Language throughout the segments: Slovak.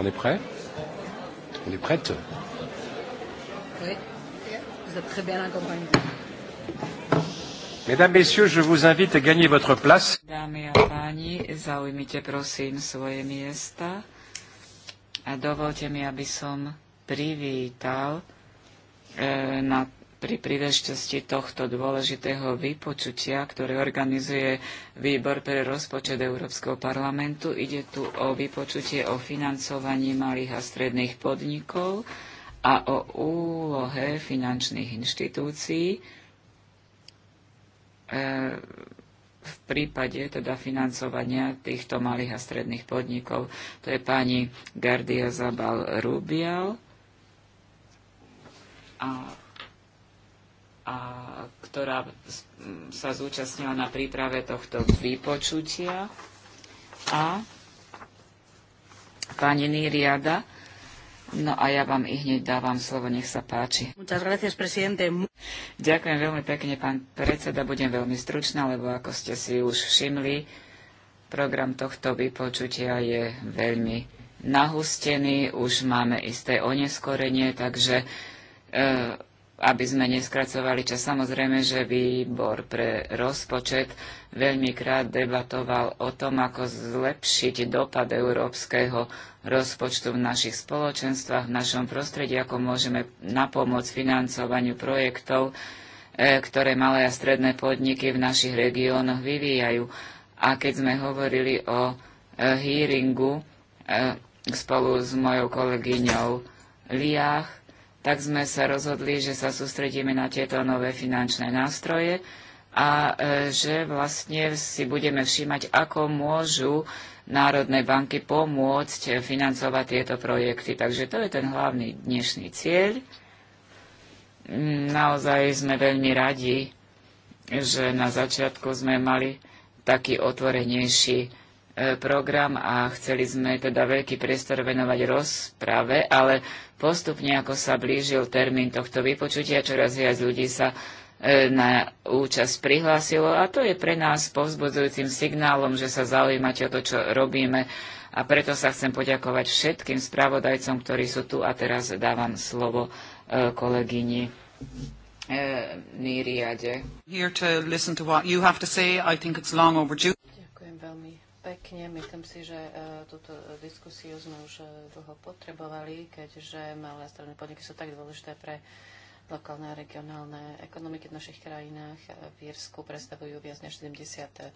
On est prêt On est prête Oui, vous êtes très bien accompagné. Mesdames, Messieurs, je vous invite à gagner votre place. Dámy a páni, zaujmite prosím svoje miesta a dovolte mi, aby som privítal e, na pri príležitosti tohto dôležitého vypočutia, ktoré organizuje Výbor pre rozpočet Európskeho parlamentu. Ide tu o vypočutie o financovaní malých a stredných podnikov a o úlohe finančných inštitúcií e, v prípade teda financovania týchto malých a stredných podnikov. To je pani Gardia Zabal Rubial. A a ktorá sa zúčastnila na príprave tohto vypočutia a pani Niriada. No a ja vám i hneď dávam slovo, nech sa páči. Ďakujem veľmi pekne, pán predseda, budem veľmi stručná, lebo ako ste si už všimli, program tohto vypočutia je veľmi nahustený, už máme isté oneskorenie, takže e, aby sme neskracovali čas. Samozrejme, že výbor pre rozpočet veľmi krát debatoval o tom, ako zlepšiť dopad európskeho rozpočtu v našich spoločenstvách, v našom prostredí, ako môžeme napomôcť financovaniu projektov, e, ktoré malé a stredné podniky v našich regiónoch vyvíjajú. A keď sme hovorili o e, hearingu e, spolu s mojou kolegyňou Liach, tak sme sa rozhodli, že sa sústredíme na tieto nové finančné nástroje a e, že vlastne si budeme všímať, ako môžu národné banky pomôcť financovať tieto projekty. Takže to je ten hlavný dnešný cieľ. Mm, naozaj sme veľmi radi, že na začiatku sme mali taký otvorenejší E, program a chceli sme teda veľký priestor venovať rozprave, ale postupne, ako sa blížil termín tohto vypočutia, čoraz viac ľudí sa e, na účasť prihlásilo a to je pre nás povzbudzujúcim signálom, že sa zaujímate o to, čo robíme a preto sa chcem poďakovať všetkým spravodajcom, ktorí sú tu a teraz dávam slovo e, kolegyni Nýriade. Here to listen to what you have to say. I think it's long overdue pekne. Myslím si, že e, túto diskusiu sme už e, dlho potrebovali, keďže malé a stredné podniky sú tak dôležité pre lokálne a regionálne ekonomiky v našich krajinách. E, v Írsku predstavujú viac než 70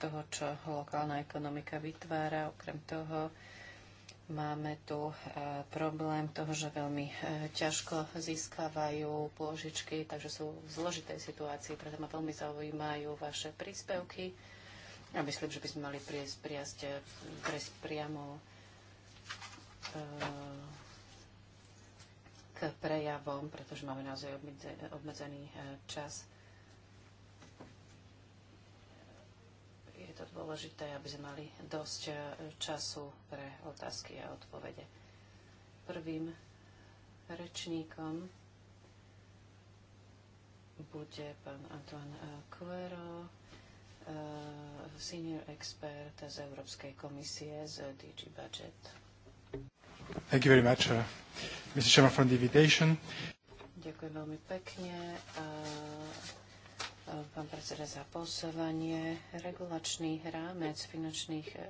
toho, čo lokálna ekonomika vytvára. Okrem toho máme tu problém toho, že veľmi ťažko získavajú pôžičky, takže sú v zložitej situácii. Preto ma veľmi zaujímajú vaše príspevky ja myslím, že by sme mali priesť, priasť, eh, priamo e, k prejavom, pretože máme naozaj obmedzený eh, čas. Je to dôležité, aby sme mali dosť času pre otázky a odpovede. Prvým rečníkom bude pán Antoine Cuero, Eh, senior expert z Európskej komisie z DG Budget. Thank you very much, uh, Mr. Chairman, for the invitation. Ďakujem veľmi pekne. Uh, pán predseda, za pozvanie. Regulačný rámec finančných eh,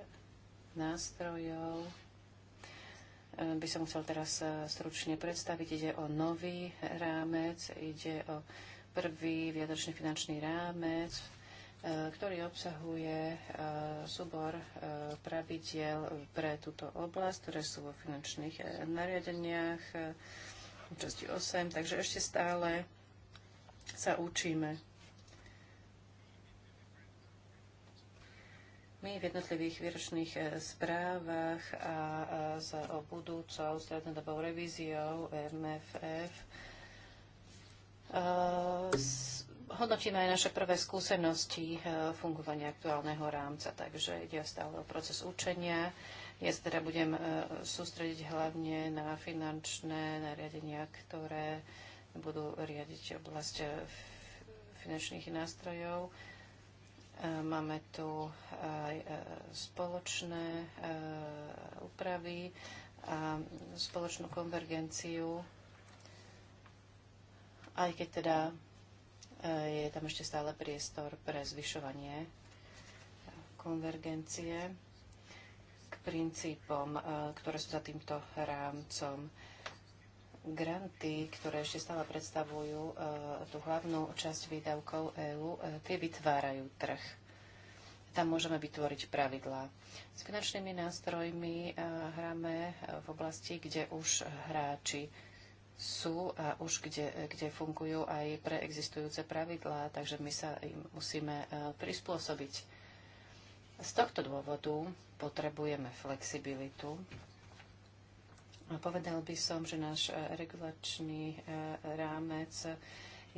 nástrojov eh, by som chcel teraz stručne predstaviť. Ide o nový rámec, ide o prvý viadočný finančný rámec v E, ktorý obsahuje e, súbor e, pravidiel pre túto oblasť, ktoré sú vo finančných nariadeniach, časti 8, takže ešte stále sa učíme. My v jednotlivých výročných správach a s budúcou strednodobou revíziou MFF hodnotíme aj naše prvé skúsenosti eh, fungovania aktuálneho rámca, takže ide stále o proces učenia. Ja sa teda budem eh, sústrediť hlavne na finančné nariadenia, ktoré budú riadiť oblasť eh, finančných nástrojov. Máme tu aj spoločné úpravy a spoločnú konvergenciu, aj keď teda Eh, je tam ešte stále priestor pre zvyšovanie konvergencie k princípom, eh, ktoré sú za týmto rámcom. Granty, ktoré ešte stále predstavujú eh, tú hlavnú časť výdavkov EÚ, tie vytvárajú trh. Tam môžeme vytvoriť pravidlá. S finančnými nástrojmi hráme v oblasti, kde už hráči sú a už kde, kde fungujú aj preexistujúce pravidlá, takže my sa im musíme e, prispôsobiť. Z tohto dôvodu potrebujeme flexibilitu. A povedal by som, že náš e, regulačný e, rámec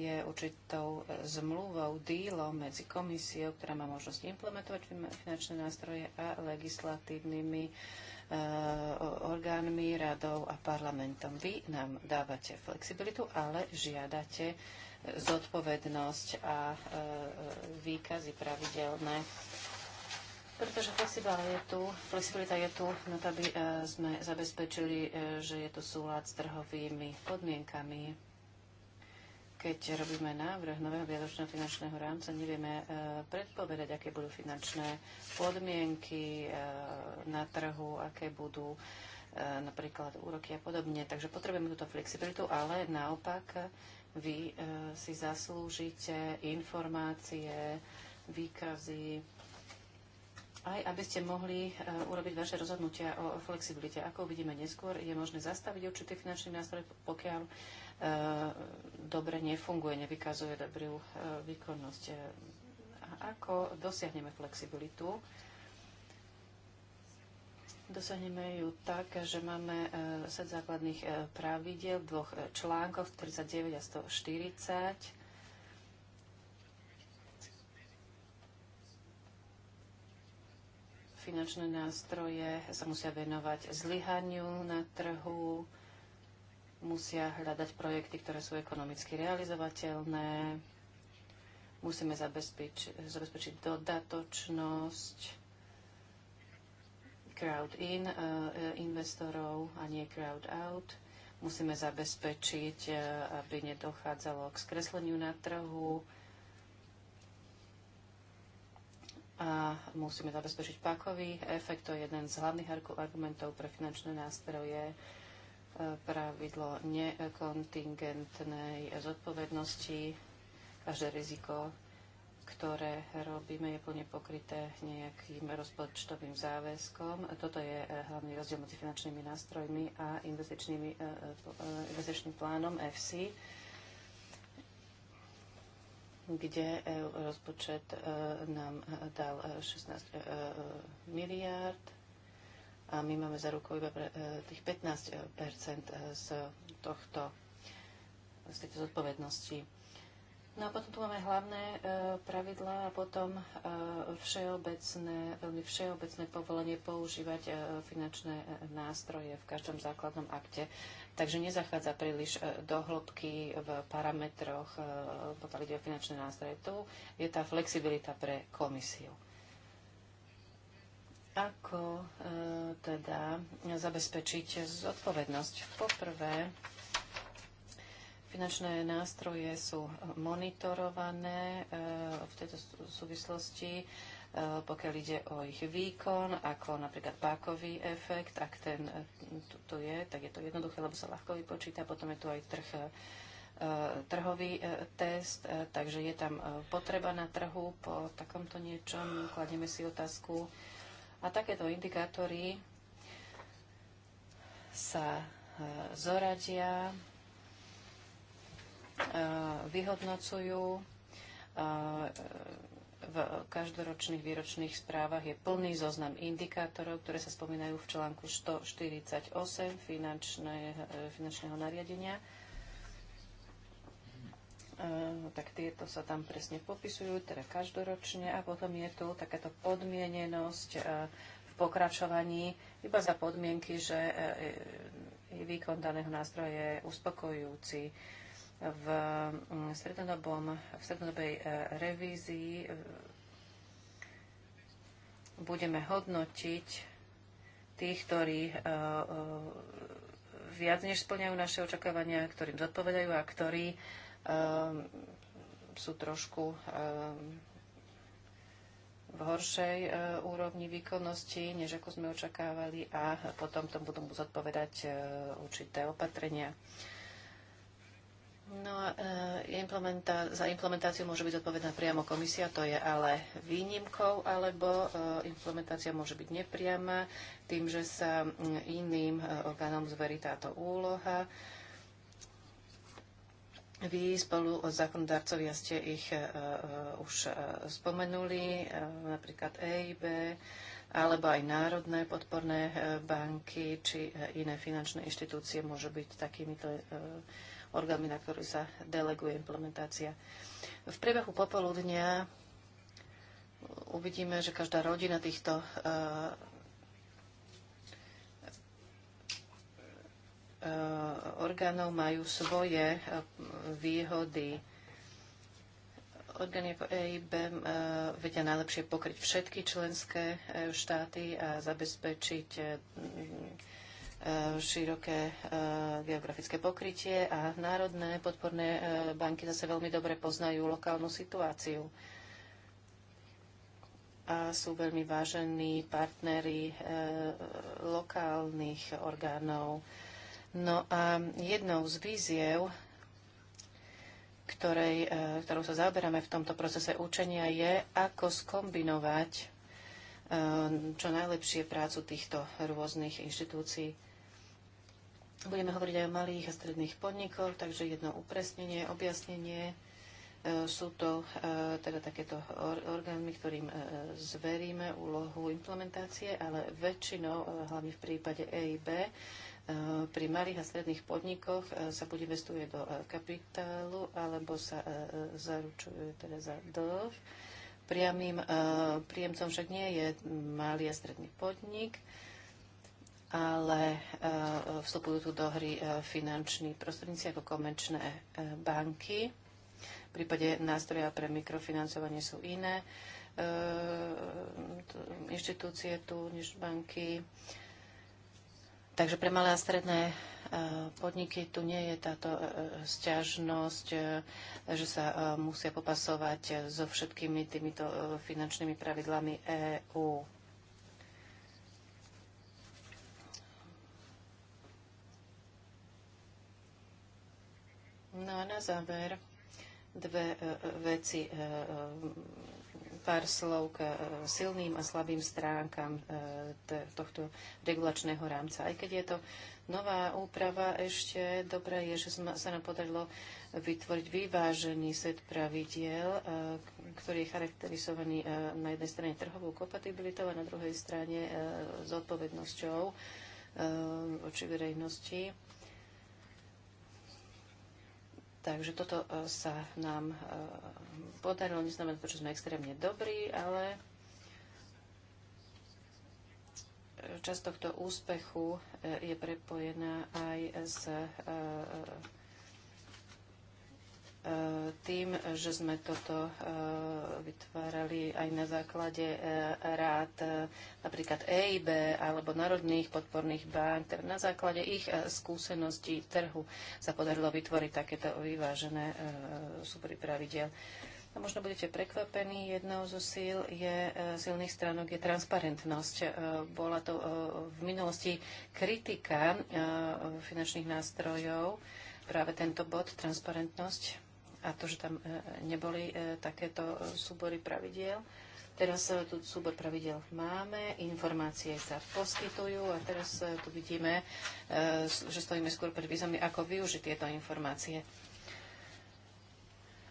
je určitou zmluvou, dílom medzi komisiou, ktorá má možnosť implementovať finančné nástroje a legislatívnymi uh, Eh, orgánmi, radou a parlamentom. Vy nám dávate flexibilitu, ale žiadate eh, zodpovednosť a eh, výkazy pravidelné. Pretože flexibilita je tu, flexibilita je tu na to, aby sme zabezpečili, že je tu súlad s trhovými podmienkami keď robíme návrh nového viadočného finančného rámca, nevieme e, predpovedať, aké budú finančné podmienky e, na trhu, aké budú e, napríklad úroky a podobne. Takže potrebujeme túto flexibilitu, ale naopak vy si zaslúžite informácie, výkazy, aj aby ste mohli urobiť vaše rozhodnutia o flexibilite. Ako uvidíme neskôr, je možné zastaviť určitý finančný nástroj, pokiaľ E, dobre nefunguje, nevykazuje dobrú e, výkonnosť. E, a ako dosiahneme flexibilitu? Dosiahneme ju tak, že máme set základných pravidiel v dvoch článkoch 39 a 140. Finančné nástroje sa musia venovať zlyhaniu na trhu, musia hľadať projekty, ktoré sú ekonomicky realizovateľné, musíme zabezpeč- zabezpečiť dodatočnosť, crowd-in uh, eh, eh, investorov a nie crowd-out. Musíme zabezpečiť, eh, aby nedochádzalo k skresleniu na trhu a musíme zabezpečiť pakový efekt. To je jeden z hlavných argumentov pre finančné nástroje pravidlo nekontingentnej zodpovednosti. Každé riziko, ktoré robíme, je plne pokryté nejakým rozpočtovým záväzkom. Toto je eh, hlavný rozdiel medzi finančnými nástrojmi a eh, eh, investičným plánom FC kde e rozpočet nám dal 16 miliárd a my máme za rukou iba pre, e, tých 15 e, e, z tohto z tejto zodpovednosti. No a potom tu máme hlavné e, pravidlá a potom e, všeobecné, veľmi všeobecné povolenie používať e, finančné nástroje v každom základnom akte. Takže nezachádza príliš e, do hĺbky v parametroch, e, pokiaľ ide o finančné nástroje. Tu je tá flexibilita pre komisiu. Ako e, teda zabezpečiť zodpovednosť? Poprvé, finančné nástroje sú monitorované e, v tejto súvislosti, e, pokiaľ ide o ich výkon, ako napríklad pákový efekt. Ak ten e, tu, tu je, tak je to jednoduché, lebo sa ľahko vypočíta. Potom je tu aj trh e, trhový e, test, takže je tam potreba na trhu po takomto niečom. Kladieme si otázku, a takéto indikátory sa e, zoradia, e, vyhodnocujú. E, v každoročných výročných správach je plný zoznam indikátorov, ktoré sa spomínajú v článku 148 finančného nariadenia. Ehm, no tak tieto sa tam presne popisujú, teda každoročne. A potom je tu takáto podmienenosť ehm, v pokračovaní iba za podmienky, že ehm, výkon daného nástroja je uspokojujúci. V, mm, strednodobom, v strednodobej revízii budeme hodnotiť tých, ktorí viac než splňajú naše očakávania, ktorým zodpovedajú a ktorí Ehm, sú trošku ehm, v horšej e, úrovni výkonnosti, než ako sme očakávali a potom tomu budú zodpovedať e, určité opatrenia. No a e, implementa- za implementáciu môže byť zodpovedná priamo komisia, to je ale výnimkou, alebo e, implementácia môže byť nepriama tým, že sa iným e, orgánom zverí táto úloha vy spolu o zákonodárcovia ste ich uh, už uh, spomenuli, uh, napríklad EIB, alebo aj národné podporné uh, banky či uh, iné finančné inštitúcie môžu byť takýmito uh, orgánmi, na ktorú sa deleguje implementácia. V priebehu popoludnia uvidíme, že každá rodina týchto uh, Eh, orgánov majú svoje eh, výhody. Orgány ako EIB eh, vedia najlepšie pokryť všetky členské štáty a zabezpečiť široké geografické pokrytie a národné podporné banky zase veľmi dobre poznajú lokálnu situáciu a sú veľmi vážení partnery lokálnych orgánov No a jednou z víziev, ktorej, e, ktorou sa zaoberáme v tomto procese učenia, je, ako skombinovať e, čo najlepšie prácu týchto rôznych inštitúcií. Budeme hovoriť aj o malých a stredných podnikoch, takže jedno upresnenie, objasnenie. E, sú to teda takéto orgány, ktorým zveríme úlohu implementácie, ale väčšinou, hlavne v prípade EIB, Eh, pri malých a stredných podnikoch eh, sa buď investuje do eh, kapitálu, alebo sa zaručuje teda za dlh. Priamým príjemcom však nie je malý a stredný podnik, ale vstupujú tu do hry finanční prostredníci ako komerčné banky. V prípade nástroja pre mikrofinancovanie sú iné inštitúcie tu než banky. Takže pre malé a stredné e, podniky tu nie je táto e, e, stiažnosť, že sa musia popasovať so všetkými týmito finančnými pravidlami EÚ. No a na záver dve veci pár slov k e, silným a slabým stránkam e, tohto regulačného rámca. Aj keď je to nová úprava, ešte dobré je, že sa nám podarilo vytvoriť vyvážený set pravidiel, e, ktorý je charakterizovaný na jednej strane trhovou kompatibilitou a na druhej strane zodpovednosťou voči verejnosti Takže toto e, sa nám e, podarilo. Neznamená to, že sme extrémne dobrí, ale časť tohto úspechu e, je prepojená aj s E, tým, že sme toto e, vytvárali aj na základe e, rád napríklad EIB alebo národných podporných bank, teda na základe ich skúseností trhu sa podarilo vytvoriť takéto vyvážené súbory pravidel. A možno budete prekvapení, jednou zo síl je, silných stránok je transparentnosť. Bola to v minulosti kritika finančných nástrojov, práve tento bod, transparentnosť a to, že tam e, neboli e, takéto e, súbory pravidiel. Teraz tu súbor pravidel máme, informácie sa poskytujú a teraz tu vidíme, že stojíme skôr pred výzvami, ako využiť tieto informácie.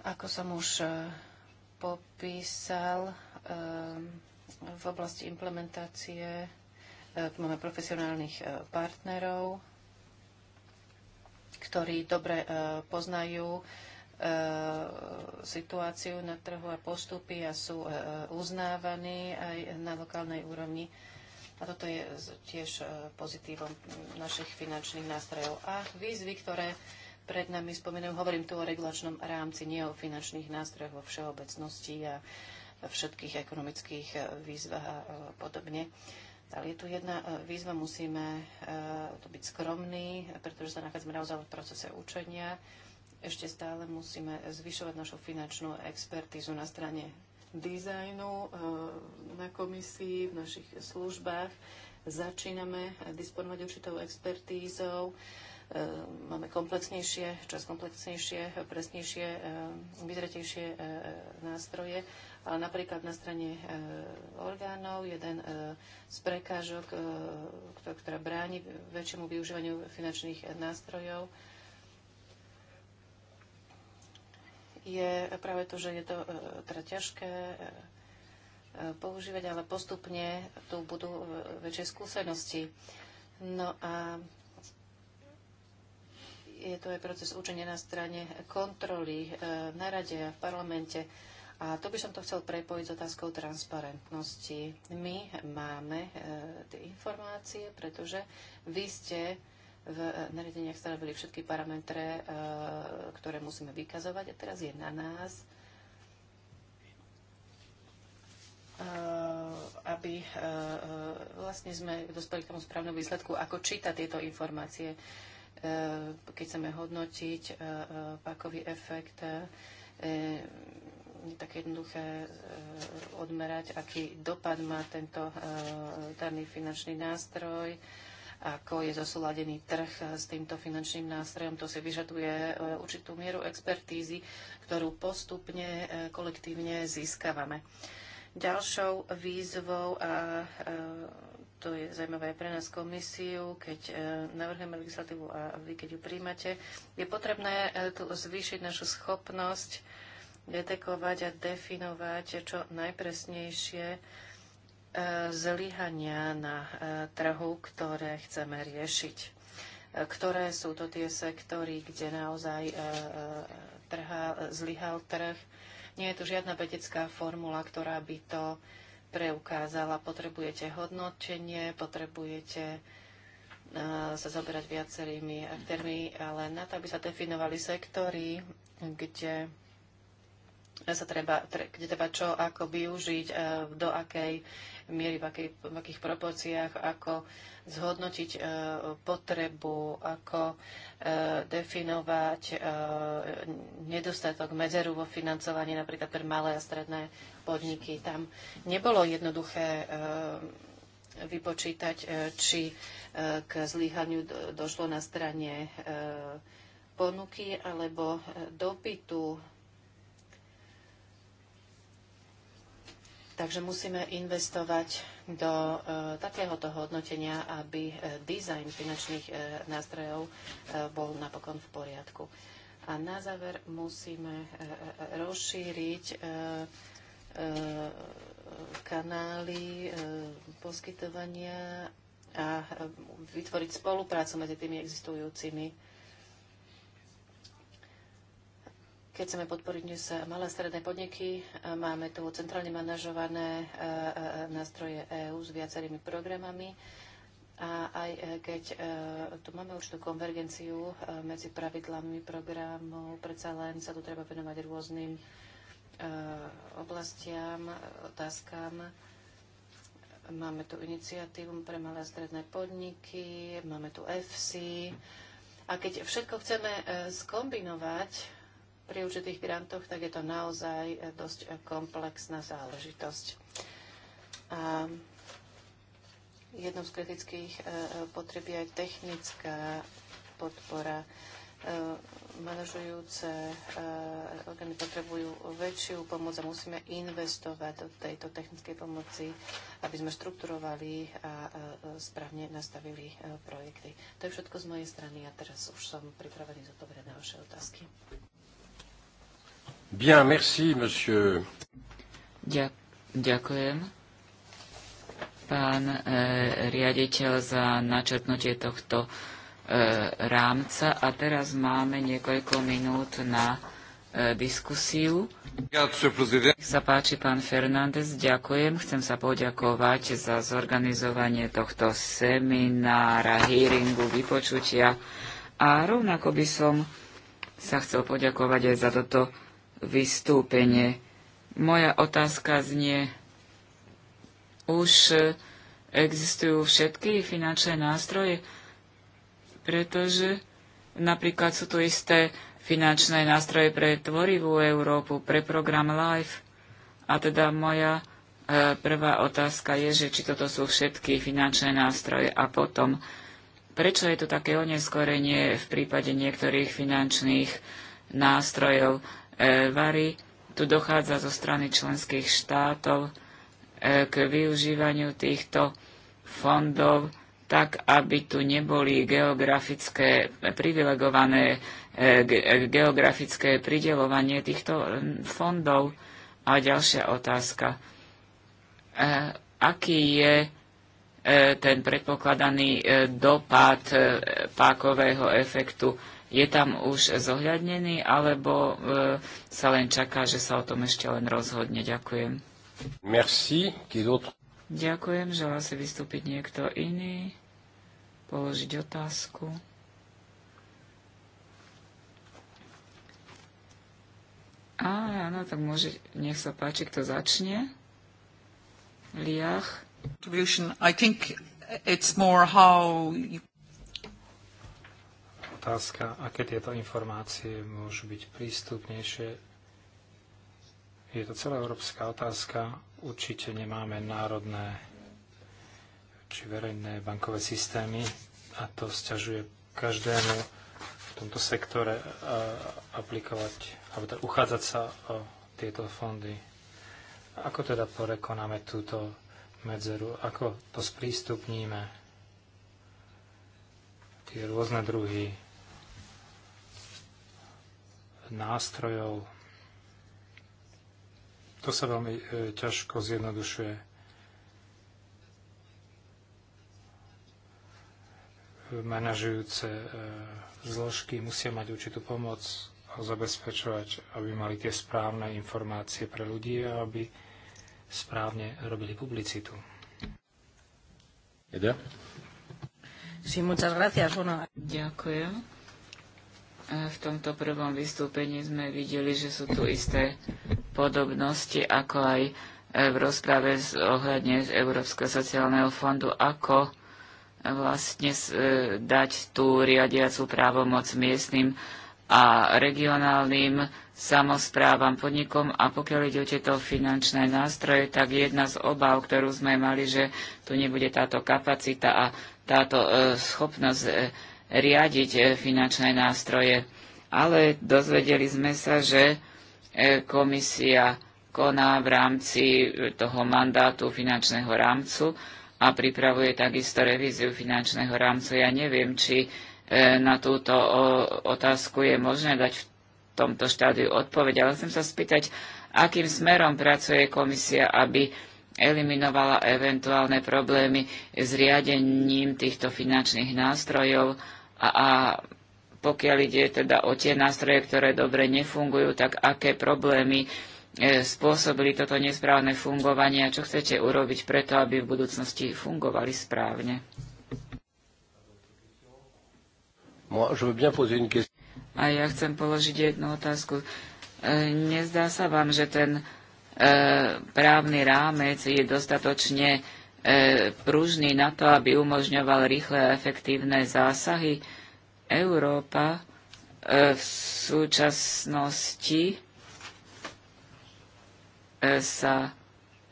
Ako som už popísal, v oblasti implementácie máme profesionálnych partnerov, ktorí dobre poznajú E, situáciu na trhu a postupy a sú e, uznávaní aj na lokálnej úrovni. A toto je tiež e, pozitívom našich finančných nástrojov. A výzvy, ktoré pred nami spomenujú, hovorím tu o regulačnom rámci, nie o finančných nástrojoch vo všeobecnosti a všetkých ekonomických výzvach a podobne. Ale je tu jedna výzva, musíme to byť skromní, pretože sa nachádzame naozaj v procese učenia ešte stále musíme zvyšovať našu finančnú expertízu na strane dizajnu e, na komisii, v našich službách. Začíname disponovať určitou expertízou. E, máme komplexnejšie, čas komplexnejšie, presnejšie, e, vyzretejšie nástroje. Ale napríklad na strane orgánov jeden z prekážok, ktorá bráni väčšiemu využívaniu finančných nástrojov, je práve to, že je to e, teda ťažké e, e, používať, ale postupne tu budú väčšie skúsenosti. No a je to aj proces učenia na strane kontroly na rade a v parlamente. A to by som to chcel prepojiť s otázkou transparentnosti. My máme tie informácie, pretože vy ste v e, nariadeniach stanovili všetky parametre, e, ktoré musíme vykazovať a teraz je na nás, e, aby vlastne sme dospeli k tomu správnemu výsledku, ako číta tieto informácie, keď chceme hodnotiť pakový efekt, je také jednoduché odmerať, aký dopad má tento daný finančný nástroj, ako je zosúladený trh s týmto finančným nástrojom. To si vyžaduje e, určitú mieru expertízy, ktorú postupne e, kolektívne získavame. Ďalšou výzvou a e, to je zaujímavé aj pre nás komisiu, keď navrhujeme legislatívu a vy, keď ju príjmate, je potrebné tu zvýšiť našu schopnosť detekovať a definovať čo najpresnejšie E, zlyhania na e, trhu, ktoré chceme riešiť. E, ktoré sú to tie sektory, kde naozaj zlyhal trh. Nie je tu žiadna vedecká formula, ktorá by to preukázala. Potrebujete hodnotenie, potrebujete sa zaoberať viacerými aktérmi, ale na to, aby sa definovali sektory, kde sa treba, kde treba čo, ako využiť, e, do akej miery, v, akej, v akých proporciách, ako zhodnotiť e, potrebu, ako e, definovať nedostatok medzeru vo financovaní napríklad pre malé a stredné podniky. Tam nebolo jednoduché vypočítať, či k zlyhaniu došlo na strane ponuky alebo dopytu Takže musíme investovať do e, takéhoto hodnotenia, aby e, dizajn finančných e, nástrojov e, bol napokon v poriadku. A na záver musíme e, e, e rozšíriť e, e, kanály e, poskytovania a vytvoriť spoluprácu medzi tými existujúcimi keď chceme podporiť dnes malé a stredné podniky, e, máme tu centrálne manažované e, e, nástroje EÚ s viacerými programami. A aj keď tu máme určitú konvergenciu medzi pravidlami programov, predsa len sa tu treba venovať rôznym oblastiam, otázkam. Máme tu iniciatívu pre malé a stredné podniky, máme tu FC. A keď všetko chceme skombinovať, pri určitých grantoch, tak je to naozaj dosť komplexná záležitosť. A jednou z kritických e, potrieb je aj technická podpora. E, manažujúce e, orgány potrebujú väčšiu pomoc a musíme investovať do tejto technickej pomoci, aby sme štrukturovali a správne nastavili projekty. To je všetko z mojej strany a teraz už som pripravený zodpovedať na vaše otázky. Bien, merci, monsieur. Ďakujem, pán e, riaditeľ, za načrtnutie tohto e, rámca. A teraz máme niekoľko minút na e, diskusiu. Nech sa páči, pán Fernández, ďakujem. Chcem sa poďakovať za zorganizovanie tohto seminára, hearingu, vypočutia. A rovnako by som sa chcel poďakovať aj za toto vystúpenie. Moja otázka znie, už existujú všetky finančné nástroje, pretože napríklad sú tu isté finančné nástroje pre tvorivú Európu, pre program LIFE. A teda moja e, prvá otázka je, že či toto sú všetky finančné nástroje a potom, prečo je to také oneskorenie v prípade niektorých finančných nástrojov. E, vary, tu dochádza zo strany členských štátov e, k využívaniu týchto fondov tak, aby tu neboli geografické privilegované e, geografické pridelovanie týchto fondov. A ďalšia otázka. Aký je ten predpokladaný dopad pákového efektu? Je tam už zohľadnený, alebo e, sa len čaká, že sa o tom ešte len rozhodne? Ďakujem. Merci. Ďakujem. Želá si vystúpiť niekto iný, položiť otázku. Á, áno, tak môže, nech sa páči, kto začne. Liach. I think it's more how you otázka, aké tieto informácie môžu byť prístupnejšie. Je to celá európska otázka. Určite nemáme národné či verejné bankové systémy a to sťažuje každému v tomto sektore aplikovať alebo teda uchádzať sa o tieto fondy. Ako teda porekonáme túto medzeru? Ako to sprístupníme? tie rôzne druhy nástrojov. To sa veľmi e, ťažko zjednodušuje. Manažujúce e, zložky musia mať určitú pomoc a zabezpečovať, aby mali tie správne informácie pre ľudí a aby správne robili publicitu. Sí, muchas gracias. Bueno, ďakujem v tomto prvom vystúpení sme videli, že sú tu isté podobnosti, ako aj v rozprave z ohľadne Európskeho sociálneho fondu, ako vlastne e, dať tú riadiacu právomoc miestnym a regionálnym samozprávam podnikom a pokiaľ ide o tieto finančné nástroje, tak jedna z obav, ktorú sme mali, že tu nebude táto kapacita a táto e, schopnosť e, riadiť e, finančné nástroje. Ale dozvedeli sme sa, že e, komisia koná v rámci e, toho mandátu finančného rámcu a pripravuje takisto revíziu finančného rámcu. Ja neviem, či na túto otázku je možné dať v tomto štádiu odpoveď, ale chcem sa spýtať, akým smerom pracuje komisia, aby eliminovala eventuálne problémy s riadením týchto finančných nástrojov a, a pokiaľ ide teda o tie nástroje, ktoré dobre nefungujú, tak aké problémy e, spôsobili toto nesprávne fungovanie a čo chcete urobiť preto, aby v budúcnosti fungovali správne? A ja chcem položiť jednu otázku. E, nezdá sa vám, že ten e, právny rámec je dostatočne E, pružný na to, aby umožňoval rýchle a efektívne zásahy. Európa e, v súčasnosti e, sa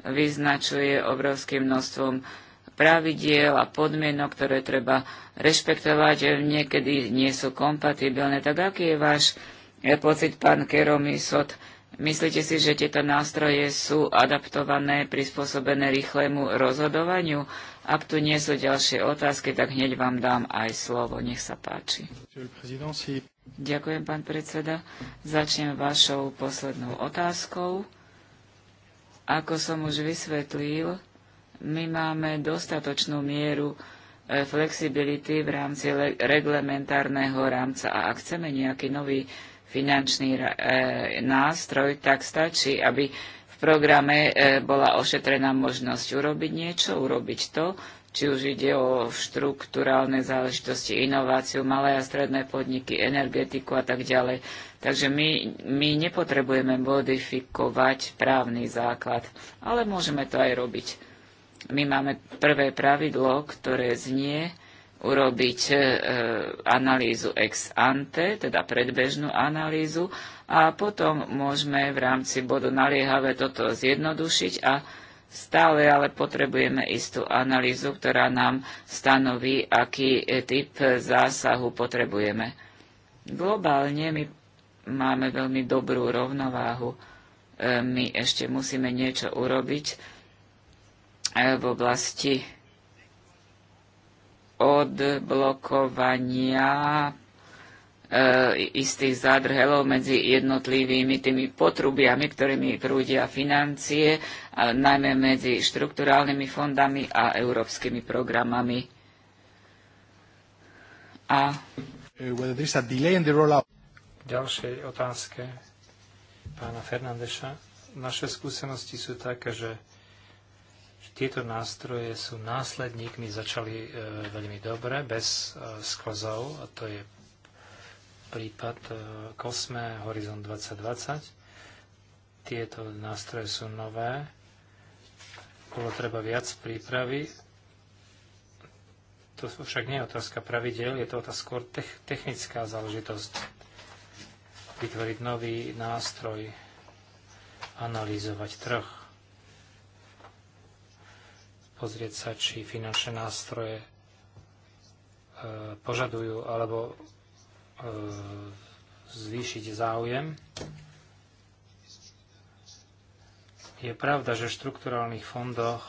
vyznačuje obrovským množstvom pravidiel a podmienok, ktoré treba rešpektovať, niekedy nie sú kompatibilné. Tak aký je váš pocit, pán Keromysot, Myslíte si, že tieto nástroje sú adaptované, prispôsobené rýchlemu rozhodovaniu? Ak tu nie sú ďalšie otázky, tak hneď vám dám aj slovo. Nech sa páči. Ďakujem, pán predseda. Začnem vašou poslednou otázkou. Ako som už vysvetlil, my máme dostatočnú mieru eh, flexibility v rámci reglementárneho rámca a ak chceme nejaký nový finančný e, nástroj, tak stačí, aby v programe e, bola ošetrená možnosť urobiť niečo, urobiť to, či už ide o štruktúrálne záležitosti, inováciu, malé a stredné podniky, energetiku a tak ďalej. Takže my, my nepotrebujeme modifikovať právny základ, ale môžeme to aj robiť. My máme prvé pravidlo, ktoré znie, urobiť e, analýzu ex ante, teda predbežnú analýzu a potom môžeme v rámci bodu naliehavé toto zjednodušiť a stále ale potrebujeme istú analýzu, ktorá nám stanoví, aký e, typ zásahu potrebujeme. Globálne my máme veľmi dobrú rovnováhu. E, my ešte musíme niečo urobiť e, v oblasti odblokovania e, istých zádrhelov medzi jednotlivými tými potrubiami, ktorými prúdia financie, a najmä medzi štrukturálnymi fondami a európskymi programami. A v eh, ďalšej otázke pána Fernandeša. Naše skúsenosti sú také, že tieto nástroje sú následníkmi, začali e, veľmi dobre, bez e, sklzov, a to je prípad e, Kosme Horizon 2020. Tieto nástroje sú nové, bolo treba viac prípravy. To však nie je otázka pravidel, je to otázka skôr technická záležitosť. Vytvoriť nový nástroj, analýzovať trh pozrieť sa, či finančné nástroje e, požadujú alebo e, zvýšiť záujem. Je pravda, že v štrukturálnych fondoch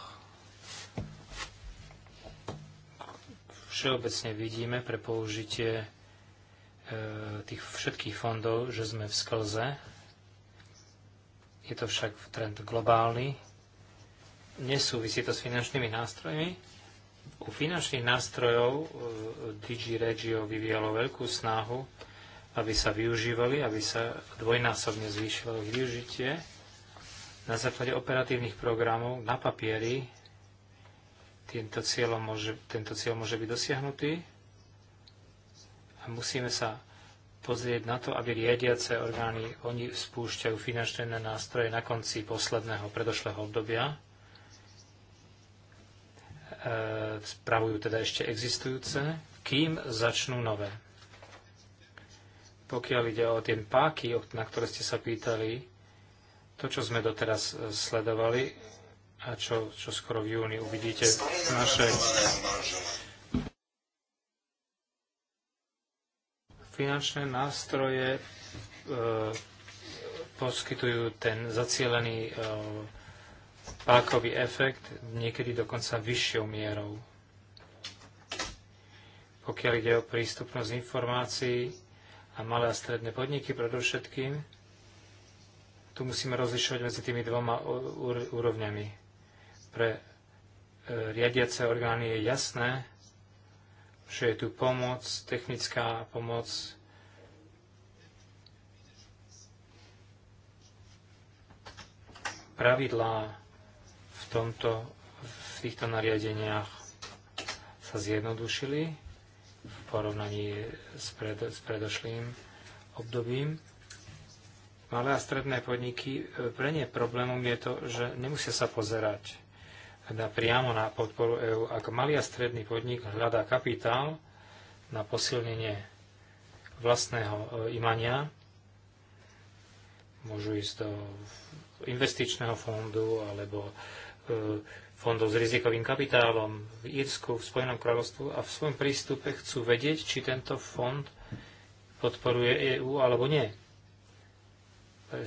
všeobecne vidíme pre použitie e, tých všetkých fondov, že sme v sklze. Je to však trend globálny, nesúvisí to s finančnými nástrojmi. U finančných nástrojov e, DG Regio vyvíjalo veľkú snahu, aby sa využívali, aby sa dvojnásobne zvýšilo ich využitie. Na základe operatívnych programov na papieri tento cieľ môže, tento cieľ môže byť dosiahnutý a musíme sa pozrieť na to, aby riadiace orgány, oni spúšťajú finančné nástroje na konci posledného predošlého obdobia, E, spravujú teda ešte existujúce, kým začnú nové. Pokiaľ ide o tie páky, na ktoré ste sa pýtali, to, čo sme doteraz e, sledovali a čo, čo skoro v júni uvidíte v našej. finančné nástroje e, poskytujú ten zacielený e, pákový efekt, niekedy dokonca vyššou mierou. Pokiaľ ide o prístupnosť informácií a malé a stredné podniky predovšetkým, tu musíme rozlišovať medzi tými dvoma úrovňami. Pre e, riadiace orgány je jasné, že je tu pomoc, technická pomoc, pravidlá tomto, v týchto nariadeniach sa zjednodušili v porovnaní s, pred, s predošlým obdobím. Malé a stredné podniky, e, pre ne problémom je to, že nemusia sa pozerať na, priamo na podporu EÚ. Ak malý a stredný podnik hľadá kapitál na posilnenie vlastného e, imania, môžu ísť do investičného fondu alebo E, fondov s rizikovým kapitálom v Írsku, v Spojenom kráľovstvu a v svojom prístupe chcú vedieť, či tento fond podporuje EÚ alebo nie. E,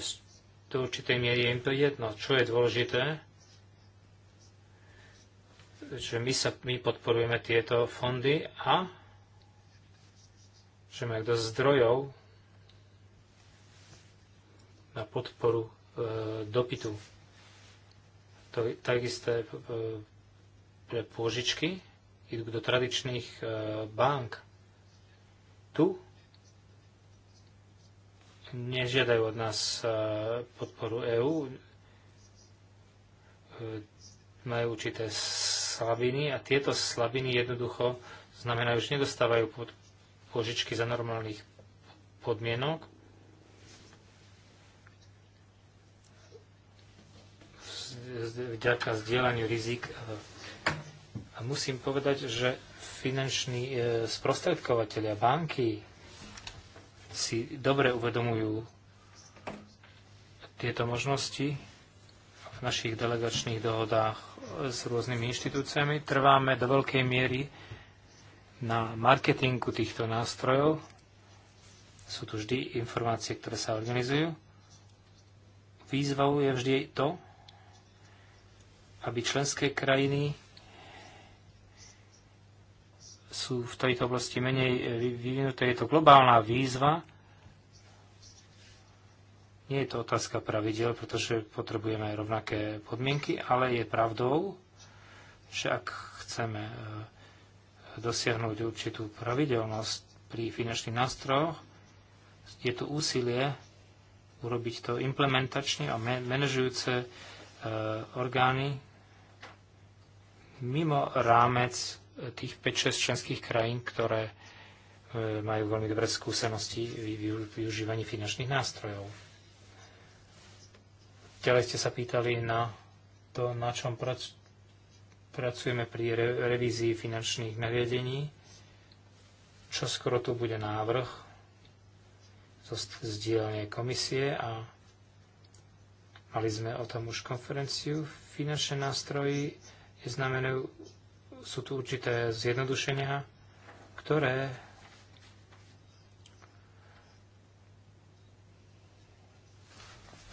do určitej miery je im to jedno. Čo je dôležité, že my, sa, my podporujeme tieto fondy a že majú dosť zdrojov na podporu e, dopytu to je takisto e, e, pre pôžičky, idú do tradičných e, bank. Tu nežiadajú od nás podporu EÚ, majú určité slabiny a tieto slabiny jednoducho znamenajú, že nedostávajú pôžičky za normálnych podmienok vďaka zdieľaniu rizik. A musím povedať, že finanční e, sprostredkovateľia banky si dobre uvedomujú tieto možnosti v našich delegačných dohodách s rôznymi inštitúciami. Trváme do veľkej miery na marketingu týchto nástrojov. Sú tu vždy informácie, ktoré sa organizujú. Výzvou je vždy to, aby členské krajiny sú v tejto oblasti menej eh, vyvinuté. Je to globálna výzva. Nie je to otázka pravidel, pretože potrebujeme rovnaké podmienky, ale je pravdou, že ak chceme eh, dosiahnuť určitú pravidelnosť pri finančných nástrojoch, je tu úsilie urobiť to implementačne a manažujúce eh, orgány mimo rámec e, tých 5-6 členských krajín, ktoré e, majú veľmi dobré skúsenosti v využívaní finančných nástrojov. Ďalej ste sa pýtali na to, na čom prac- pracujeme pri re- revízii finančných nariadení. Čo skoro tu bude návrh zo zdieľania komisie a mali sme o tom už konferenciu. Finančné nástroji znamenajú, sú tu určité zjednodušenia, ktoré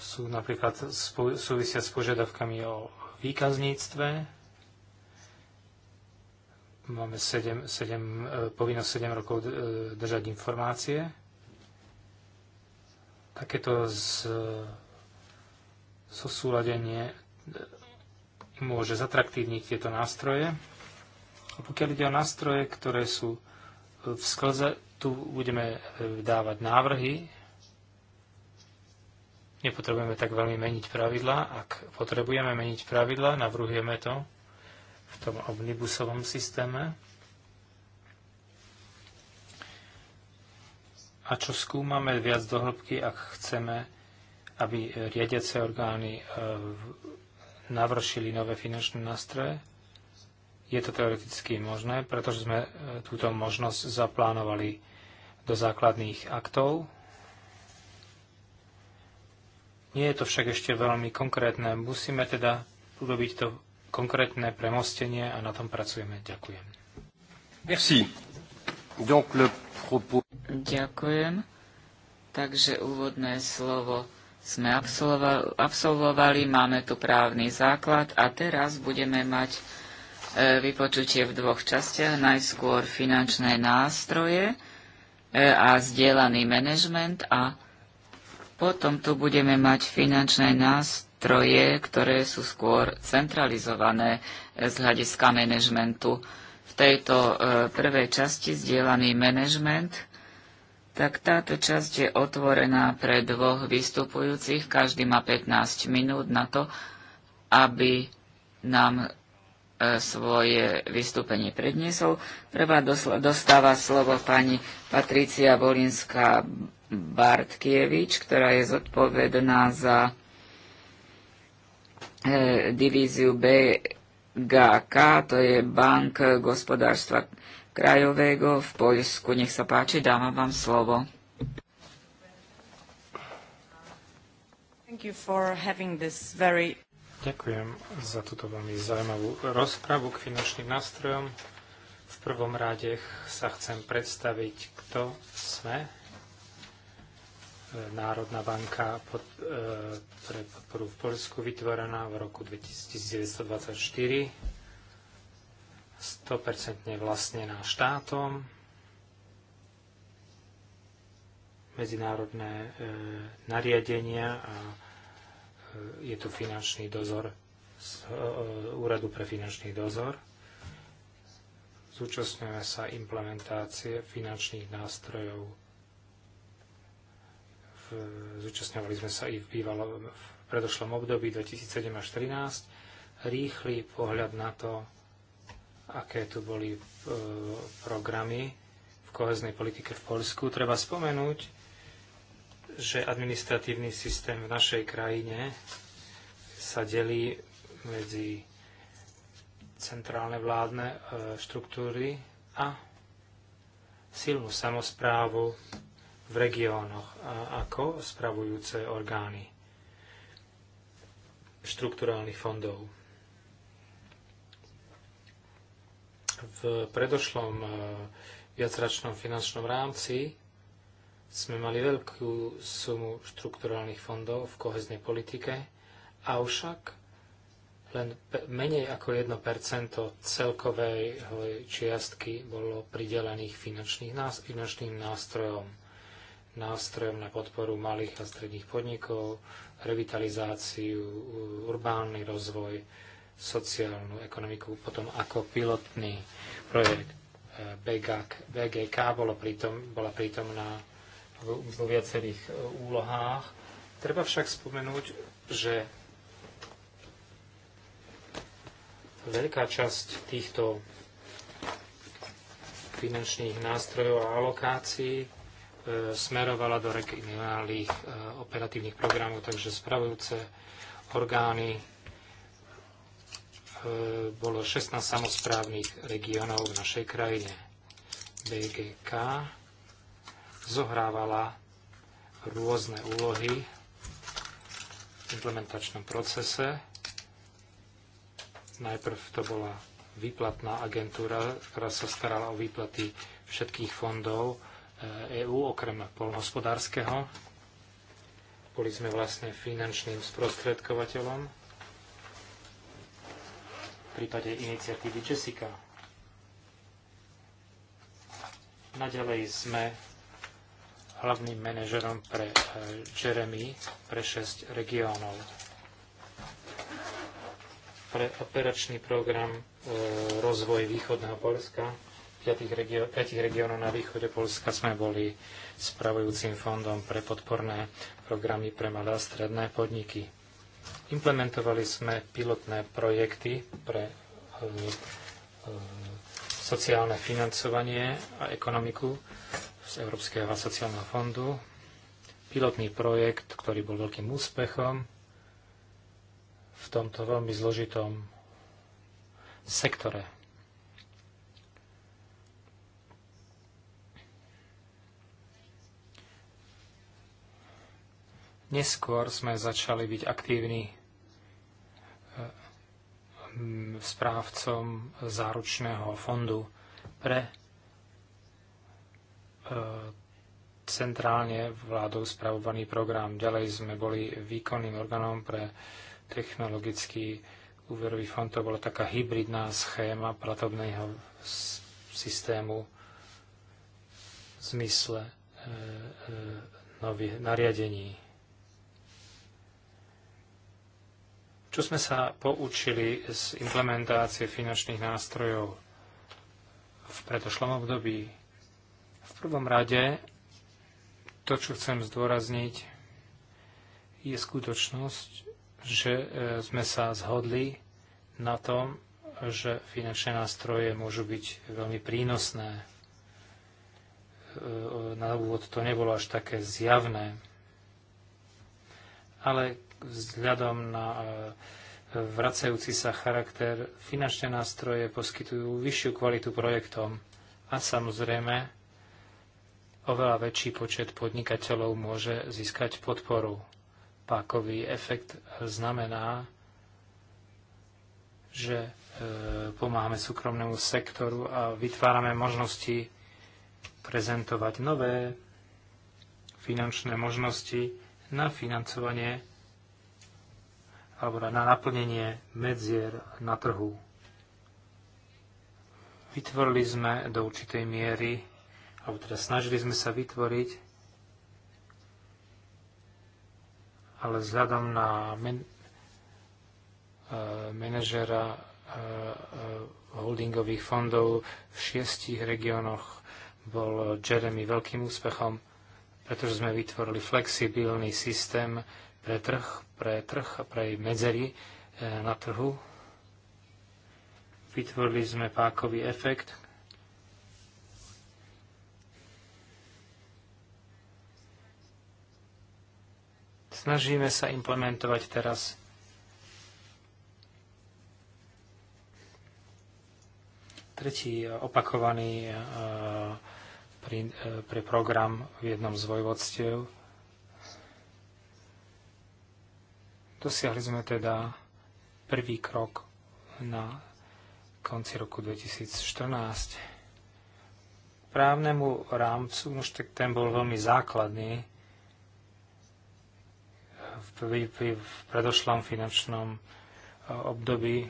sú napríklad súvisia s požiadavkami o výkazníctve. Máme 7, 7, e, povinnosť 7 rokov e, držať informácie. Takéto z, e, zosúladenie môže zatraktívniť tieto nástroje. A pokiaľ ide o nástroje, ktoré sú e, v sklze, tu budeme e, dávať návrhy. Nepotrebujeme tak veľmi meniť pravidla. Ak potrebujeme meniť pravidla, navrhujeme to v tom omnibusovom systéme. a čo skúmame viac do hĺbky, ak chceme, aby riadiace orgány e, navršili nové finančné nástroje. Je to teoreticky možné, pretože sme e, túto možnosť zaplánovali do základných aktov. Nie je to však ešte veľmi konkrétne. Musíme teda urobiť to konkrétne premostenie a na tom pracujeme. Ďakujem. Merci. Donc le propos... Ďakujem. Takže úvodné slovo sme absolvovali, máme tu právny základ a teraz budeme mať e, vypočutie v dvoch častiach, najskôr finančné nástroje e, a zdieľaný manažment a potom tu budeme mať finančné nástroje, ktoré sú skôr centralizované e, z hľadiska manažmentu. V tejto prvej časti zdieľaný manažment tak táto časť je otvorená pre dvoch vystupujúcich. Každý má 15 minút na to, aby nám e, svoje vystúpenie predniesol. Prvá dostáva slovo pani Patricia Volinská Bartkievič, ktorá je zodpovedná za e, divíziu BGK, to je Bank gospodárstva. Krajového v Poľsku. Nech sa páči, dávam vám slovo. Very... Ďakujem za túto veľmi zaujímavú rozpravu k finančným nástrojom. V prvom rade sa chcem predstaviť, kto sme. E, Národná banka pod, e, pre podporu v Polsku vytvorená v roku 1924 100% vlastnená štátom. Medzinárodné e, nariadenia a e, je tu finančný dozor z e, e, Úradu pre finančný dozor. Zúčastňujeme sa implementácie finančných nástrojov. V, zúčastňovali sme sa i v, bývalo, v predošlom období 2007 až 2013. Rýchly pohľad na to, aké tu boli e, programy v koheznej politike v Polsku. Treba spomenúť, že administratívny systém v našej krajine sa delí medzi centrálne vládne e, štruktúry a silnú samozprávu v regiónoch ako spravujúce orgány štruktúrálnych fondov. v predošlom eh, viacračnom finančnom rámci sme mali veľkú sumu štrukturálnych fondov v koheznej politike, avšak len menej ako 1% celkovej čiastky bolo pridelených finančných, nás- finančným nástrojom. Nástrojom na podporu malých a stredných podnikov, revitalizáciu, eh, urbánny rozvoj, sociálnu ekonomiku, potom ako pilotný projekt eh, BGK bolo pritom, bola prítomná vo viacerých eh, úlohách. Treba však spomenúť, že veľká časť týchto finančných nástrojov a alokácií eh, smerovala do regionálnych operatívnych programov, takže spravujúce orgány E, bolo 16 samozprávnych regiónov v našej krajine. BGK zohrávala rôzne úlohy v implementačnom procese. Najprv to bola výplatná agentúra, ktorá sa starala o výplaty všetkých fondov EÚ, e okrem polnohospodárskeho. Boli sme vlastne finančným sprostredkovateľom prípade iniciatívy Jessica. Naďalej sme hlavným manažerom pre e, Jeremy pre 6 regiónov. Pre operačný program e, rozvoj východného Polska 5 regiónov na východe Polska sme boli spravujúcim fondom pre podporné programy pre malé a stredné podniky. Implementovali sme pilotné projekty pre eh, eh, sociálne financovanie a ekonomiku z Európskeho sociálneho fondu. Pilotný projekt, ktorý bol veľkým úspechom v tomto veľmi zložitom sektore. Neskôr sme začali byť aktívni správcom záručného fondu pre e, centrálne vládou spravovaný program. Ďalej sme boli výkonným orgánom pre technologický úverový fond. To bola taká hybridná schéma platobného systému v zmysle e, e, nových nariadení Čo sme sa poučili z implementácie finančných nástrojov v predošlom období? V prvom rade to, čo chcem zdôrazniť, je skutočnosť, že e, sme sa zhodli na tom, že finančné nástroje môžu byť veľmi prínosné. E, na úvod to nebolo až také zjavné ale vzhľadom na e, vracajúci sa charakter finančné nástroje poskytujú vyššiu kvalitu projektom a samozrejme oveľa väčší počet podnikateľov môže získať podporu. Pákový efekt znamená, že e, pomáhame súkromnému sektoru a vytvárame možnosti prezentovať nové finančné možnosti, na financovanie alebo na naplnenie medzier na trhu. Vytvorili sme do určitej miery, alebo teda snažili sme sa vytvoriť, ale vzhľadom na men- e, manažera e, e, holdingových fondov v šiestich regiónoch bol Jeremy veľkým úspechom pretože sme vytvorili flexibilný systém pre trh, pre trh a pre medzery eh, na trhu. Vytvorili sme pákový efekt, snažíme sa implementovať teraz. Tretí opakovaný eh, pri, e, pre program v jednom z vojvodstiev. Dosiahli sme teda prvý krok na konci roku 2014. Právnemu rámcu, no už tak ten bol veľmi základný v, v, v predošlom finančnom e, období.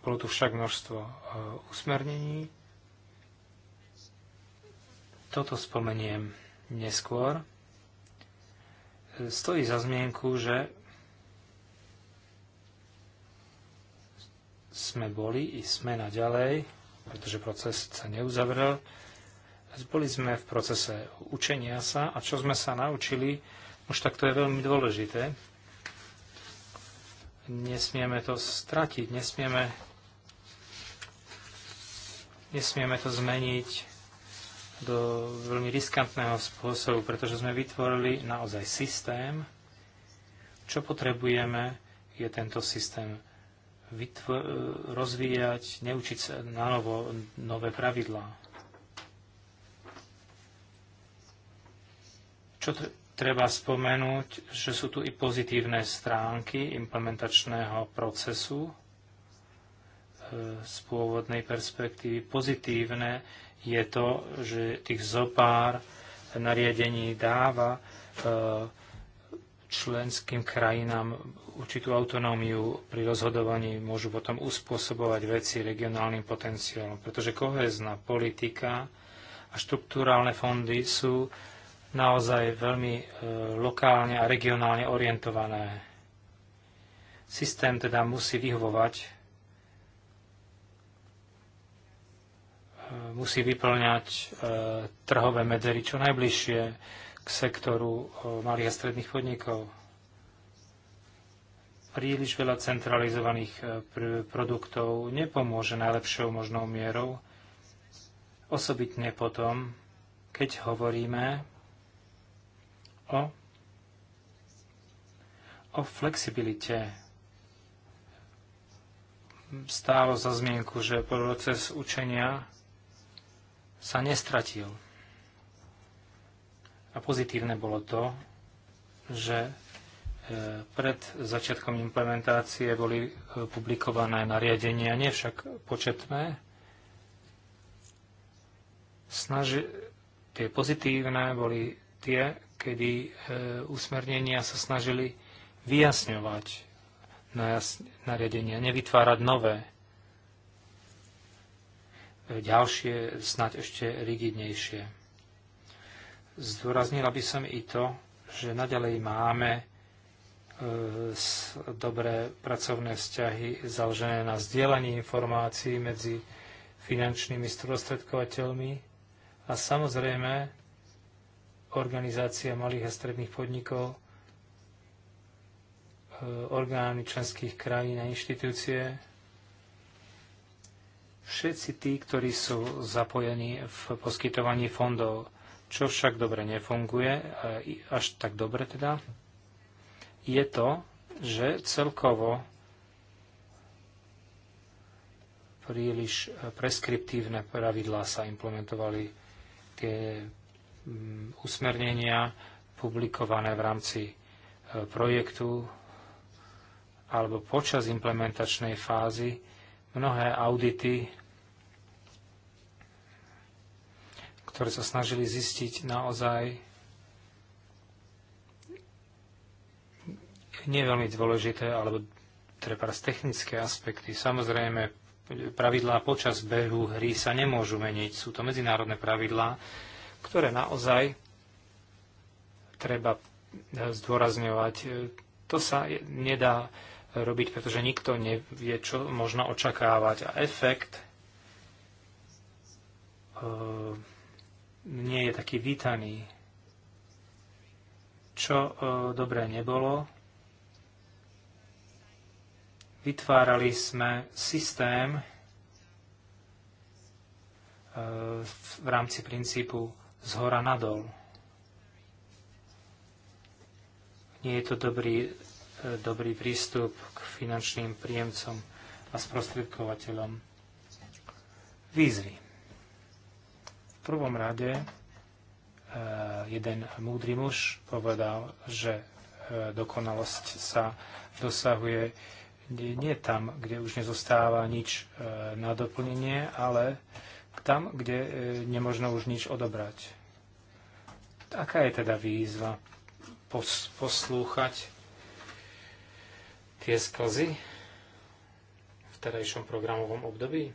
Bolo tu však množstvo e, usmernení, toto spomeniem neskôr. Stojí za zmienku, že sme boli i sme naďalej, pretože proces sa neuzavrel. Boli sme v procese učenia sa a čo sme sa naučili, už tak to je veľmi dôležité. Nesmieme to stratiť, nesmieme, nesmieme to zmeniť do veľmi riskantného spôsobu, pretože sme vytvorili naozaj systém. Čo potrebujeme, je tento systém rozvíjať, neučiť sa na novo nové pravidlá. Čo treba spomenúť, že sú tu i pozitívne stránky implementačného procesu e, z pôvodnej perspektívy, pozitívne je to, že tých zopár nariadení dáva e, členským krajinám určitú autonómiu pri rozhodovaní, môžu potom uspôsobovať veci regionálnym potenciálom, pretože kohezná politika a štruktúrálne fondy sú naozaj veľmi e, lokálne a regionálne orientované. Systém teda musí vyhovovať E, musí vyplňať e, trhové medzery čo najbližšie k sektoru e, malých a stredných podnikov. Príliš veľa centralizovaných produktov nepomôže najlepšou možnou mierou, osobitne potom, keď hovoríme o, o flexibilite. Stálo za zmienku, že proces učenia sa nestratil. A pozitívne bolo to, že e, pred začiatkom implementácie boli e, publikované nariadenia, nie však početné. Snaži, tie pozitívne boli tie, kedy e, usmernenia sa snažili vyjasňovať nariadenia, nevytvárať nové ďalšie snať ešte rigidnejšie. Zdôraznila by som i to, že naďalej máme e, dobré pracovné vzťahy založené na zdieľaní informácií medzi finančnými sprostredkovateľmi a samozrejme organizácia malých a stredných podnikov, e, orgány členských krajín a inštitúcie všetci tí, ktorí sú zapojení v poskytovaní fondov, čo však dobre nefunguje, až tak dobre teda, je to, že celkovo príliš preskriptívne pravidlá sa implementovali tie mm, usmernenia publikované v rámci e, projektu alebo počas implementačnej fázy mnohé audity, ktoré sa snažili zistiť naozaj nie veľmi dôležité, alebo treba technické aspekty. Samozrejme, pravidlá počas behu hry sa nemôžu meniť. Sú to medzinárodné pravidlá, ktoré naozaj treba zdôrazňovať. To sa nedá robiť, pretože nikto nevie, čo možno očakávať. A efekt e, nie je taký vítaný. Čo e, dobré nebolo, vytvárali sme systém e, v rámci princípu z hora nadol. Nie je to dobrý dobrý prístup k finančným príjemcom a sprostredkovateľom. Výzvy. V prvom rade e, jeden múdry muž povedal, že e, dokonalosť sa dosahuje nie tam, kde už nezostáva nič e, na doplnenie, ale tam, kde nemožno už nič odobrať. Aká je teda výzva? poslúchať tie skazy v terajšom programovom období?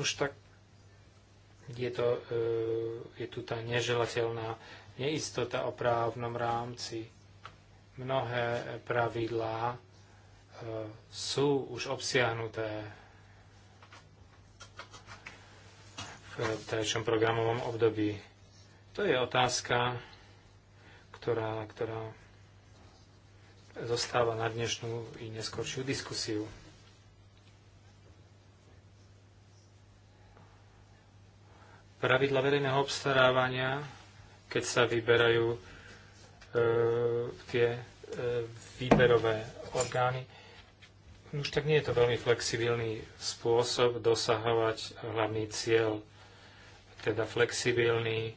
Už tak je, to, e, je tu tá neželateľná neistota o právnom rámci. Mnohé pravidlá e, sú už obsiahnuté v terajšom programovom období. To je otázka, ktorá, ktorá zostáva na dnešnú i neskôršiu diskusiu. Pravidla verejného obstarávania, keď sa vyberajú e, tie e, výberové orgány, už tak nie je to veľmi flexibilný spôsob dosahovať hlavný cieľ, teda flexibilný e,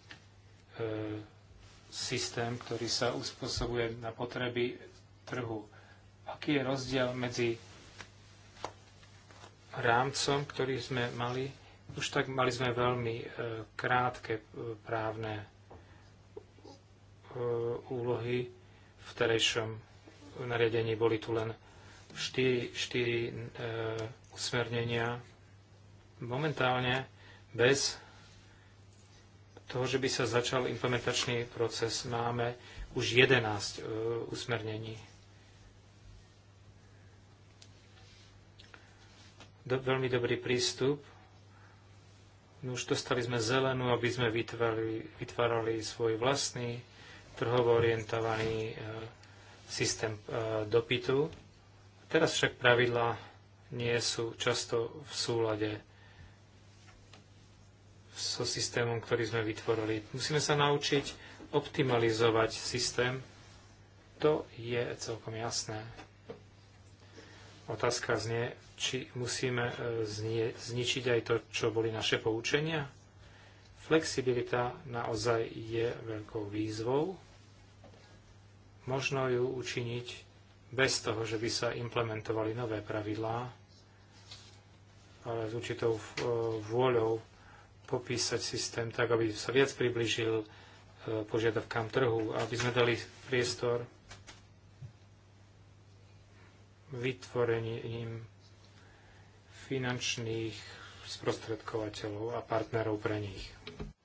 systém, ktorý sa uspôsobuje na potreby trhu. Aký je rozdiel medzi rámcom, ktorý sme mali? Už tak mali sme veľmi e, krátke e, právne e, úlohy. V terejšom nariadení boli tu len 4, 4 usmernenia. Momentálne bez toho, že by sa začal implementačný proces, máme už 11 usmernení. do, veľmi dobrý prístup. No už dostali sme zelenú, aby sme vytvárali, vytvárali svoj vlastný trhovo orientovaný e, systém e, dopytu. Teraz však pravidla nie sú často v súlade so systémom, ktorý sme vytvorili. Musíme sa naučiť optimalizovať systém. To je celkom jasné. Otázka znie, či musíme e, znie, zničiť aj to, čo boli naše poučenia. Flexibilita naozaj je veľkou výzvou. Možno ju učiniť bez toho, že by sa implementovali nové pravidlá, ale s určitou e, vôľou popísať systém tak, aby sa viac približil e, požiadavkám trhu, aby sme dali priestor vytvorením finančných sprostredkovateľov a partnerov pre nich.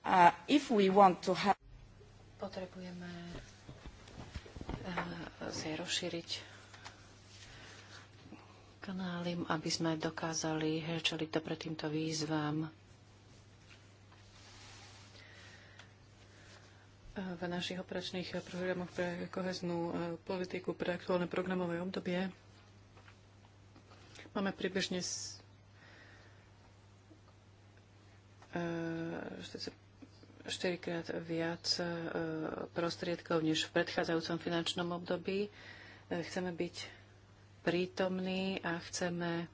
Uh, if we want to have... Potrebujeme uh, si rozšíriť kanály, aby sme dokázali čeliť to pred týmto výzvam. V našich operačných programoch pre koheznú uh, politiku pre aktuálne programové obdobie Máme približne 4 e, krát viac e, prostriedkov než v predchádzajúcom finančnom období. E, chceme byť prítomní a chceme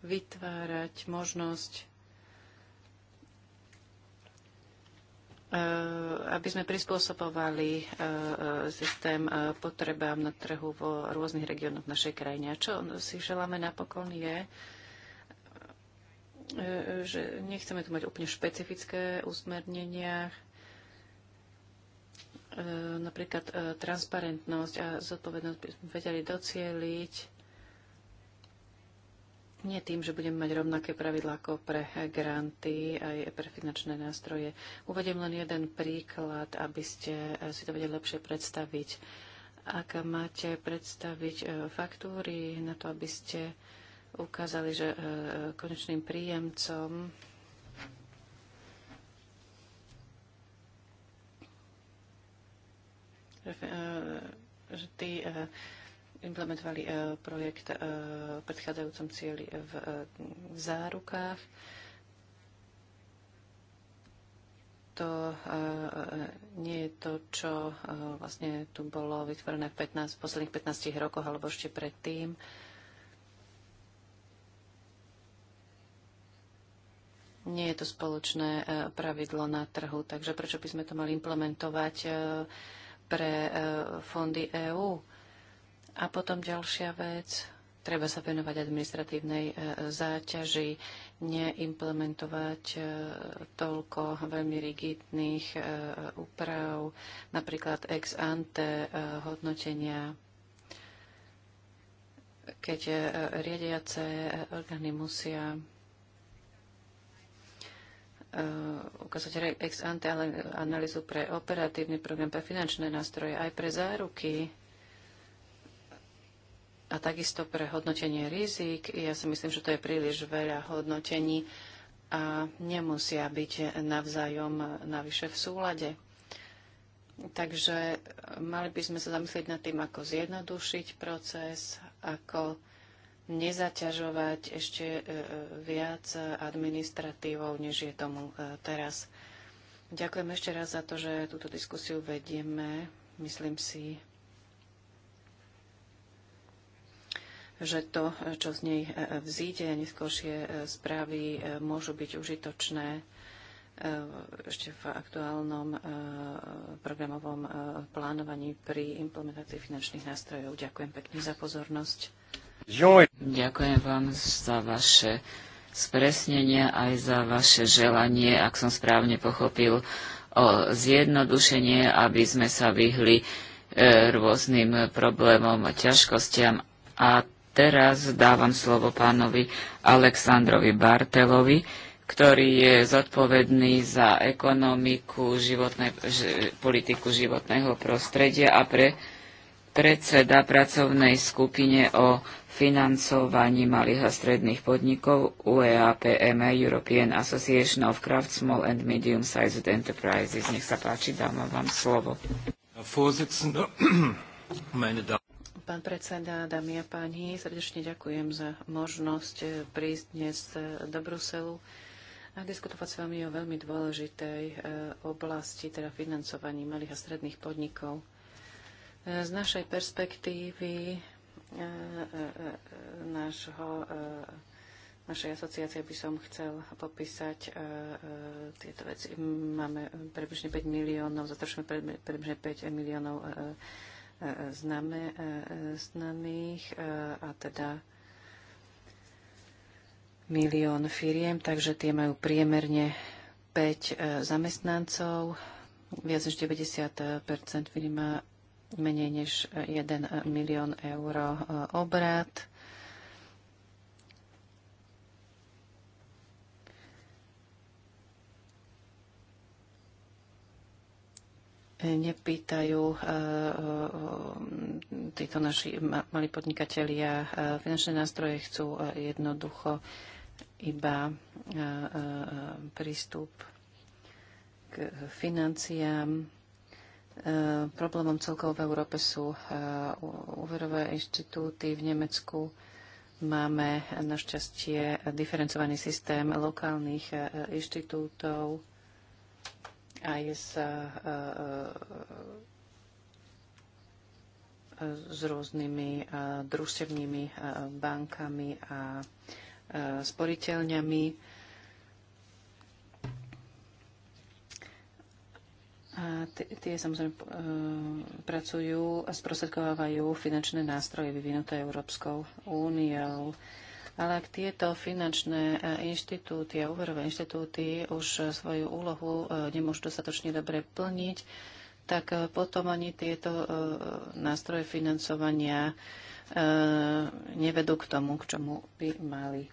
vytvárať možnosť Eh, aby sme prispôsobovali eh, eh, systém potrebám na trhu vo rôznych regiónoch našej krajine. A čo si želáme napokon je, že nechceme tu mať úplne špecifické usmernenia, napríklad transparentnosť a zodpovednosť by sme vedeli docieliť nie tým, že budeme mať rovnaké pravidlá ako pre granty aj pre finančné nástroje. Uvediem len jeden príklad, aby ste eh, si to vedeli lepšie predstaviť. Ak máte predstaviť eh, faktúry na to, aby ste ukázali, že eh, konečným príjemcom že tí implementovali e, projekt e, v predchádzajúcom cieli v e, zárukách. To nie je to, čo vlastne tu bolo vytvorené v 15, v posledných 15 rokoch alebo ešte predtým. Nie je to spoločné pravidlo na trhu, takže prečo by sme to mali implementovať pre fondy EÚ? A potom ďalšia vec, treba sa venovať administratívnej e, záťaži, neimplementovať e, toľko veľmi rigidných e, úprav, napríklad ex ante hodnotenia keď riadiace orgány musia ukázať ex ante analýzu pre operatívny program, pre finančné nástroje, aj pre záruky a takisto pre hodnotenie rizik, ja si myslím, že to je príliš veľa hodnotení a nemusia byť navzájom navyše v súlade. Takže e, mali by sme sa zamyslieť nad tým, ako zjednodušiť proces, ako nezaťažovať ešte e, e, viac administratívou, než je tomu teraz. Ďakujem ešte raz za to, že túto diskusiu vedieme. Myslím si, že to, čo z nej e, e, vzíde a neskôršie e, správy môžu byť užitočné ešte v aktuálnom programovom plánovaní pri implementácii finančných nástrojov. Ďakujem pekne za pozornosť. Ďakujem vám za vaše spresnenia aj za vaše želanie, ak som správne pochopil, o zjednodušenie, aby sme sa vyhli rôznym problémom a ťažkostiam. A teraz dávam slovo pánovi Aleksandrovi Bartelovi, ktorý je zodpovedný za ekonomiku, životné, ž, politiku životného prostredia a pre predseda pracovnej skupine o financovaní malých a stredných podnikov UEAPME European Association of Craft Small and Medium Sized Enterprises. Nech sa páči, dám vám slovo. pán predseda, dámy a páni. Srdečne ďakujem za možnosť eh, prísť dnes eh, do Bruselu a diskutovať s vami o veľmi dôležitej eh, oblasti, teda financovaní malých a stredných podnikov. Z našej perspektívy našho, našej asociácie by som chcel popísať tieto veci. Máme približne 5 miliónov, zatrošujeme približne 5 miliónov známe, e, známych e, a teda milión firiem, takže tie majú priemerne 5 e, zamestnancov, viac než 90 firma menej než 1 milión eur obrat. nepýtajú eh, eh, títo naši malí podnikatelia eh, finančné nástroje, chcú jednoducho iba prístup k financiám. Problémom celkovo v Európe sú úverové inštitúty v Nemecku, máme našťastie diferencovaný systém lokálnych inštitútov, aj z, e, e, s rôznymi e, družstevnými bankami a sporiteľňami. A tie samozrejme pracujú a sprostredkovávajú finančné nástroje vyvinuté Európskou úniou. Ale ak tieto finančné eh, inštitúty a úverové inštitúty už eh, svoju úlohu eh, nemôžu dostatočne dobre plniť, tak potom ani tieto nástroje financovania nevedú k tomu, k čomu by mali.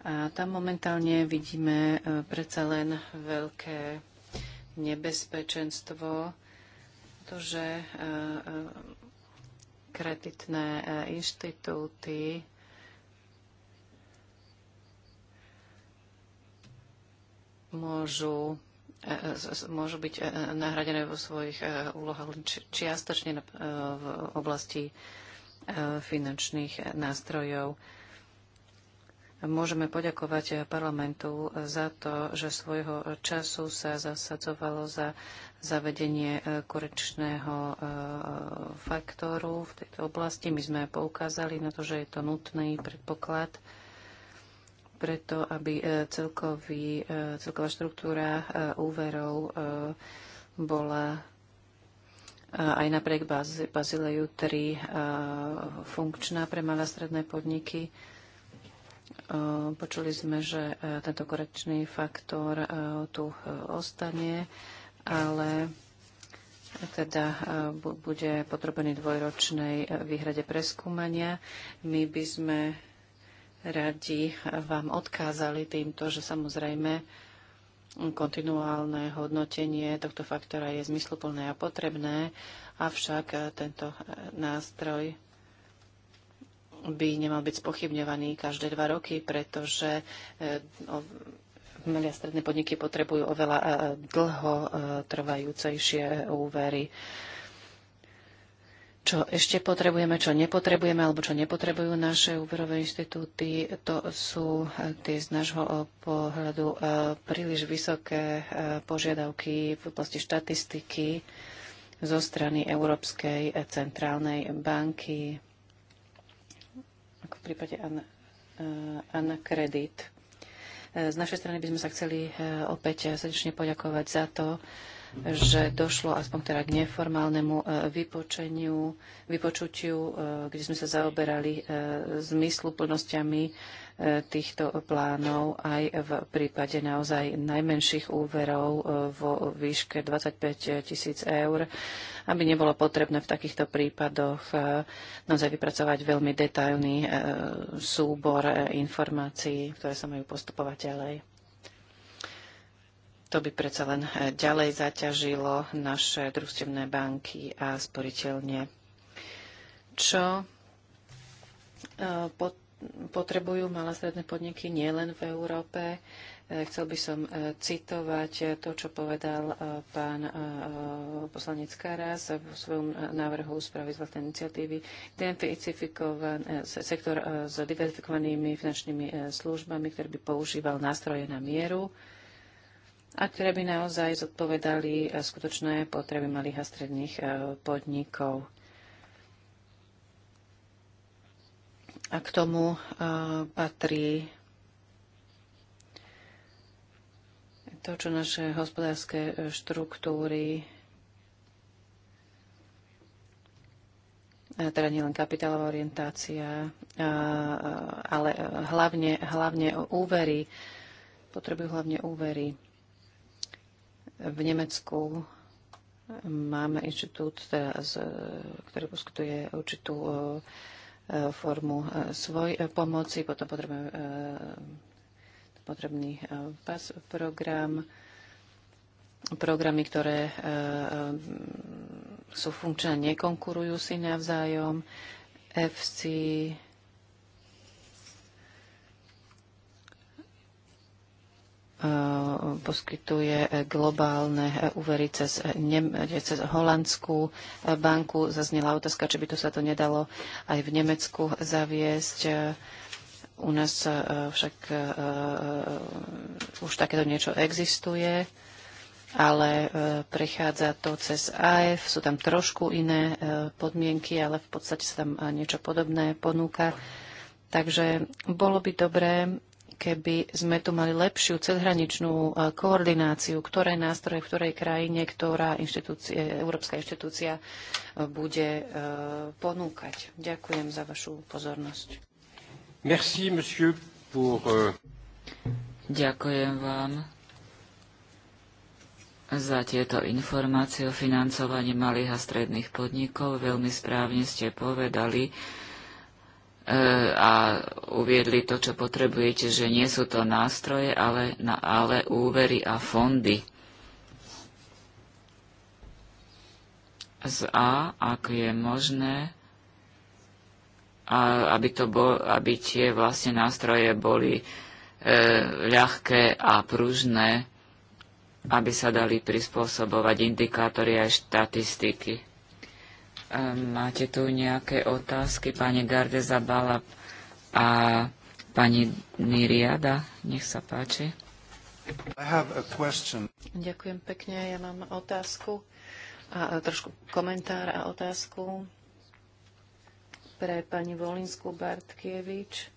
A tam momentálne vidíme predsa len veľké nebezpečenstvo, to, že kreditné inštitúty môžu e, e, môžu byť e, nahradené vo svojich úlohách čiastočne v oblasti finančných nástrojov. Môžeme poďakovať parlamentu za to, že svojho času sa zasadzovalo za zavedenie korečného faktoru v tejto oblasti. My sme poukázali na to, že je to nutný predpoklad preto, aby e, celkový, e, celková štruktúra e, úverov bola aj napriek Bazileju 3 funkčná pre malé a stredné podniky. Počuli sme, že tento korekčný faktor tu ostane, ale teda bude podrobený dvojročnej výhrade preskúmania. My by sme radi vám odkázali týmto, že samozrejme kontinuálne hodnotenie tohto faktora je zmysluplné a potrebné, avšak tento nástroj by nemal byť spochybňovaný každé dva roky, pretože e, malé a stredné podniky potrebujú oveľa e, dlho e, trvajúcejšie úvery čo ešte potrebujeme, čo nepotrebujeme, alebo čo nepotrebujú naše úverové inštitúty, to sú eh, tie z nášho eh, pohľadu eh, príliš vysoké požiadavky v oblasti štatistiky zo strany Európskej centrálnej banky, ako v prípade Anakredit. An Z našej strany by sme sa chceli opäť srdečne poďakovať za to, že došlo aspoň teda k neformálnemu e, vypočeniu, vypočutiu, e, kde sme sa zaoberali e, zmysluplnosťami týchto plánov aj v prípade naozaj najmenších úverov vo výške 25 tisíc eur, aby nebolo potrebné v takýchto prípadoch naozaj vypracovať veľmi detailný súbor informácií, ktoré sa majú postupovať ďalej. To by predsa len e, ďalej zaťažilo naše družstevné banky a sporiteľne. Čo e, potrebujú malé stredné podniky nielen v Európe. E, chcel by som citovať to, čo povedal pán poslanec Karas v svojom návrhu správy z vlastnej iniciatívy. sektor s diverzifikovanými finančnými službami, ktorý by používal nástroje na mieru a ktoré by naozaj zodpovedali eh, skutočné potreby malých a stredných eh, podnikov. A k tomu eh, patrí to, čo naše hospodárske štruktúry, teda nielen kapitálová orientácia, ale hlavne, hlavne úvery, potrebujú hlavne úvery. V Nemecku máme inštitút, e, ktorý poskytuje určitú e, e, formu svoj pomoci, potom potrebujeme potrebný PAS program, programy, ktoré sú funkčné, nekonkurujú si navzájom, FC, Eh, poskytuje eh, globálne eh, úvery cez, Nem- cez holandskú banku. Zaznela otázka, či by to sa to nedalo aj v Nemecku zaviesť. U nás však už takéto niečo existuje, ale prechádza to cez AF. Sú tam trošku iné podmienky, ale v podstate sa tam niečo podobné ponúka. Takže bolo by dobré keby sme tu mali lepšiu cezhraničnú e, koordináciu, ktoré nástroje v ktorej krajine, ktorá inštitúcia, európska inštitúcia e, bude e, ponúkať. Ďakujem za vašu pozornosť. Merci, monsieur, pour... Ďakujem vám za tieto informácie o financovaní malých a stredných podnikov. Veľmi správne ste povedali, E, a uviedli to, čo potrebujete, že nie sú to nástroje, ale, na, ale úvery a fondy. Z A, ak je možné, a aby, to bol, aby tie vlastne nástroje boli e, ľahké a pružné, aby sa dali prispôsobovať indikátory aj štatistiky. Máte tu nejaké otázky, pani Gardeza Bala a pani Niriada? Nech sa páči. Ďakujem pekne, ja mám otázku a, a trošku komentár a otázku pre pani Volinsku Bartkievič.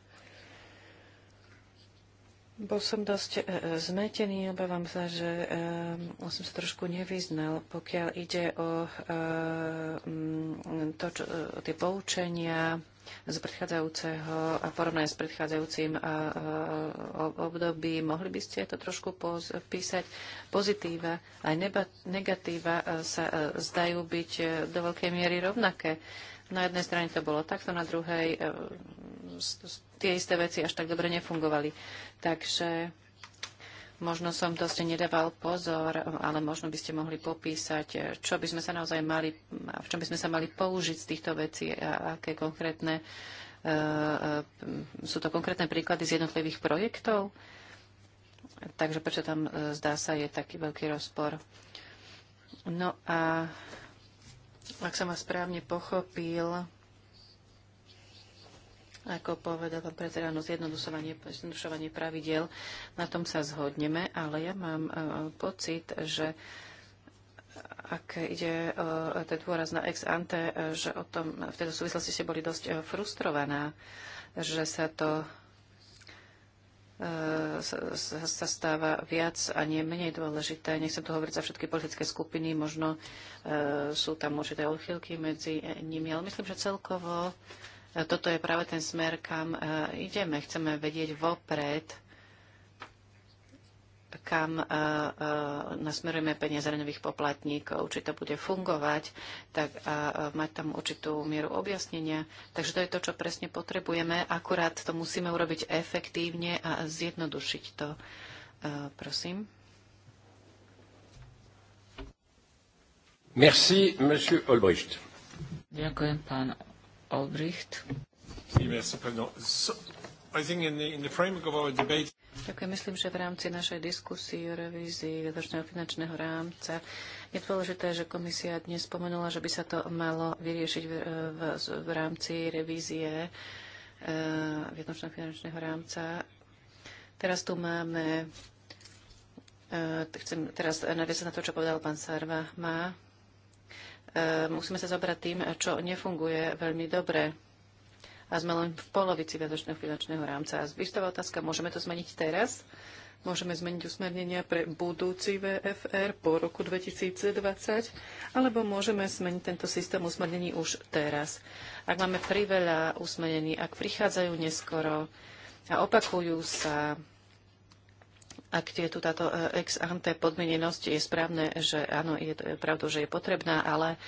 Bol som dosť e, e, zmetený, obávam sa, že e, som sa trošku nevyznal, pokiaľ ide o to, čo, o tie poučenia z predchádzajúceho a porovnanie s predchádzajúcim obdobím. Mohli by ste to trošku písať? Pozitíva aj negatíva sa zdajú byť do veľkej miery rovnaké. Na jednej strane to bolo takto, na druhej tie isté veci až tak dobre nefungovali. Takže možno som dosť nedával pozor, ale možno by ste mohli popísať, čo by sme sa naozaj mali, v čom by sme sa mali použiť z týchto vecí a aké konkrétne, uh, sú to konkrétne príklady z jednotlivých projektov. Takže prečo tam e, zdá sa je taký veľký rozpor. No a ak som vás správne pochopil, ako povedal pán predseda, áno, zjednodušovanie, zjednodušovanie pravidel, na tom sa zhodneme, ale ja mám e, pocit, že ak ide o e, ten dôraz na ex ante, e, že o tom v tejto súvislosti ste boli dosť frustrovaná, že sa to sa, sa stáva viac a nie menej dôležité. Nechcem tu hovoriť za všetky politické skupiny, možno e, sú tam určité odchýlky medzi nimi, ale myslím, že celkovo toto je práve ten smer, kam e, ideme. Chceme vedieť vopred, kam e, e, nasmerujeme peniaze daňových poplatníkov, či to bude fungovať, tak a mať tam určitú mieru objasnenia. Takže to je to, čo presne potrebujeme. Akurát to musíme urobiť efektívne a zjednodušiť to. Prosím. Merci, monsieur Olbricht. Ďakujem, pán Olbricht. Ďakujem. Myslím, že v rámci našej diskusie o revízii vedočného finančného rámca je dôležité, že komisia dnes spomenula, že by sa to malo vyriešiť v, v, v rámci revízie e, viedočného finančného rámca. Teraz tu máme, e, chcem teraz naviesť na to, čo povedal pán Sarva, má E, musíme sa zobrať tým, čo nefunguje veľmi dobre. A sme len v polovici viadočného finančného rámca. A zvyštová otázka, môžeme to zmeniť teraz? Môžeme zmeniť usmernenia pre budúci VFR po roku 2020? Alebo môžeme zmeniť tento systém usmernení už teraz? Ak máme priveľa usmernení, ak prichádzajú neskoro a opakujú sa, ak je tu táto e, ex ante podmienenosť, je správne, že áno, je pravdou, že je potrebná, ale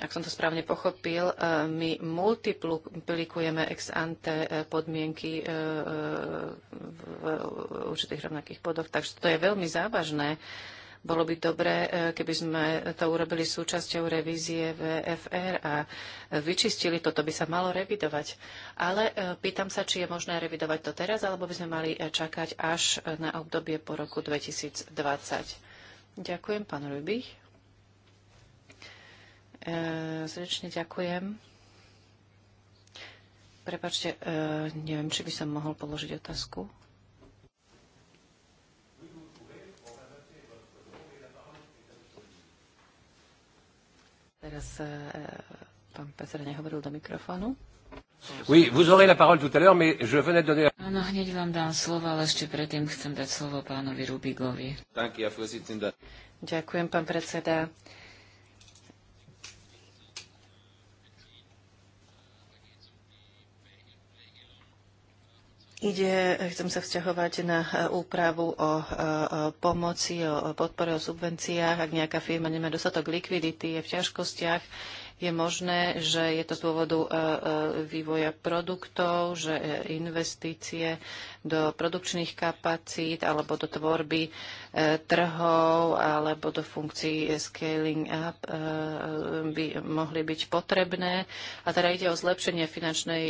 ak som to správne pochopil, e, my multiplikujeme ex ante e, podmienky v určitých rovnakých podoch. Takže to je veľmi závažné. Bolo by dobré, e, keby sme to urobili súčasťou revízie VFR a vyčistili to, to by sa malo revidovať. Ale e, pýtam sa, či je možné revidovať to teraz, alebo by sme mali e, čakať až na obdobie po roku 2020. Ďakujem, pán Rubich. Zrečne ďakujem. Prepačte, neviem, či by som mohol položiť otázku. Teraz e, e, pán Pecer nehovoril do mikrofónu. Oui, vous aurez la parole tout à l'heure, mais je venais de donner... Áno, hneď vám dám slovo, ale ešte predtým chcem dať slovo pánovi Rubigovi. Ďakujem, pán predseda. Ide, chcem sa vzťahovať na e, úpravu o, e, e, o, pomoci, o podpore, o subvenciách. Ak nejaká firma nemá dostatok likvidity, je v ťažkostiach, je možné, že je to z dôvodu e, e, vývoja produktov, že e, investície do produkčných kapacít alebo do tvorby trhov alebo do funkcií scaling up by mohli byť potrebné. A teda ide o zlepšenie finančnej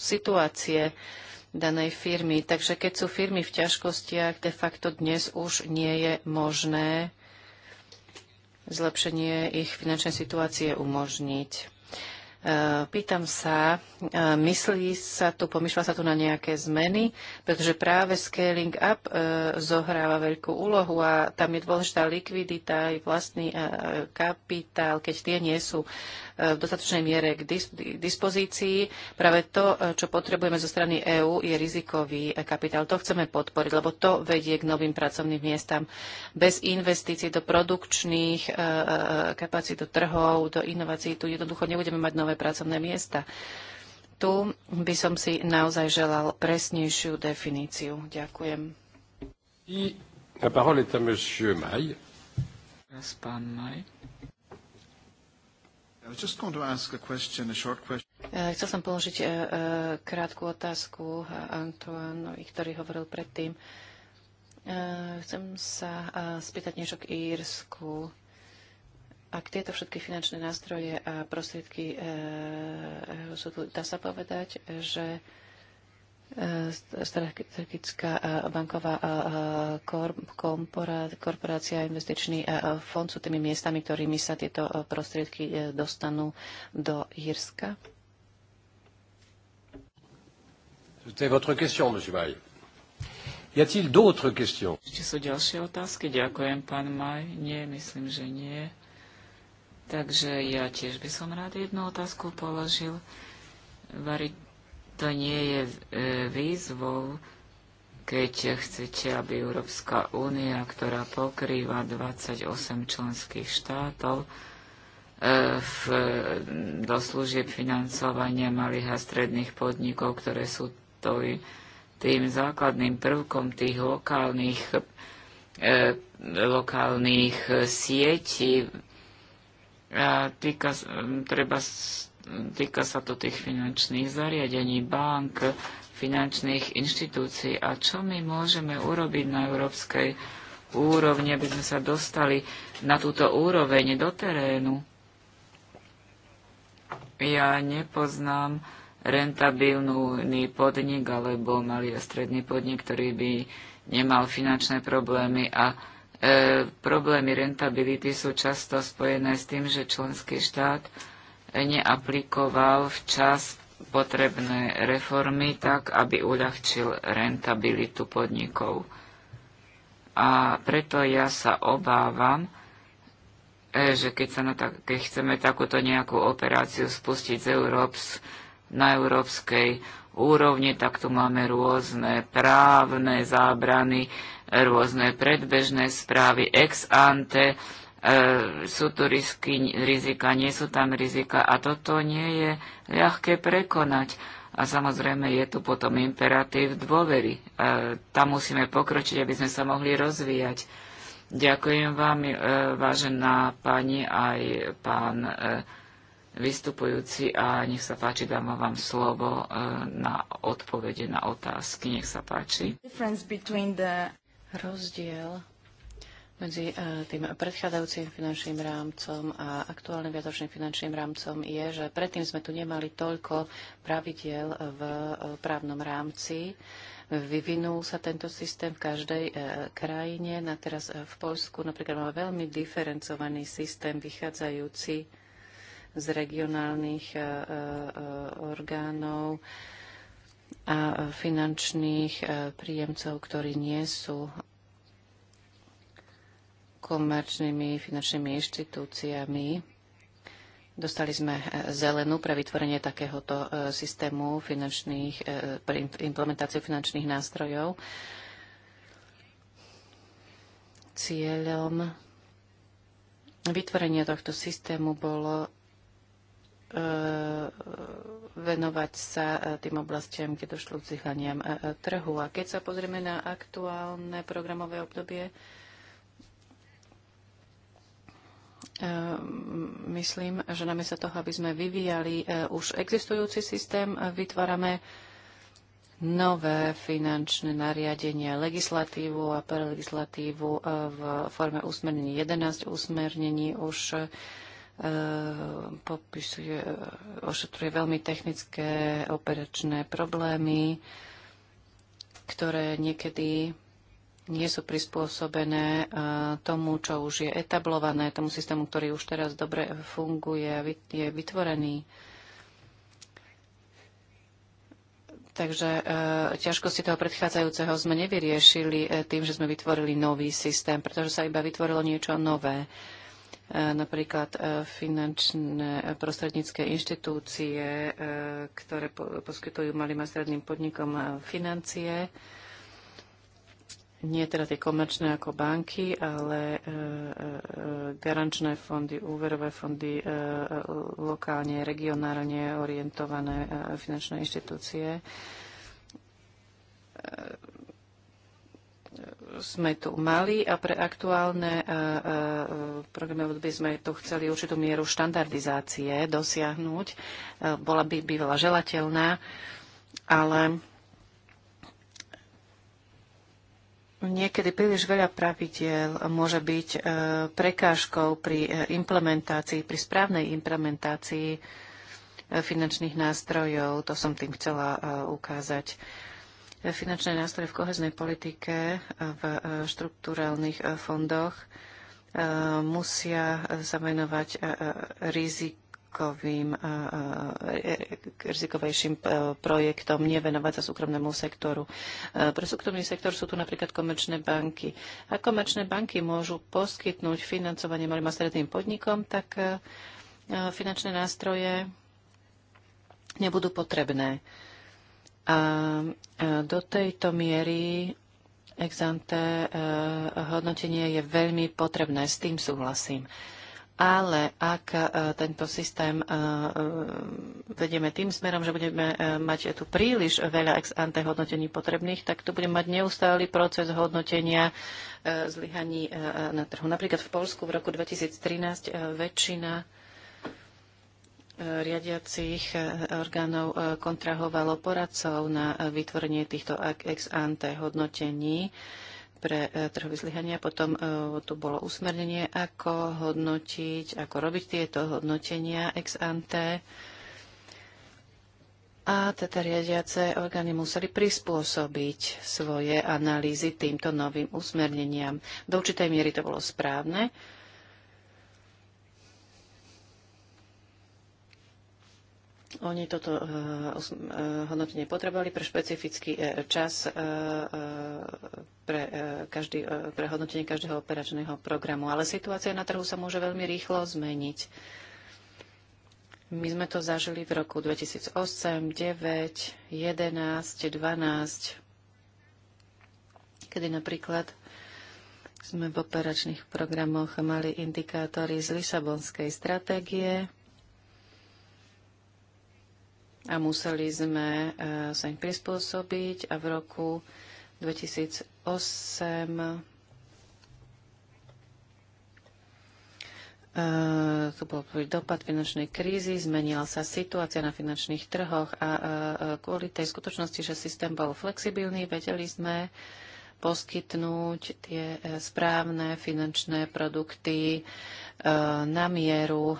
situácie danej firmy. Takže keď sú firmy v ťažkostiach, de facto dnes už nie je možné zlepšenie ich finančnej situácie umožniť. E, pýtam sa, e, myslí sa tu, pomýšľa sa tu na nejaké zmeny, pretože práve scaling up e, zohráva veľkú úlohu a tam je dôležitá likvidita aj vlastný kapitál. Keď tie nie sú v dostatočnej miere k dispozícii. Práve to, e, čo potrebujeme zo strany EÚ, je rizikový e, kapitál. To chceme podporiť, lebo to vedie k novým pracovným miestam. Bez investícií do produkčných e, kapacít, do trhov, do inovácií, tu jednoducho nebudeme mať nové pracovné miesta. Tu by som si naozaj želal presnejšiu definíciu. Ďakujem. La parole est à monsieur Maille. Pán Maille. E, chcel som položiť e, e, krátku otázku Antoánovi, ktorý hovoril predtým. Chcem sa spýtať niečo k Írsku. Ak tieto všetky finančné nástroje a prostriedky sú tu, dá sa povedať, že Eh, strategická eh, banková eh, korporácia a investičný fond sú tými miestami, ktorými sa tieto prostriedky dostanú do Jirska? C'était votre question, monsieur Maille. Y a-t-il d'autres questions Ešte sú ďalšie otázky. Ďakujem, pán Maj. Nie, myslím, že nie. Takže ja tiež by som rád jednu otázku položil. Variť to nie je e, výzvou, keď chcete, aby Európska únia, ktorá pokrýva 28 členských štátov, e, v, do služieb financovania malých a stredných podnikov, ktoré sú toj, tým základným prvkom tých lokálnych, e, lokálnych sietí. A týka, treba Týka sa to tých finančných zariadení, bank, finančných inštitúcií. A čo my môžeme urobiť na európskej úrovni, aby sme sa dostali na túto úroveň do terénu? Ja nepoznám rentabilný podnik alebo malý a stredný podnik, ktorý by nemal finančné problémy a e, problémy rentability sú často spojené s tým, že členský štát neaplikoval včas potrebné reformy tak, aby uľahčil rentabilitu podnikov. A preto ja sa obávam, e, že keď, sa na tak, keď chceme takúto nejakú operáciu spustiť z Európs, na európskej úrovni, tak tu máme rôzne právne zábrany, rôzne predbežné správy ex ante, E, sú tu risky, rizika, nie sú tam rizika a toto nie je ľahké prekonať. A samozrejme je tu potom imperatív dôvery. E, tam musíme pokročiť, aby sme sa mohli rozvíjať. Ďakujem vám, e, vážená pani, aj pán e, vystupujúci a nech sa páči, dám vám slovo e, na odpovede na otázky. Nech sa páči. Rozdiel medzi e, tým predchádzajúcim finančným rámcom a aktuálnym viatočným finančným rámcom je, že predtým sme tu nemali toľko pravidiel v e, právnom rámci. Vyvinul sa tento systém v každej e, krajine. Na teraz v Polsku napríklad máme veľmi diferencovaný systém vychádzajúci z regionálnych orgánov a finančných príjemcov, ktorí nie sú komerčnými finančnými inštitúciami. Dostali sme eh, zelenú pre vytvorenie takéhoto eh, systému finančných, eh, pre implementáciu finančných nástrojov. Cieľom vytvorenia tohto systému bolo venovať sa tým oblastiam, kde došlo k zlyhaniam trhu. A keď sa pozrieme na aktuálne programové obdobie, Ehm, myslím, že namiesto toho, aby sme vyvíjali e, už existujúci systém, e, vytvárame nové finančné nariadenia, legislatívu a prelegislatívu e, v forme usmernení 11 usmernení už popisuje, ošetruje veľmi technické operačné problémy, ktoré niekedy nie sú prispôsobené e, tomu, čo už je etablované, tomu systému, ktorý už teraz dobre funguje a je vytvorený. Takže e, ťažkosti toho predchádzajúceho sme nevyriešili e, tým, že sme vytvorili nový systém, pretože sa iba vytvorilo niečo nové. napríklad finančné prostrednícke inštitúcie, ktoré poskytujú malým a stredným podnikom financie nie teda tie komerčné ako banky, ale e, e, e garančné fondy, úverové fondy, e, e, lokálne, regionálne orientované e, finančné inštitúcie. E, e, sme tu mali a pre aktuálne e, e, programy by sme tu chceli určitú mieru štandardizácie dosiahnuť. E, bola by bývala želateľná, ale Niekedy príliš veľa pravidiel môže byť e, prekážkou pri e, implementácii, pri správnej implementácii e, finančných nástrojov. To som tým chcela ukázať. Finančné nástroje v koheznej politike, v štruktúrálnych fondoch musia sa venovať rizik rizikovým, e, rizikovejším e, projektom, nevenovať sa súkromnému sektoru. E, pre súkromný sektor sú tu napríklad komerčné banky. A komerčné banky môžu poskytnúť financovanie malým a stredným podnikom, tak finančné nástroje nebudú potrebné. A do tejto miery exante hodnotenie je veľmi potrebné. S tým súhlasím. Ale ak e, tento systém e, e, vedieme tým smerom, že budeme mať tu príliš veľa ex ante hodnotení potrebných, tak tu budeme mať neustály proces hodnotenia zlyhaní na trhu. Napríklad v Polsku v roku 2013 väčšina riadiacich orgánov kontrahovalo poradcov na vytvorenie týchto ex ante hodnotení pre e, trhové zlyhania. Potom e, tu bolo usmernenie, ako hodnotiť, ako robiť tieto hodnotenia ex ante. A teda riadiace orgány museli prispôsobiť svoje analýzy týmto novým usmerneniam. Do určitej miery to bolo správne, Oni toto eh, eh, hodnotenie potrebovali pre špecifický eh, čas pre, každý, pre hodnotenie každého operačného programu. Ale situácia na trhu sa môže veľmi rýchlo zmeniť. My sme to zažili v roku 2008, 2009, 11, 2012 kedy napríklad sme v operačných programoch mali indikátory z Lisabonskej stratégie, a museli sme eh, sa im prispôsobiť a v roku 2008 eh, tu bol dopad finančnej krízy, zmenila sa situácia na finančných trhoch a eh, kvôli tej skutočnosti, že systém bol flexibilný, vedeli sme poskytnúť tie správne finančné produkty E, na mieru e,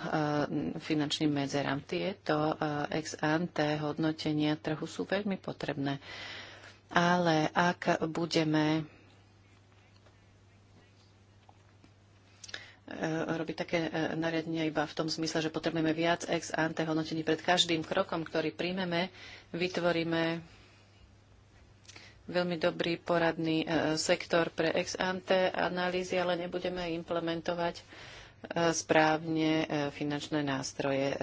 finančným medzerám. Tieto e, ex ante hodnotenia trhu sú veľmi potrebné. Ale ak budeme robiť také nariadenie iba v tom zmysle, že potrebujeme viac ex ante hodnotení pred každým krokom, ktorý príjmeme, vytvoríme veľmi dobrý poradný sektor pre ex ante analýzy, ale nebudeme implementovať správne e, finančné nástroje. E,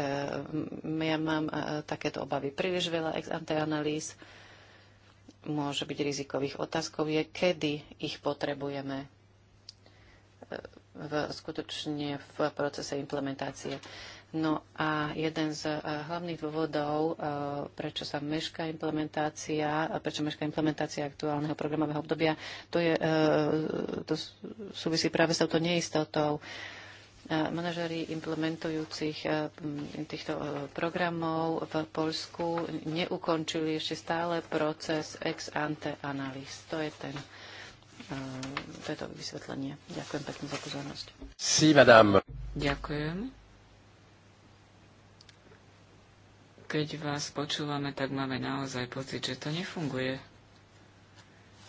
ja mám e, takéto obavy. Príliš veľa ex ante analýz môže byť rizikových. otázkov, je, kedy ich potrebujeme v, skutočne v procese implementácie. No a jeden z hlavných dôvodov, prečo sa meška implementácia, prečo meška implementácia aktuálneho programového obdobia, to, je, to súvisí práve s touto neistotou manažeri implementujúcich e, týchto e, programov v Polsku neukončili ešte stále proces ex ante analýz. To je ten e, to je to vysvetlenie. Ďakujem pekne za pozornosť. Si, madame. Ďakujem. Keď vás počúvame, tak máme naozaj pocit, že to nefunguje.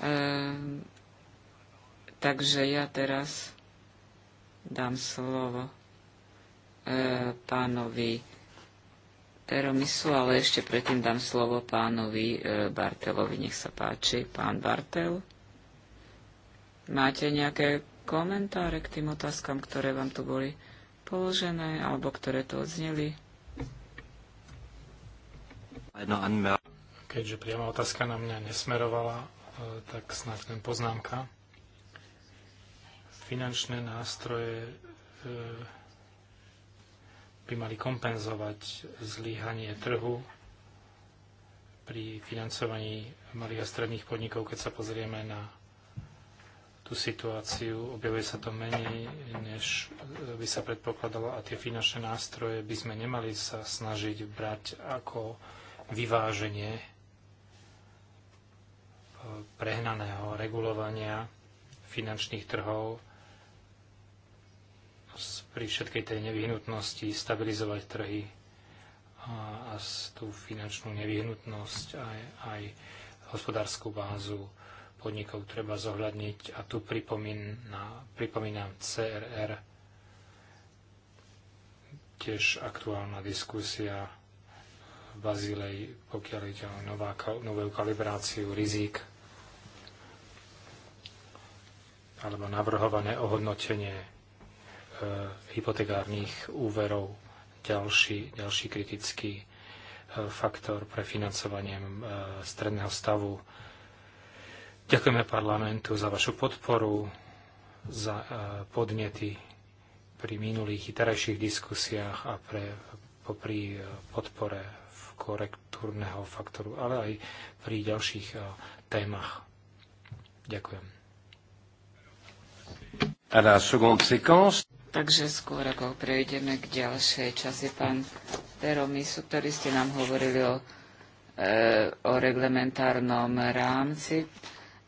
Ehm, takže ja teraz dám slovo e, pánovi Eromisu, ale ešte predtým dám slovo pánovi e, Bartelovi. Nech sa páči, pán Bartel. Máte nejaké komentáre k tým otázkam, ktoré vám tu boli položené alebo ktoré tu odzneli? Keďže priama otázka na mňa nesmerovala, e, tak snáď len poznámka finančné nástroje e, by mali kompenzovať zlyhanie trhu pri financovaní malých a stredných podnikov, keď sa pozrieme na tú situáciu, objavuje sa to menej, než by sa predpokladalo a tie finančné nástroje by sme nemali sa snažiť brať ako vyváženie prehnaného regulovania finančných trhov pri všetkej tej nevyhnutnosti stabilizovať trhy a, a tú finančnú nevyhnutnosť aj, aj hospodárskú bázu podnikov treba zohľadniť. A tu pripomína, pripomínam CRR, tiež aktuálna diskusia v Bazílej, pokiaľ ide o nová, novú kalibráciu rizík alebo navrhované ohodnotenie Eh, hypotekárnych úverov ďalší, ďalší kritický eh, faktor pre financovanie eh, stredného stavu. Ďakujeme parlamentu za vašu podporu, za podnety pri minulých i terajších diskusiách a pre, pri podpore v korektúrneho faktoru, ale aj pri ďalších témach. Ďakujem. À la seconde séquence. Takže skôr ako prejdeme k ďalšej časti, pán Peromisu, ktorý ste nám hovorili o, e, o reglementárnom rámci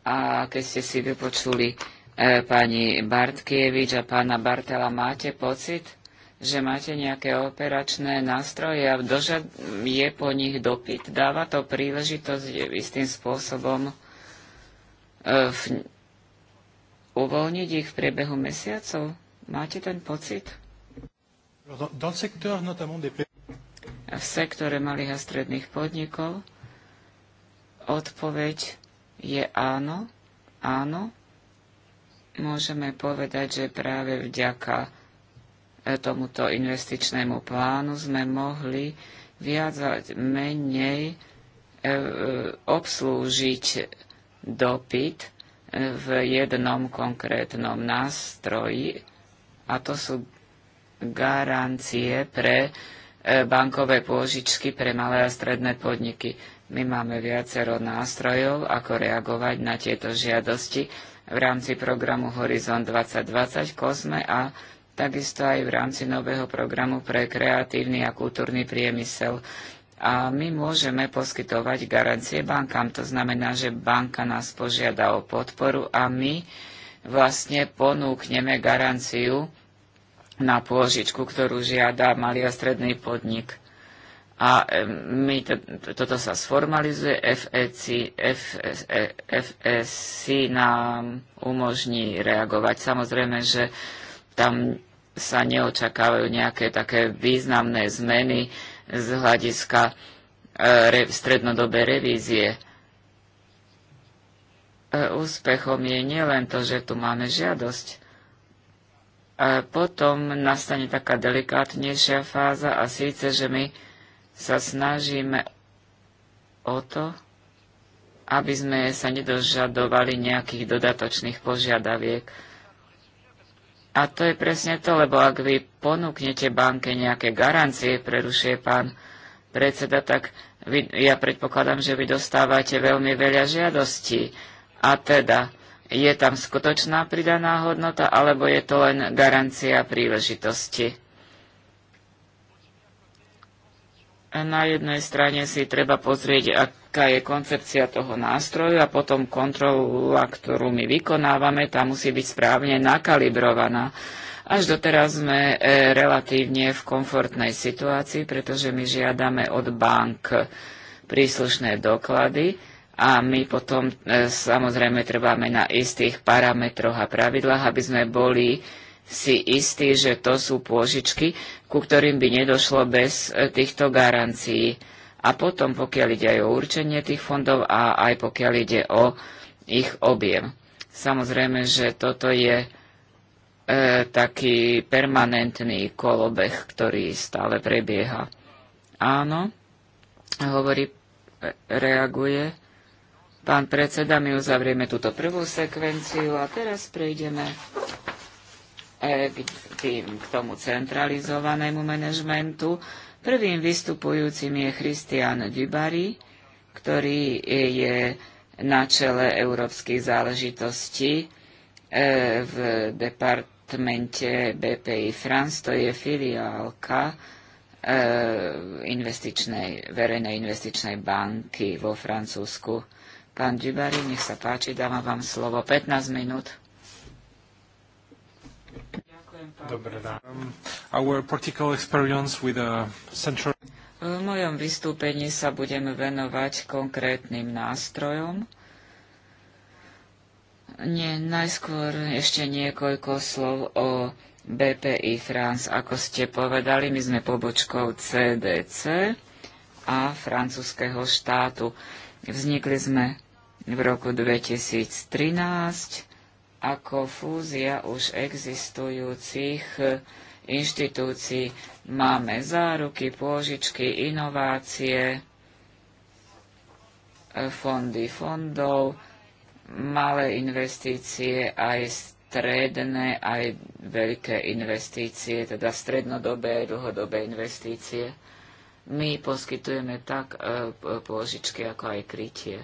a keď ste si vypočuli e, pani Bartkievič a pána Bartela, máte pocit, že máte nejaké operačné nástroje a dožad, je po nich dopyt? Dáva to príležitosť istým spôsobom e, v, uvoľniť ich v priebehu mesiacov? Máte ten pocit? V sektore malých a stredných podnikov odpoveď je áno, áno. Môžeme povedať, že práve vďaka e, tomuto investičnému plánu sme mohli viac menej e, e, obslúžiť dopyt v jednom konkrétnom nástroji a to sú garancie pre e, bankové pôžičky pre malé a stredné podniky. My máme viacero nástrojov, ako reagovať na tieto žiadosti v rámci programu Horizon 2020 COSME a takisto aj v rámci nového programu pre kreatívny a kultúrny priemysel. A my môžeme poskytovať garancie bankám. To znamená, že banka nás požiada o podporu a my vlastne ponúkneme garanciu na pôžičku, ktorú žiada malý a stredný podnik. A my to, toto sa sformalizuje, FEC, FSC e nám umožní reagovať. Samozrejme, že tam sa neočakávajú nejaké také významné zmeny z hľadiska e, re, strednodobé revízie E, úspechom je nielen to, že tu máme žiadosť, a e, potom nastane taká delikátnejšia fáza a síce, že my sa snažíme o to, aby sme sa nedožadovali nejakých dodatočných požiadaviek. A to je presne to, lebo ak vy ponúknete banke nejaké garancie, prerušuje pán predseda, tak vy, ja predpokladám, že vy dostávate veľmi veľa žiadostí a teda, je tam skutočná pridaná hodnota, alebo je to len garancia príležitosti? Na jednej strane si treba pozrieť, aká je koncepcia toho nástroju a potom kontrola, ktorú my vykonávame, tá musí byť správne nakalibrovaná. Až doteraz sme e, relatívne v komfortnej situácii, pretože my žiadame od bank príslušné doklady, a my potom e, samozrejme trváme na istých parametroch a pravidlách, aby sme boli si istí, že to sú pôžičky, ku ktorým by nedošlo bez e, týchto garancií. A potom, pokiaľ ide aj o určenie tých fondov a aj pokiaľ ide o ich objem. Samozrejme, že toto je e, taký permanentný kolobeh, ktorý stále prebieha. Áno, hovorí, e, reaguje Pán predseda, my uzavrieme túto prvú sekvenciu a teraz prejdeme e, k, tým, k tomu centralizovanému manažmentu. Prvým vystupujúcim je Christian Dubary, ktorý e, je na čele európskych záležitostí e, v departmente BPI France, to je filiálka investičnej, verejnej investičnej banky vo Francúzsku Pán Džibari, nech sa páči, dávam vám slovo. 15 minút. Dobre, Our practical experience with a central... V mojom vystúpení sa budem venovať konkrétnym nástrojom. Nie, najskôr ešte niekoľko slov o BPI France. Ako ste povedali, my sme pobočkou CDC a francúzského štátu. Vznikli sme v roku 2013 ako fúzia už existujúcich e, inštitúcií. Máme záruky, pôžičky, inovácie, e, fondy fondov, malé investície, aj stredné, aj veľké investície, teda strednodobé, dlhodobé investície. My poskytujeme tak e, pôžičky, ako aj krytie.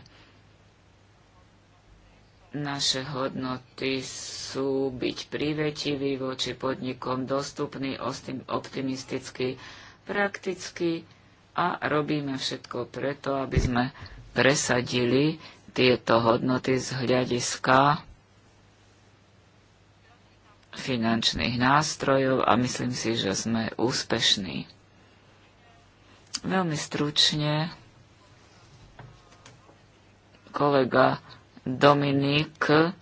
Naše hodnoty sú byť privetivý voči podnikom, dostupný, optimistický, praktický a robíme všetko preto, aby sme presadili tieto hodnoty z hľadiska finančných nástrojov a myslím si, že sme úspešní. Veľmi stručne kolega Dominik e,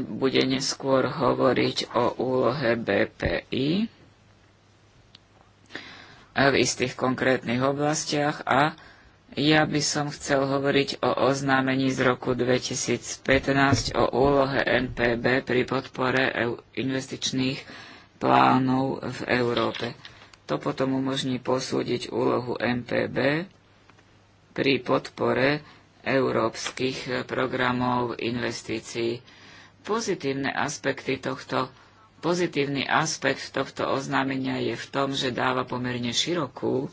bude neskôr hovoriť o úlohe BPI v istých konkrétnych oblastiach a ja by som chcel hovoriť o oznámení z roku 2015 o úlohe NPB pri podpore investičných plánov v Európe. To potom umožní posúdiť úlohu NPB pri podpore európskych eh, programov investícií. Pozitívne aspekty tohto Pozitívny aspekt tohto oznámenia je v tom, že dáva pomerne širokú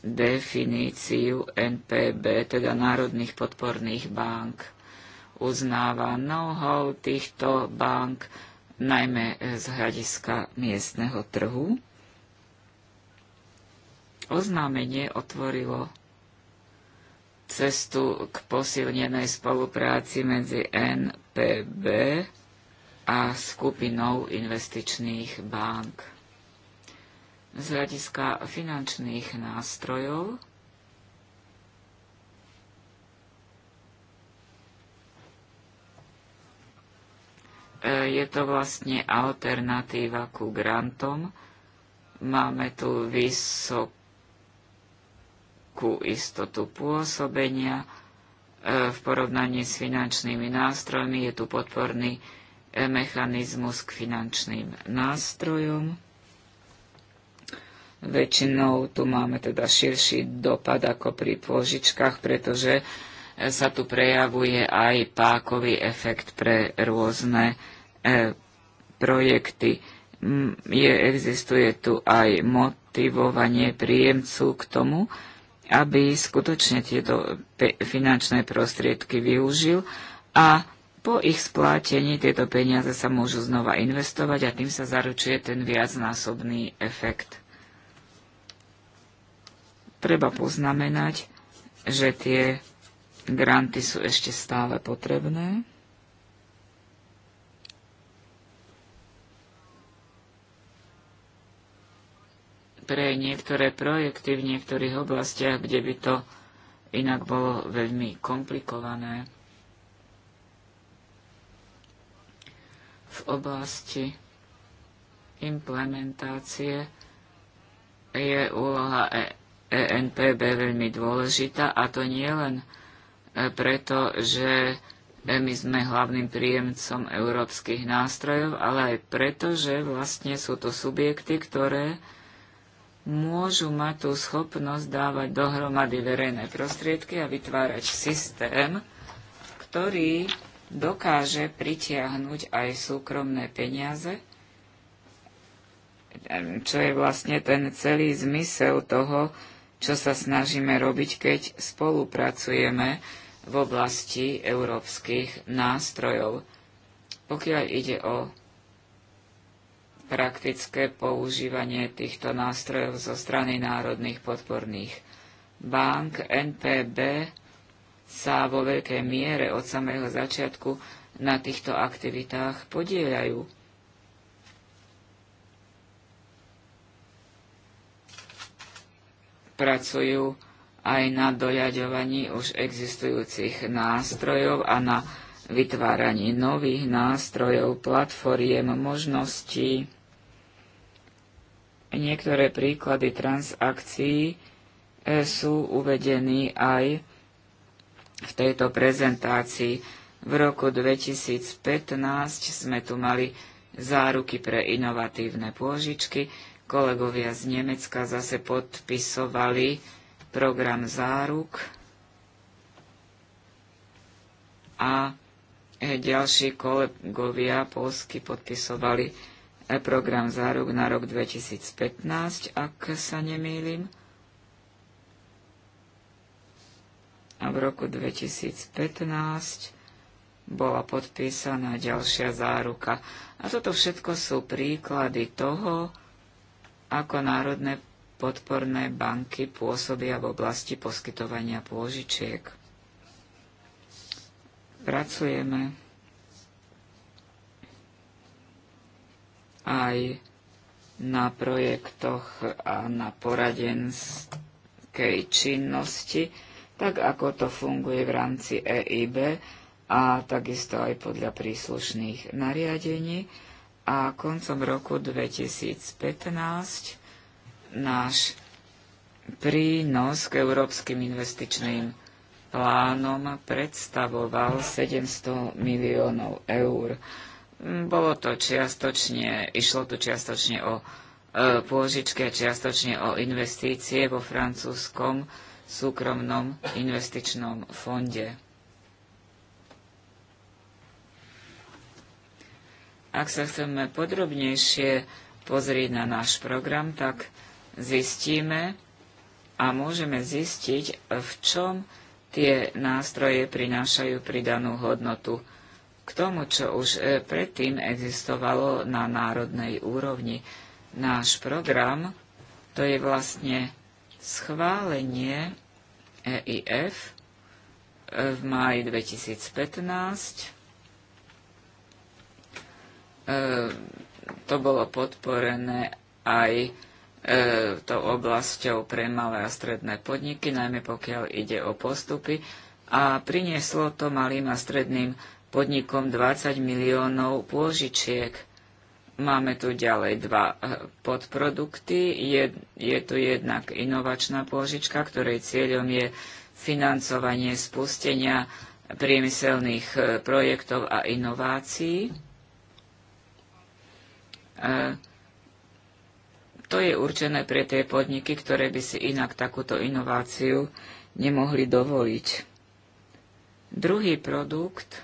definíciu NPB, teda Národných podporných bank. Uznáva know-how týchto bank, najmä eh, z hľadiska miestneho trhu. Oznámenie otvorilo cestu k posilnenej spolupráci medzi NPB a skupinou investičných bank. Z hľadiska finančných nástrojov je to vlastne alternatíva ku grantom. Máme tu vysokú ku istotu pôsobenia e, v porovnaní s finančnými nástrojmi. Je tu podporný e, mechanizmus k finančným nástrojom. Väčšinou tu máme teda širší dopad ako pri pôžičkách, pretože e, sa tu prejavuje aj pákový efekt pre rôzne e, projekty. Je, existuje tu aj motivovanie príjemcu k tomu, aby skutočne tieto finančné prostriedky využil a po ich splátení tieto peniaze sa môžu znova investovať a tým sa zaručuje ten viacnásobný efekt. Treba poznamenať, že tie granty sú ešte stále potrebné pre niektoré projekty v niektorých oblastiach, kde by to inak bolo veľmi komplikované. V oblasti implementácie je úloha ENPB e veľmi dôležitá a to nie len e, preto, že e, my sme hlavným príjemcom európskych nástrojov, ale aj preto, že vlastne sú to subjekty, ktoré môžu mať tú schopnosť dávať dohromady verejné prostriedky a vytvárať systém, ktorý dokáže pritiahnuť aj súkromné peniaze, čo je vlastne ten celý zmysel toho, čo sa snažíme robiť, keď spolupracujeme v oblasti európskych nástrojov. Pokiaľ ide o praktické používanie týchto nástrojov zo strany národných podporných bank. NPB sa vo veľkej miere od samého začiatku na týchto aktivitách podielajú. Pracujú aj na dojaďovaní už existujúcich nástrojov a na vytváraní nových nástrojov, platformiem, možností. Niektoré príklady transakcií eh, sú uvedení aj v tejto prezentácii. V roku 2015 sme tu mali záruky pre inovatívne pôžičky. Kolegovia z Nemecka zase podpisovali program záruk a E, ďalší kolegovia Polsky podpisovali e, program záruk na rok 2015, ak sa nemýlim. A v roku 2015 bola podpísaná ďalšia záruka. A toto všetko sú príklady toho, ako národné podporné banky pôsobia v oblasti poskytovania pôžičiek pracujeme aj na projektoch a na poradenskej činnosti, tak ako to funguje v rámci EIB a takisto aj podľa príslušných nariadení. A koncom roku 2015 náš prínos k európskym investičným plánom predstavoval 700 miliónov eur. Bolo to čiastočne, išlo to čiastočne o e, pôžičky a čiastočne o investície vo francúzskom súkromnom investičnom fonde. Ak sa chceme podrobnejšie pozrieť na náš program, tak zistíme a môžeme zistiť, v čom tie nástroje prinášajú pridanú hodnotu k tomu, čo už e, predtým existovalo na národnej úrovni. Náš program to je vlastne schválenie EIF e, v máji 2015. E, to bolo podporené aj E, tou oblasťou pre malé a stredné podniky, najmä pokiaľ ide o postupy. A prinieslo to malým a stredným podnikom 20 miliónov pôžičiek. Máme tu ďalej dva e, podprodukty. Je, je tu jednak inovačná pôžička, ktorej cieľom je financovanie spustenia priemyselných e, projektov a inovácií. E, to je určené pre tie podniky, ktoré by si inak takúto inováciu nemohli dovoliť. Druhý produkt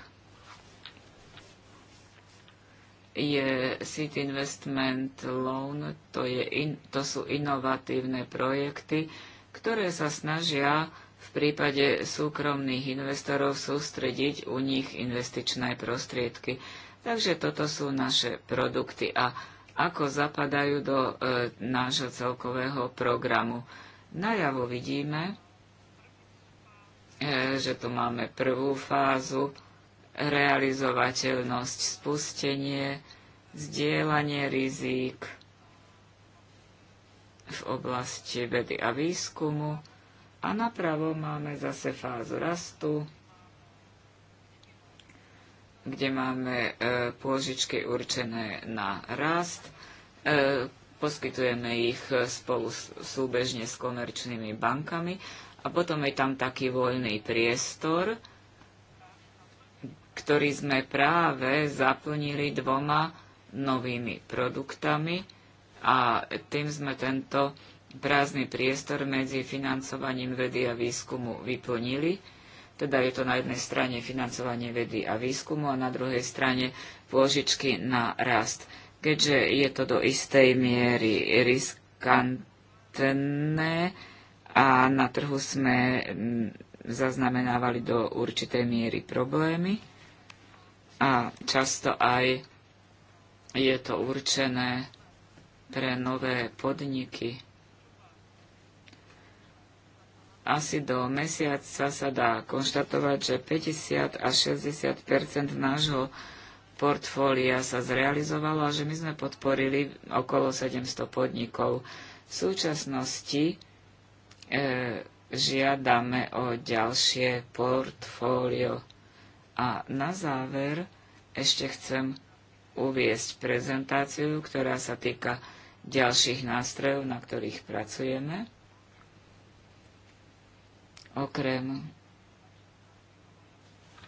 je City Investment Loan, to, je in, to sú inovatívne projekty, ktoré sa snažia v prípade súkromných investorov sústrediť u nich investičné prostriedky. Takže toto sú naše produkty a ako zapadajú do e, nášho celkového programu. Najavo vidíme, e, že tu máme prvú fázu, realizovateľnosť, spustenie, zdieľanie rizík v oblasti vedy a výskumu a napravo máme zase fázu rastu, kde máme e, pôžičky určené na rast. E, poskytujeme ich spolu súbežne s komerčnými bankami a potom je tam taký voľný priestor, ktorý sme práve zaplnili dvoma novými produktami a tým sme tento prázdny priestor medzi financovaním vedy a výskumu vyplnili teda je to na jednej strane financovanie vedy a výskumu a na druhej strane pôžičky na rast. Keďže je to do istej miery riskantné a na trhu sme mm, zaznamenávali do určitej miery problémy a často aj je to určené pre nové podniky asi do mesiaca sa dá konštatovať, že 50 až 60 nášho portfólia sa zrealizovalo a že my sme podporili okolo 700 podnikov. V súčasnosti e, žiadame o ďalšie portfólio. A na záver ešte chcem uviesť prezentáciu, ktorá sa týka ďalších nástrojov, na ktorých pracujeme. Okrem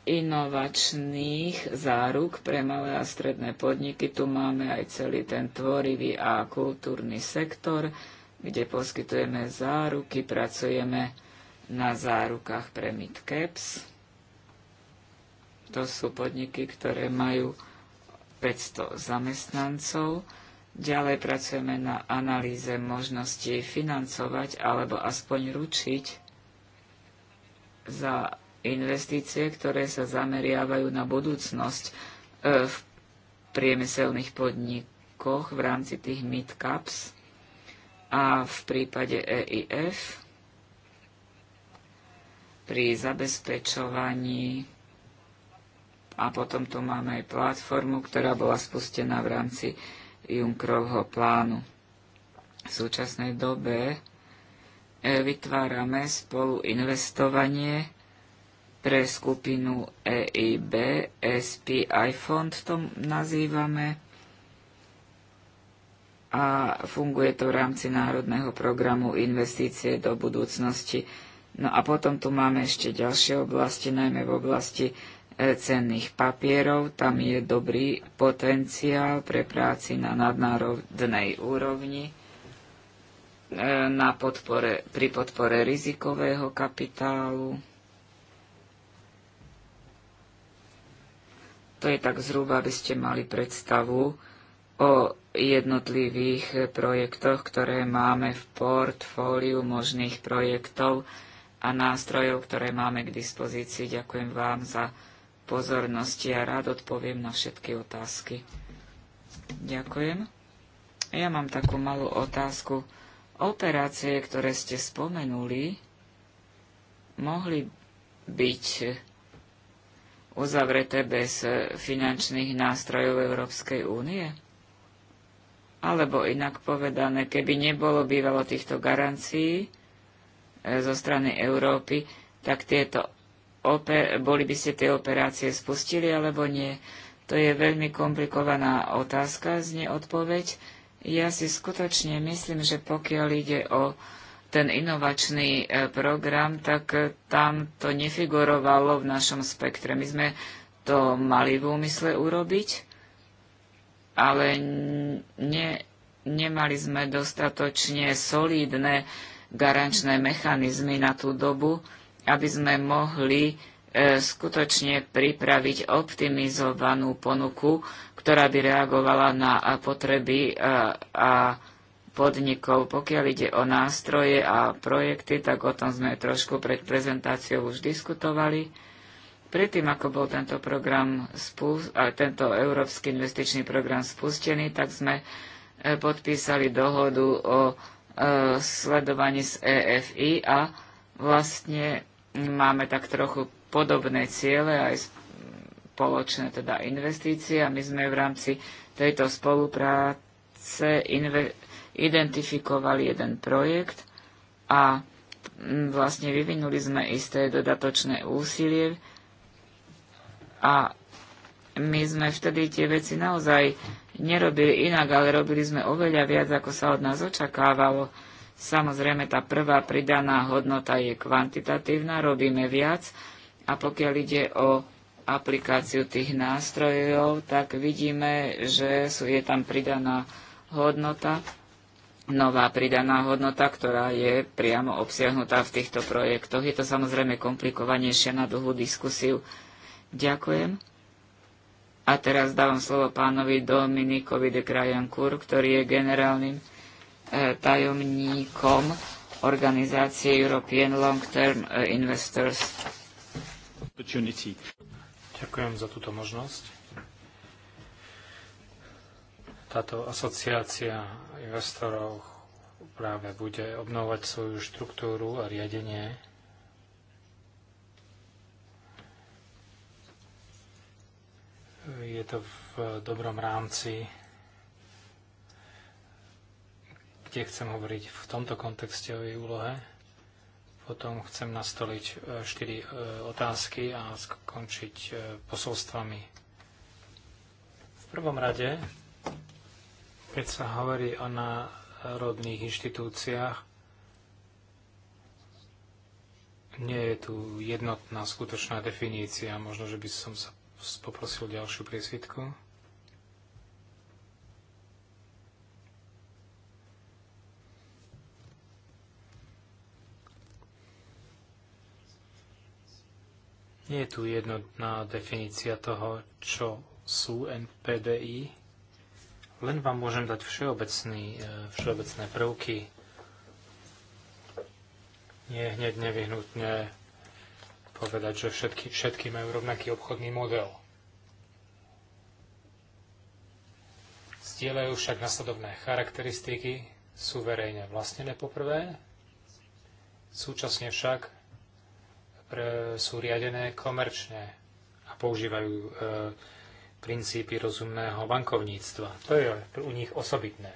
inovačných záruk pre malé a stredné podniky. Tu máme aj celý ten tvorivý a kultúrny sektor, kde poskytujeme záruky, pracujeme na zárukách pre midcaps. To sú podniky, ktoré majú 500 zamestnancov. Ďalej pracujeme na analýze možnosti financovať alebo aspoň ručiť za investície, ktoré sa zameriavajú na budúcnosť e, v priemyselných podnikoch v rámci tých CAPS a v prípade EIF pri zabezpečovaní a potom tu máme aj platformu, ktorá bola spustená v rámci Junckerovho plánu. V súčasnej dobe vytvárame spolu investovanie pre skupinu EIB, SPI fond to nazývame a funguje to v rámci Národného programu investície do budúcnosti. No a potom tu máme ešte ďalšie oblasti, najmä v oblasti e, cenných papierov. Tam je dobrý potenciál pre práci na nadnárodnej úrovni E, na podpore, pri podpore rizikového kapitálu. To je tak zhruba, aby ste mali predstavu o jednotlivých projektoch, ktoré máme v portfóliu možných projektov a nástrojov, ktoré máme k dispozícii. Ďakujem vám za pozornosť a ja rád odpoviem na všetky otázky. Ďakujem. Ja mám takú malú otázku operácie, ktoré ste spomenuli, mohli byť uzavreté bez finančných nástrojov Európskej únie? Alebo inak povedané, keby nebolo bývalo týchto garancií e, zo strany Európy, tak tieto boli by ste tie operácie spustili alebo nie? To je veľmi komplikovaná otázka, znie odpoveď ja si skutočne myslím, že pokiaľ ide o ten inovačný e, program, tak e, tam to nefigurovalo v našom spektre. My sme to mali v úmysle urobiť, ale ne, nemali sme dostatočne solídne garančné mechanizmy na tú dobu, aby sme mohli e, skutočne pripraviť optimizovanú ponuku, ktorá by reagovala na potreby e, a, podnikov. Pokiaľ ide o nástroje a projekty, tak o tom sme trošku pred prezentáciou už diskutovali. Predtým, ako bol tento, program spust- tento Európsky investičný program spustený, tak sme e, podpísali dohodu o e, sledovaní z EFI a vlastne máme tak trochu podobné ciele aj spoločné teda investície a my sme v rámci tejto spolupráce identifikovali jeden projekt a mm, vlastne vyvinuli sme isté dodatočné úsilie a my sme vtedy tie veci naozaj nerobili inak, ale robili sme oveľa viac, ako sa od nás očakávalo. Samozrejme, tá prvá pridaná hodnota je kvantitatívna, robíme viac a pokiaľ ide o aplikáciu tých nástrojov, tak vidíme, že sú, je tam pridaná hodnota, nová pridaná hodnota, ktorá je priamo obsiahnutá v týchto projektoch. Je to samozrejme komplikovanejšie na dlhú diskusiu. Ďakujem. A teraz dávam slovo pánovi Dominikovi de Krajankur, ktorý je generálnym e, tajomníkom organizácie European Long Term e, Investors. Ďakujem za túto možnosť. Táto asociácia investorov práve bude obnovať svoju štruktúru a riadenie. Je to v dobrom rámci, kde chcem hovoriť v tomto kontexte o jej úlohe. Potom chcem nastoliť e, štyri e, otázky a skončiť e, posolstvami. V prvom rade, keď sa hovorí o národných inštitúciách, nie je tu jednotná skutočná definícia. Možno, že by som sa poprosil ďalšiu priesvitku. Nie je tu jednotná definícia toho, čo sú NPDI. Len vám môžem dať všeobecný, e, všeobecné prvky. Nie je hneď nevyhnutné povedať, že všetky, všetky majú rovnaký obchodný model. Zdieľajú však nasledovné charakteristiky, sú verejne vlastnené poprvé, súčasne však pre, sú riadené komerčne a používajú e, princípy rozumného bankovníctva. To je u nich osobitné.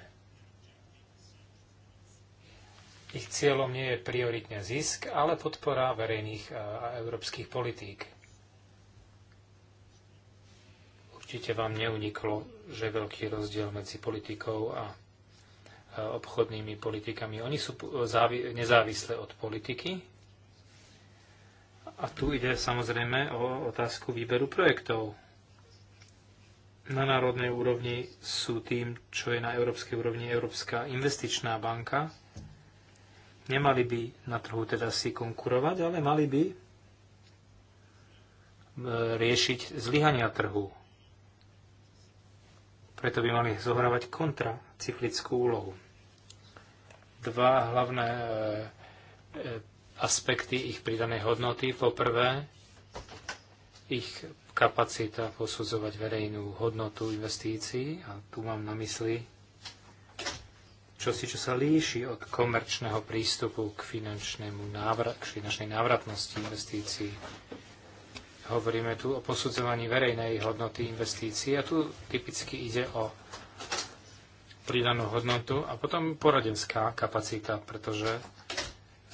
Ich cieľom nie je prioritne zisk, ale podpora verejných e, a európskych politík. Určite vám neuniklo, že veľký rozdiel medzi politikou a e, obchodnými politikami. Oni sú nezávislé od politiky, a tu ide samozrejme o otázku výberu projektov. Na národnej úrovni sú tým, čo je na európskej úrovni Európska investičná banka. Nemali by na trhu teda si konkurovať, ale mali by e, riešiť zlyhania trhu. Preto by mali zohrávať kontracyklickú úlohu. Dva hlavné e, e, aspekty ich pridanej hodnoty. Po prvé, ich kapacita posudzovať verejnú hodnotu investícií, a tu mám na mysli čosi, čo sa líši od komerčného prístupu k, finančnému návrat, k finančnej návratnosti investícií. Hovoríme tu o posudzovaní verejnej hodnoty investícií a tu typicky ide o pridanú hodnotu a potom poradenská kapacita, pretože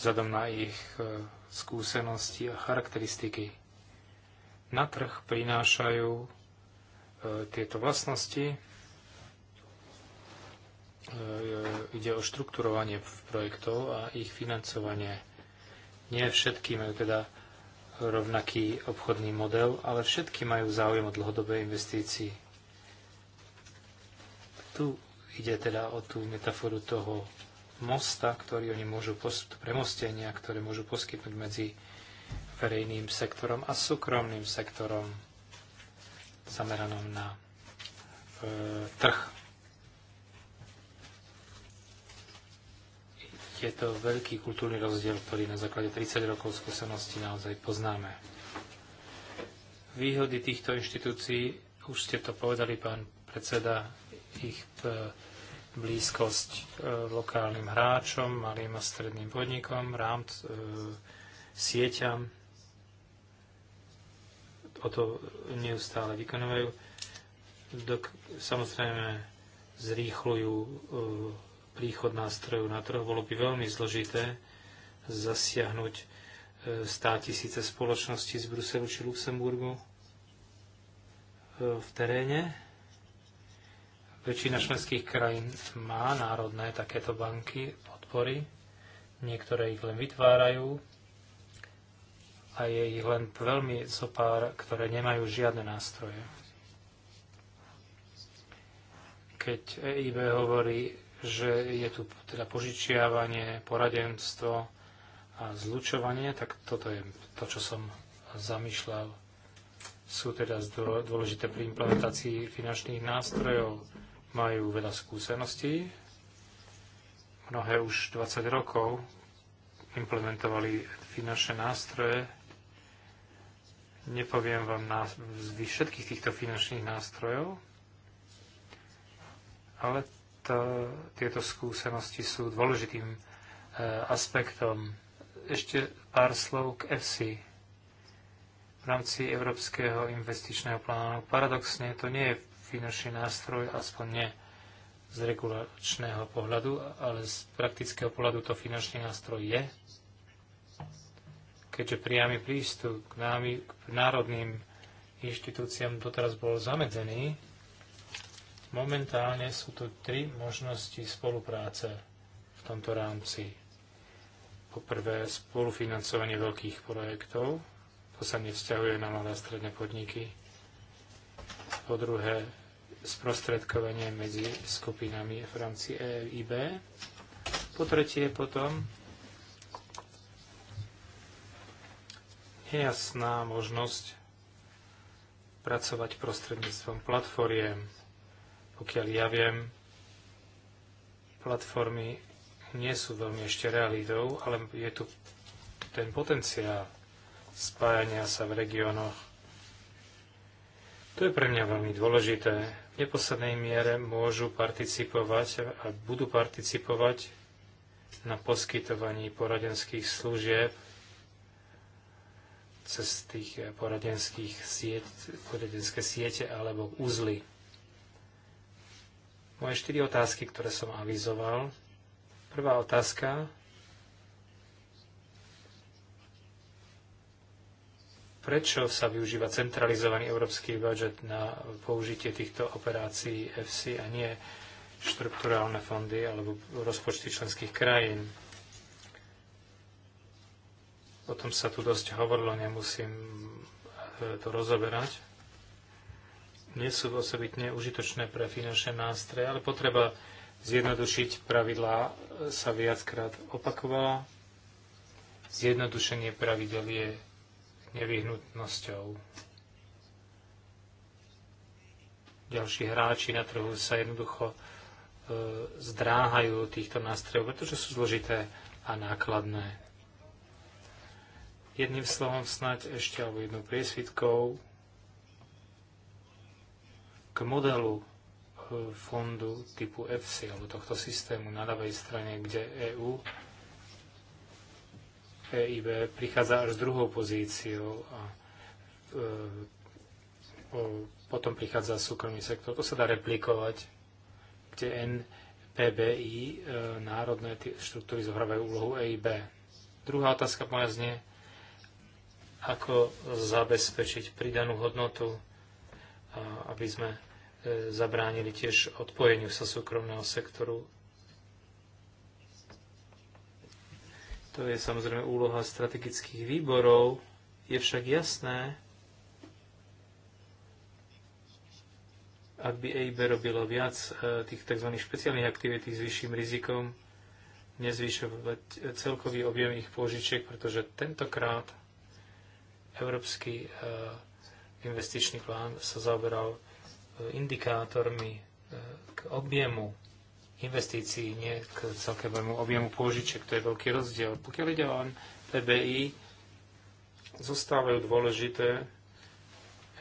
vzhľadom na ich e, skúsenosti a charakteristiky. Na trh prinášajú e, tieto vlastnosti. E, ide o štrukturovanie projektov a ich financovanie. Nie všetky majú teda rovnaký obchodný model, ale všetky majú záujem o dlhodobé investícii. Tu ide teda o tú metaforu toho mosta, ktorý oni môžu premostenia, ktoré môžu poskytnúť medzi verejným sektorom a súkromným sektorom zameranom na e, trh. Je to veľký kultúrny rozdiel, ktorý na základe 30 rokov skúsenosti naozaj poznáme. Výhody týchto inštitúcií, už ste to povedali, pán predseda, ich e, blízkosť e, lokálnym hráčom, malým a stredným podnikom, e, sieťam. O to neustále vykonávajú. samozrejme zrýchľujú e, príchod nástrojov na trh. Bolo by veľmi zložité zasiahnuť 100 e, tisíce spoločností z Bruselu či Luxemburgu v teréne Väčšina členských krajín má národné takéto banky podpory, niektoré ich len vytvárajú a je ich len veľmi zopár, ktoré nemajú žiadne nástroje. Keď EIB hovorí, že je tu teda požičiavanie, poradenstvo a zlučovanie, tak toto je to, čo som zamýšľal. Sú teda dôležité pri implementácii finančných nástrojov majú veľa skúseností. Mnohé už 20 rokov implementovali finančné nástroje. Nepoviem vám na všetkých týchto finančných nástrojov, ale to, tieto skúsenosti sú dôležitým e, aspektom. Ešte pár slov k EFSI. V rámci Európskeho investičného plánu paradoxne to nie je finančný nástroj, aspoň nie z regulačného pohľadu, ale z praktického pohľadu to finančný nástroj je, keďže priamy prístup k, námi, k národným inštitúciám doteraz bol zamedzený. Momentálne sú tu tri možnosti spolupráce v tomto rámci. Poprvé, spolufinancovanie veľkých projektov, to sa nevzťahuje na malé a stredné podniky. Po druhé, sprostredkovanie medzi skupinami v rámci EIB. Po tretie potom nejasná možnosť pracovať prostredníctvom platformiem. Pokiaľ ja viem, platformy nie sú veľmi ešte realitou, ale je tu ten potenciál spájania sa v regiónoch. To je pre mňa veľmi dôležité, neposlednej miere môžu participovať a budú participovať na poskytovaní poradenských služieb cez tých eh, poradenských sieť, poradenské siete alebo úzly. Moje štyri otázky, ktoré som avizoval. Prvá otázka prečo sa využíva centralizovaný európsky budget na použitie týchto operácií FC a nie štrukturálne fondy alebo rozpočty členských krajín. O tom sa tu dosť hovorilo, nemusím e, to rozoberať. Nie sú osobitne užitočné pre finančné nástroje, ale potreba zjednodušiť pravidlá e, sa viackrát opakovala. Zjednodušenie pravidel je nevyhnutnosťou. Ďalší hráči na trhu sa jednoducho e, zdráhajú týchto nástrojov, pretože sú zložité a nákladné. Jedným slovom snať ešte alebo jednou priesvitkou k modelu e, fondu typu EFSI alebo tohto systému na ľavej strane, kde EU. EIB prichádza až s druhou pozíciou a e, e, potom prichádza súkromný sektor. To sa dá replikovať, kde NPBI, e, národné štruktúry, zohrávajú úlohu EIB. Druhá otázka moja znie, ako zabezpečiť pridanú hodnotu, a e, aby sme e, zabránili tiež odpojeniu sa súkromného sektoru To je samozrejme úloha strategických výborov. Je však jasné, ak by EIB robilo viac e, tých tzv. špeciálnych aktivít s vyšším rizikom, nezvyšovať e, celkový objem ich pôžičiek, pretože tentokrát Európsky e, investičný plán sa zaoberal indikátormi k objemu investícií, nie k celkovému objemu pôžiček. To je veľký rozdiel. Pokiaľ ide o PBI, zostávajú dôležité,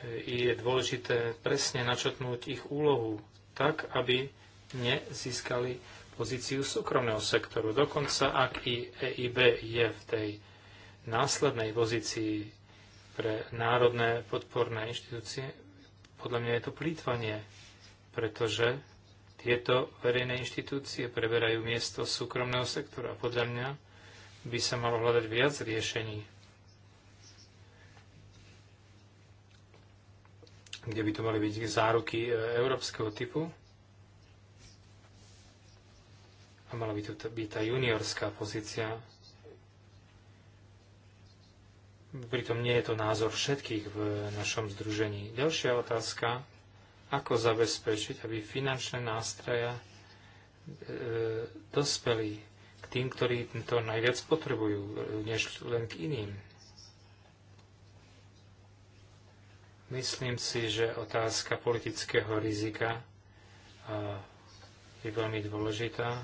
e, je dôležité presne načetnúť ich úlohu tak, aby nezískali pozíciu súkromného sektoru. Dokonca ak i EIB je v tej následnej pozícii pre národné podporné inštitúcie, podľa mňa je to plýtvanie, pretože tieto verejné inštitúcie preberajú miesto súkromného sektora a podľa mňa by sa malo hľadať viac riešení, kde by to mali byť záruky e, európskeho typu a mala by to byť tá juniorská pozícia. Pritom nie je to názor všetkých v našom združení. Ďalšia otázka ako zabezpečiť, aby finančné nástroje e, dospeli k tým, ktorí to najviac potrebujú, e, než len k iným. Myslím si, že otázka politického rizika e, je veľmi dôležitá.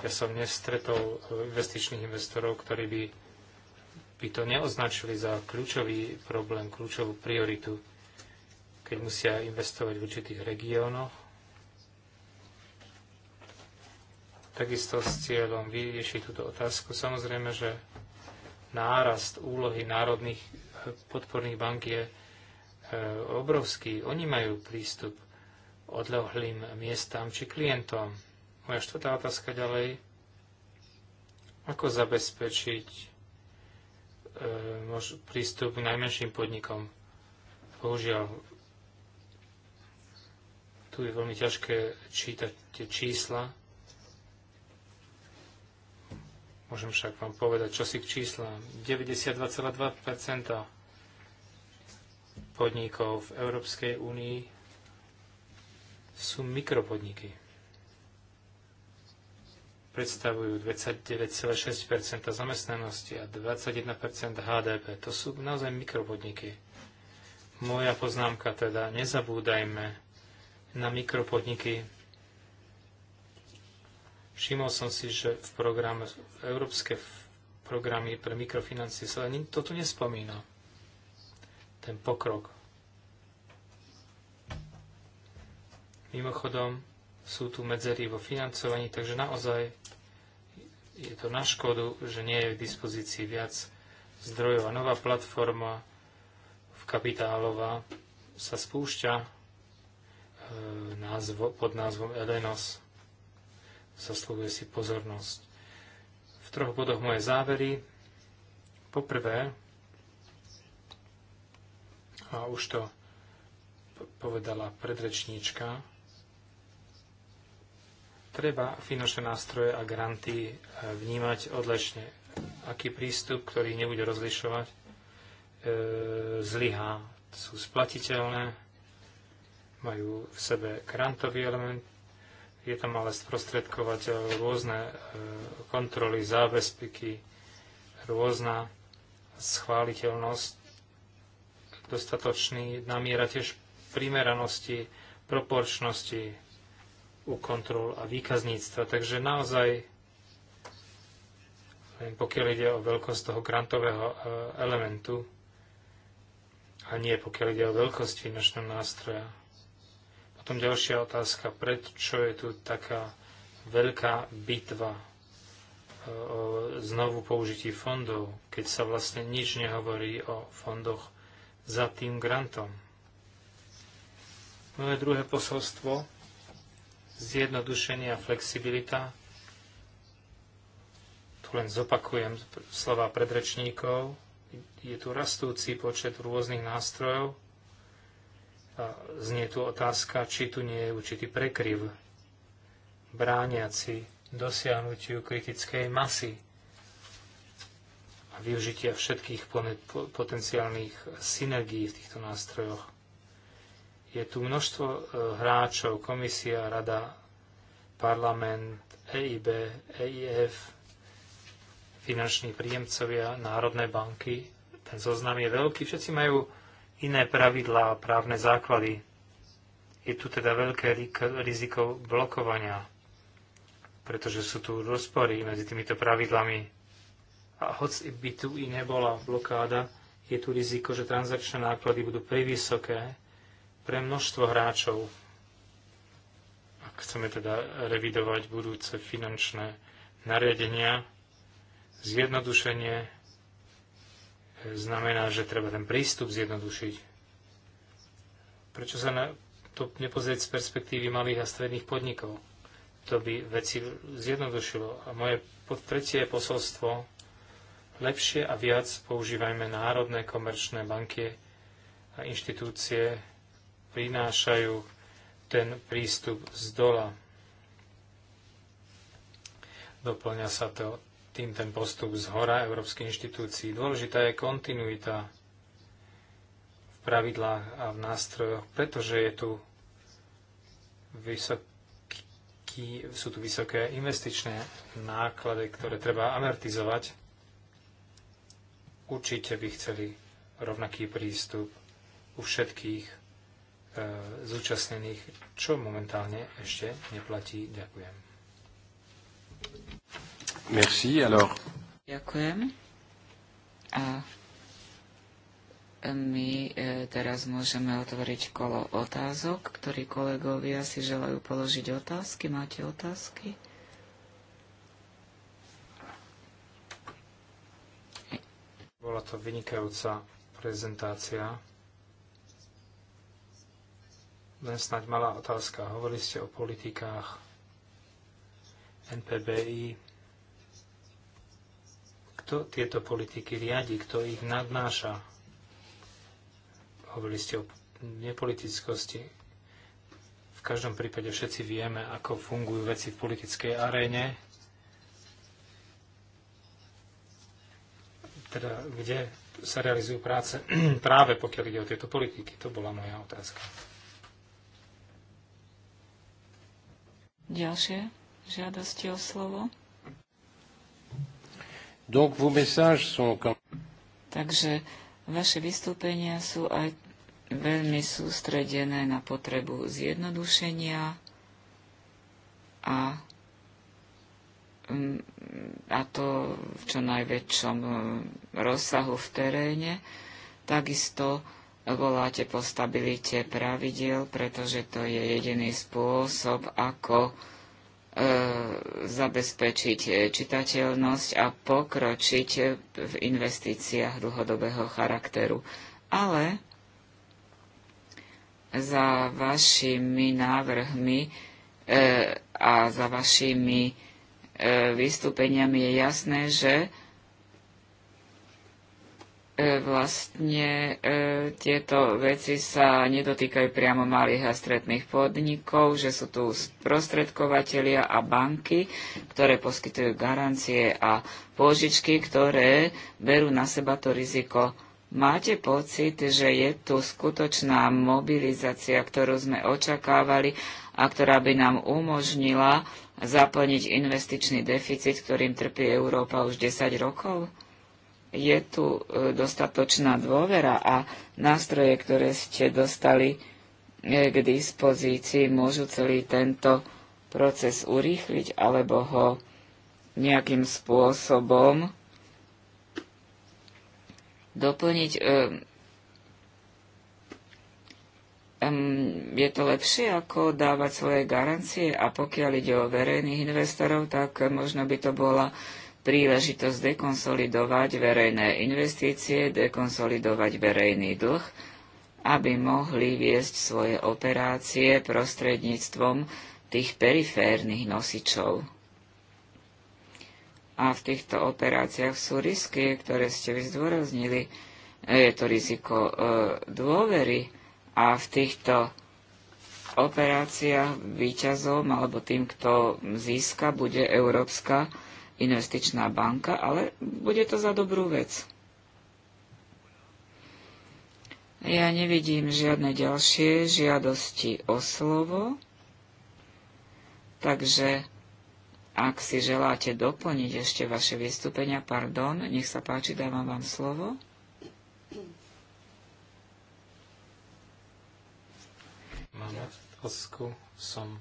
Ja som nestretol investičných investorov, ktorí by, by to neoznačili za kľúčový problém, kľúčovú prioritu keď musia investovať v určitých regiónoch. Takisto s cieľom vyriešiť túto otázku. Samozrejme, že nárast úlohy národných eh, podporných bank je eh, obrovský. Oni majú prístup odlohlým miestam či klientom. Moja štvrtá otázka ďalej. Ako zabezpečiť eh, prístup k najmenším podnikom? Bohužiaľ, tu je veľmi ťažké čítať tie čísla. Môžem však vám povedať, čo si k číslam. 92,2 podnikov v Európskej únii sú mikropodniky. Predstavujú 29,6 zamestnanosti a 21 HDP. To sú naozaj mikropodniky. Moja poznámka teda, nezabúdajme, na mikropodniky. Všimol som si, že v programe, európske programy pre mikrofinancie sa ani toto tu nespomína. Ten pokrok. Mimochodom, sú tu medzery vo financovaní, takže naozaj je to na škodu, že nie je v dispozícii viac zdrojov. A nová platforma v kapitálová sa spúšťa E, názvo, pod názvom Elenos. Zaslúhuje si pozornosť. V troch bodoch moje závery. Poprvé, a už to povedala predrečníčka, treba finančné nástroje a granty e, vnímať odlečne. Aký prístup, ktorý nebude rozlišovať, e, zlyhá, sú splatiteľné, majú v sebe grantový element, je tam ale sprostredkovateľ, rôzne e, kontroly, zábezpeky, rôzna schváliteľnosť, dostatočný namiera tiež primeranosti, proporčnosti u kontrol a výkazníctva. Takže naozaj, len pokiaľ ide o veľkosť toho grantového e, elementu, a nie pokiaľ ide o veľkosť finančného nástroja, potom ďalšia otázka, prečo je tu taká veľká bitva e, o znovu použití fondov, keď sa vlastne nič nehovorí o fondoch za tým grantom. Moje druhé posolstvo, zjednodušenie a flexibilita. Tu len zopakujem slova predrečníkov. Je tu rastúci počet rôznych nástrojov, znie tu otázka, či tu nie je určitý prekryv brániaci dosiahnutiu kritickej masy a využitia všetkých potenciálnych synergií v týchto nástrojoch. Je tu množstvo e, hráčov, komisia, rada, parlament, EIB, EIF, finanční príjemcovia, národné banky. Ten zoznam je veľký, všetci majú iné pravidlá a právne základy. Je tu teda veľké riziko blokovania, pretože sú tu rozpory medzi týmito pravidlami. A hoc by tu i nebola blokáda, je tu riziko, že transakčné náklady budú privysoké pre množstvo hráčov. Ak chceme teda revidovať budúce finančné nariadenia, zjednodušenie znamená, že treba ten prístup zjednodušiť. Prečo sa na to nepozrieť z perspektívy malých a stredných podnikov? To by veci zjednodušilo. A moje tretie posolstvo, lepšie a viac používajme národné komerčné banky a inštitúcie prinášajú ten prístup z dola. Doplňa sa to tým ten postup z hora európskej inštitúcií. Dôležitá je kontinuita v pravidlách a v nástrojoch, pretože je tu vysoký, sú tu vysoké investičné náklady, ktoré treba amortizovať. Určite by chceli rovnaký prístup u všetkých e, zúčastnených, čo momentálne ešte neplatí. Ďakujem. Merci, alors. Ďakujem. A my e, teraz môžeme otvoriť kolo otázok, ktorí kolegovia si želajú položiť otázky. Máte otázky? Bola to vynikajúca prezentácia. Len snáď malá otázka. Hovorili ste o politikách NPBI, kto tieto politiky riadi, kto ich nadnáša? Hovorili ste o nepolitickosti. V každom prípade všetci vieme, ako fungujú veci v politickej aréne. Teda, kde sa realizujú práce práve pokiaľ ide o tieto politiky. To bola moja otázka. Ďalšie žiadosti o slovo. Donc vos messages sont... Takže vaše vystúpenia sú aj veľmi sústredené na potrebu zjednodušenia a, mm, a to v čo najväčšom mm, rozsahu v teréne. Takisto voláte po stabilite pravidiel, pretože to je jediný spôsob, ako E, zabezpečiť e, čitateľnosť a pokročiť v investíciách dlhodobého charakteru. Ale za vašimi návrhmi e, a za vašimi vystúpeniami je jasné, že E, vlastne e, tieto veci sa nedotýkajú priamo malých a stredných podnikov, že sú tu sprostredkovateľia a banky, ktoré poskytujú garancie a pôžičky, ktoré berú na seba to riziko. Máte pocit, že je tu skutočná mobilizácia, ktorú sme očakávali a ktorá by nám umožnila zaplniť investičný deficit, ktorým trpí Európa už 10 rokov? je tu e, dostatočná dôvera a nástroje, ktoré ste dostali e, k dispozícii, môžu celý tento proces urýchliť alebo ho nejakým spôsobom doplniť. E, je to lepšie ako dávať svoje garancie a pokiaľ ide o verejných investorov, tak možno by to bola príležitosť dekonsolidovať verejné investície, dekonsolidovať verejný dlh, aby mohli viesť svoje operácie prostredníctvom tých periférnych nosičov. A v týchto operáciách sú risky, ktoré ste vy zdôraznili. Je to riziko e, dôvery a v týchto operáciách výťazom alebo tým, kto získa, bude Európska investičná banka, ale bude to za dobrú vec. Ja nevidím žiadne ďalšie žiadosti o slovo, takže ak si želáte doplniť ešte vaše vystúpenia, pardon, nech sa páči, dávam vám slovo. Mám otázku, som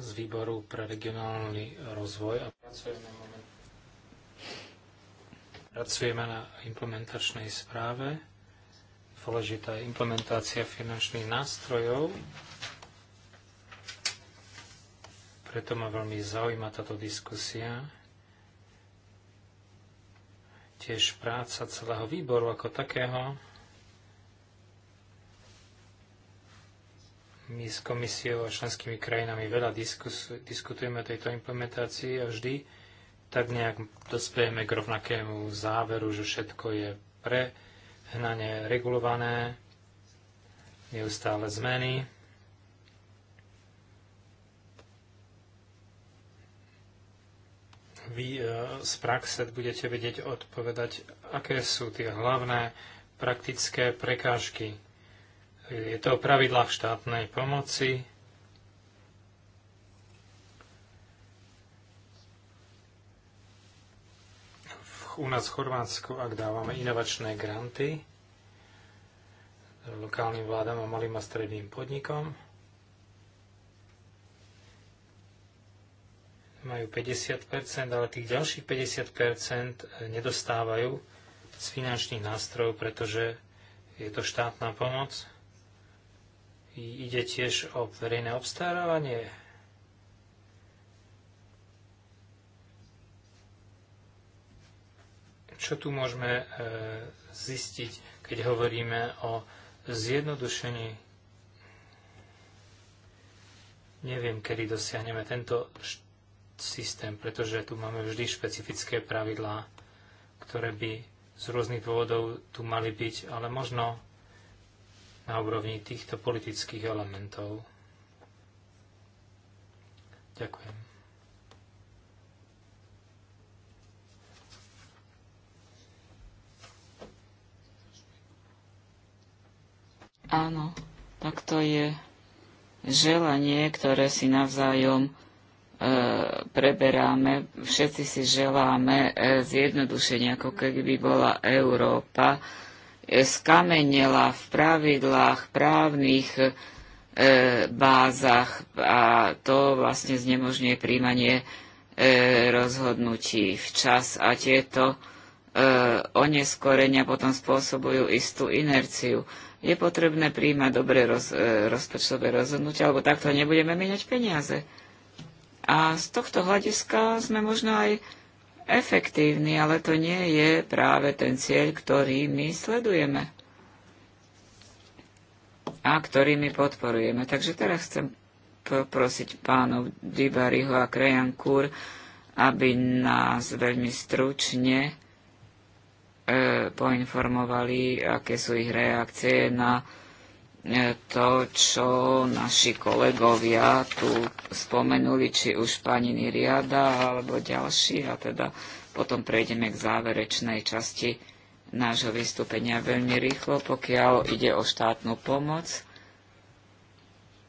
z výboru pre regionálny rozvoj a pracujeme, moment... pracujeme na implementačnej správe. Dôležitá je implementácia finančných nástrojov. Preto ma veľmi zaujíma táto diskusia. Tiež práca celého výboru ako takého. My s komisiou a členskými krajinami veľa diskus, diskutujeme o tejto implementácii a vždy tak nejak dospejeme k rovnakému záveru, že všetko je prehnane regulované, neustále zmeny. Vy e, z praxe budete vedieť odpovedať, aké sú tie hlavné praktické prekážky je to o pravidlách štátnej pomoci. U nás v Chorvátsku, ak dávame inovačné granty lokálnym vládam a malým a stredným podnikom, majú 50%, ale tých ďalších 50% nedostávajú z finančných nástrojov, pretože je to štátna pomoc. Ide tiež o verejné obstarávanie. Čo tu môžeme e, zistiť, keď hovoríme o zjednodušení? Neviem, kedy dosiahneme tento systém, pretože tu máme vždy špecifické pravidlá, ktoré by z rôznych dôvodov tu mali byť, ale možno na úrovni týchto politických elementov. Ďakujem. Áno, tak to je želanie, ktoré si navzájom e, preberáme. Všetci si želáme e, zjednodušenie, ako keby bola Európa skamenela v pravidlách, právnych e, bázach a to vlastne znemožňuje príjmanie e, rozhodnutí včas a tieto e, oneskorenia potom spôsobujú istú inerciu. Je potrebné príjmať dobré roz, e, rozpočtové rozhodnutia, alebo takto nebudeme meniať peniaze. A z tohto hľadiska sme možno aj efektívny, ale to nie je práve ten cieľ, ktorý my sledujeme a ktorý my podporujeme. Takže teraz chcem poprosiť pánov Dibariho a Krejankúr, aby nás veľmi stručne e, poinformovali, aké sú ich reakcie na E, to, čo naši kolegovia tu spomenuli, či už pani Niriada alebo ďalší a teda potom prejdeme k záverečnej časti nášho vystúpenia veľmi rýchlo, pokiaľ ide o štátnu pomoc.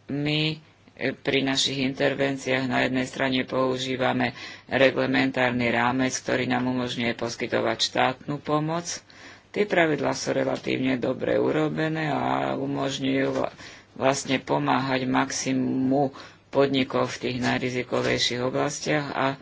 My e, pri našich intervenciách na jednej strane používame reglementárny rámec, ktorý nám umožňuje poskytovať štátnu pomoc, Tie pravidlá sú relatívne dobre urobené a umožňujú vlastne pomáhať maximumu podnikov v tých najrizikovejších oblastiach a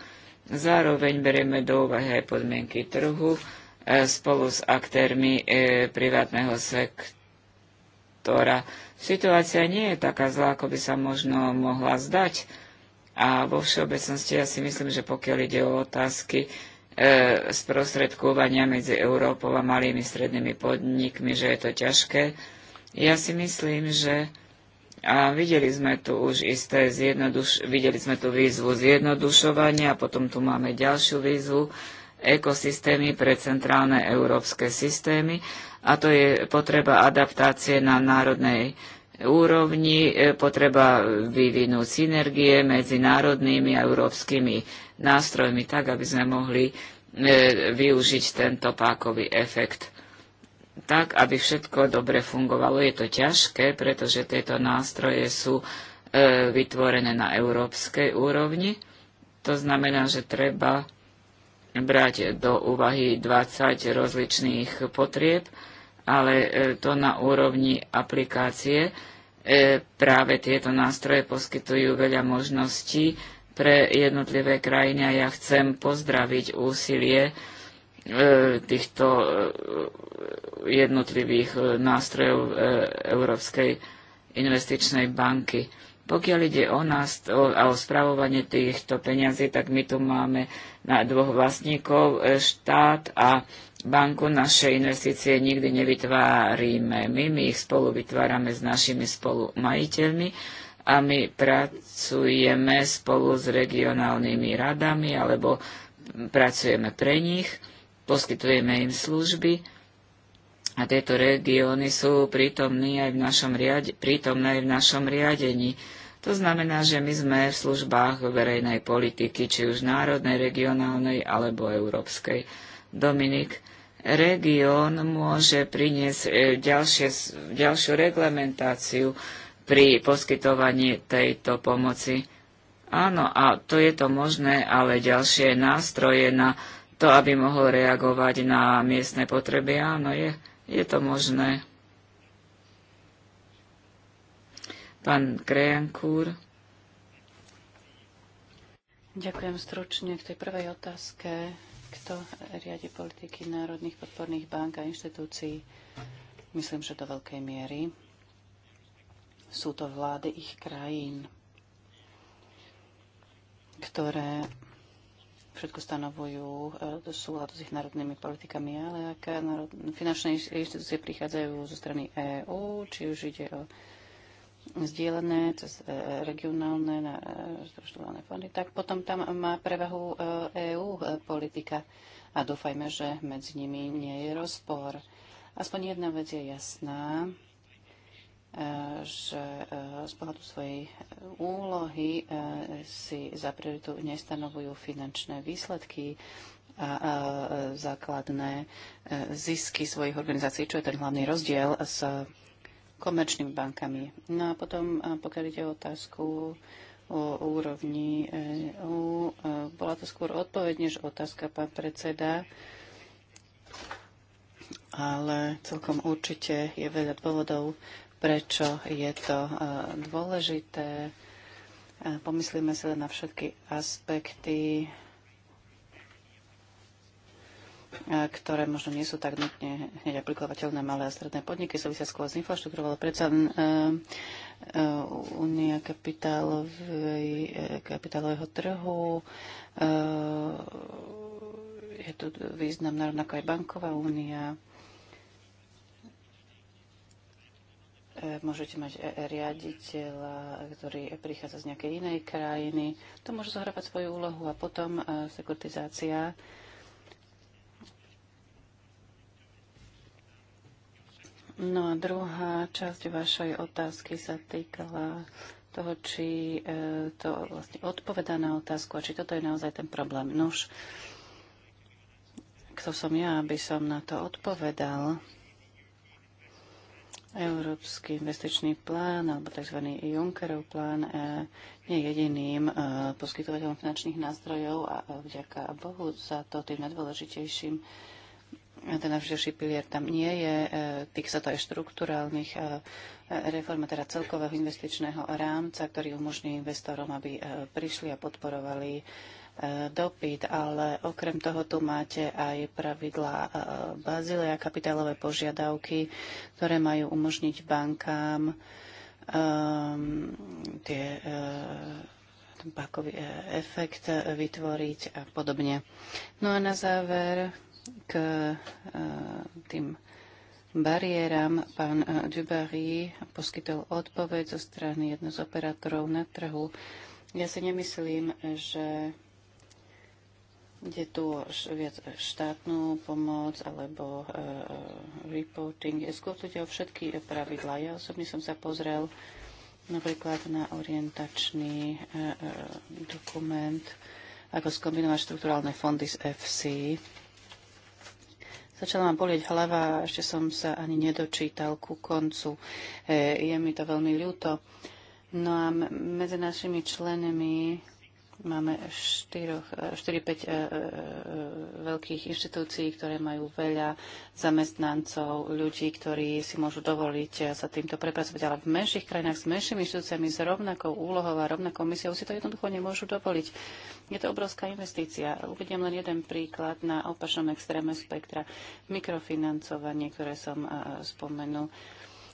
zároveň berieme do úvahy aj podmienky trhu e, spolu s aktérmi e, privátneho sektora. Situácia nie je taká zlá, ako by sa možno mohla zdať. A vo všeobecnosti ja si myslím, že pokiaľ ide o otázky E, sprostredkovania medzi Európou a malými strednými podnikmi, že je to ťažké. Ja si myslím, že a videli sme tu už isté zjednoduš- videli sme tu výzvu zjednodušovania a potom tu máme ďalšiu výzvu ekosystémy pre centrálne európske systémy a to je potreba adaptácie na národnej úrovni, e, potreba vyvinúť synergie medzi národnými a európskymi nástrojmi tak, aby sme mohli e, využiť tento pákový efekt. Tak, aby všetko dobre fungovalo. Je to ťažké, pretože tieto nástroje sú e, vytvorené na európskej úrovni. To znamená, že treba brať do úvahy 20 rozličných potrieb, ale e, to na úrovni aplikácie e, práve tieto nástroje poskytujú veľa možností pre jednotlivé krajiny a ja chcem pozdraviť úsilie e, týchto e, jednotlivých e, nástrojov Európskej investičnej banky. Pokiaľ ide o nás o, a o spravovanie týchto peňazí, tak my tu máme na dvoch vlastníkov štát a banku naše investície nikdy nevytvárime. My, my ich spolu vytvárame s našimi spolumajiteľmi a my pracujeme spolu s regionálnymi radami alebo pracujeme pre nich, poskytujeme im služby a tieto regióny sú prítomné aj v našom, riade, aj v našom riadení. To znamená, že my sme v službách verejnej politiky, či už národnej, regionálnej alebo európskej. Dominik, región môže priniesť e, ďalšie, ďalšiu reglementáciu, pri poskytovaní tejto pomoci. Áno, a to je to možné, ale ďalšie nástroje na to, aby mohol reagovať na miestne potreby, áno, je, je to možné. Pán Krejankúr. Ďakujem stručne k tej prvej otázke. Kto riadi politiky národných podporných bank a inštitúcií? Myslím, že do veľkej miery sú to vlády ich krajín, ktoré všetko stanovujú do e, súladu s ich národnými politikami, ale ak finančné inštitúcie prichádzajú zo strany EÚ, či už ide o zdieľané cez e, regionálne na štruktúrálne e, fondy, tak potom tam má prevahu EÚ politika a dúfajme, že medzi nimi nie je rozpor. Aspoň jedna vec je jasná že eh, z pohľadu svojej eh, úlohy eh, si za prioritu nestanovujú finančné výsledky a základné zisky svojich organizácií, čo je ten hlavný rozdiel s komerčnými bankami. No a potom, pokiaľ ide o otázku o úrovni EU, bola to skôr odpoveď než otázka, pán predseda ale celkom určite je veľa dôvodov, prečo je to e, dôležité. E, pomyslíme sa na všetky aspekty, e, ktoré možno nie sú tak nutne hneď aplikovateľné malé a stredné podniky, súvisia skôr s infraštruktúrou, ale predsa Únia kapitálového trhu je tu významná rovnako aj banková únia E, môžete mať e, e, riaditeľa, ktorý prichádza z nejakej inej krajiny. To môže zohrávať svoju úlohu a potom sekuritizácia No a druhá časť vašej otázky sa týkala toho, či to vlastne odpovedá na otázku a či toto je naozaj ten problém. Nož, kto som ja, aby som na to odpovedal? Európsky investičný plán alebo tzv. Junckerov plán nie je jediným e, poskytovateľom finančných nástrojov a vďaka Bohu za to tým najdôležitejším e, ten najvždyšší pilier tam nie je. E, Tých sa to aj štruktúrálnych reform, teda celkového investičného rámca, ktorý umožní investorom, aby prišli a podporovali dopyt, ale okrem toho tu máte aj pravidlá e, Bazília, kapitálové požiadavky, ktoré majú umožniť bankám um, tie, uh, ten e, efekt vytvoriť a podobne. No a na záver k uh, tým bariéram pán uh, Dubarry poskytol odpoveď zo strany jedného z operátorov na trhu. Ja si nemyslím, že Ide tu viac štátnu pomoc alebo uh, reporting. Skôr tu ide o všetky pravidlá. Ja osobne som sa pozrel napríklad na orientačný uh, dokument, ako skombinovať štruktúrálne fondy z FC. Začala ma bolieť hlava, ešte som sa ani nedočítal ku koncu. E, je mi to veľmi ľúto. No a medzi našimi členmi Máme 4-5 e, e, e, veľkých inštitúcií, ktoré majú veľa zamestnancov, ľudí, ktorí si môžu dovoliť sa týmto prepracovať, ale v menších krajinách s menšími inštitúciami s rovnakou úlohou a rovnakou misiou si to jednoducho nemôžu dovoliť. Je to obrovská investícia. Uvediem len jeden príklad na opačnom extréme spektra. Mikrofinancovanie, ktoré som spomenul.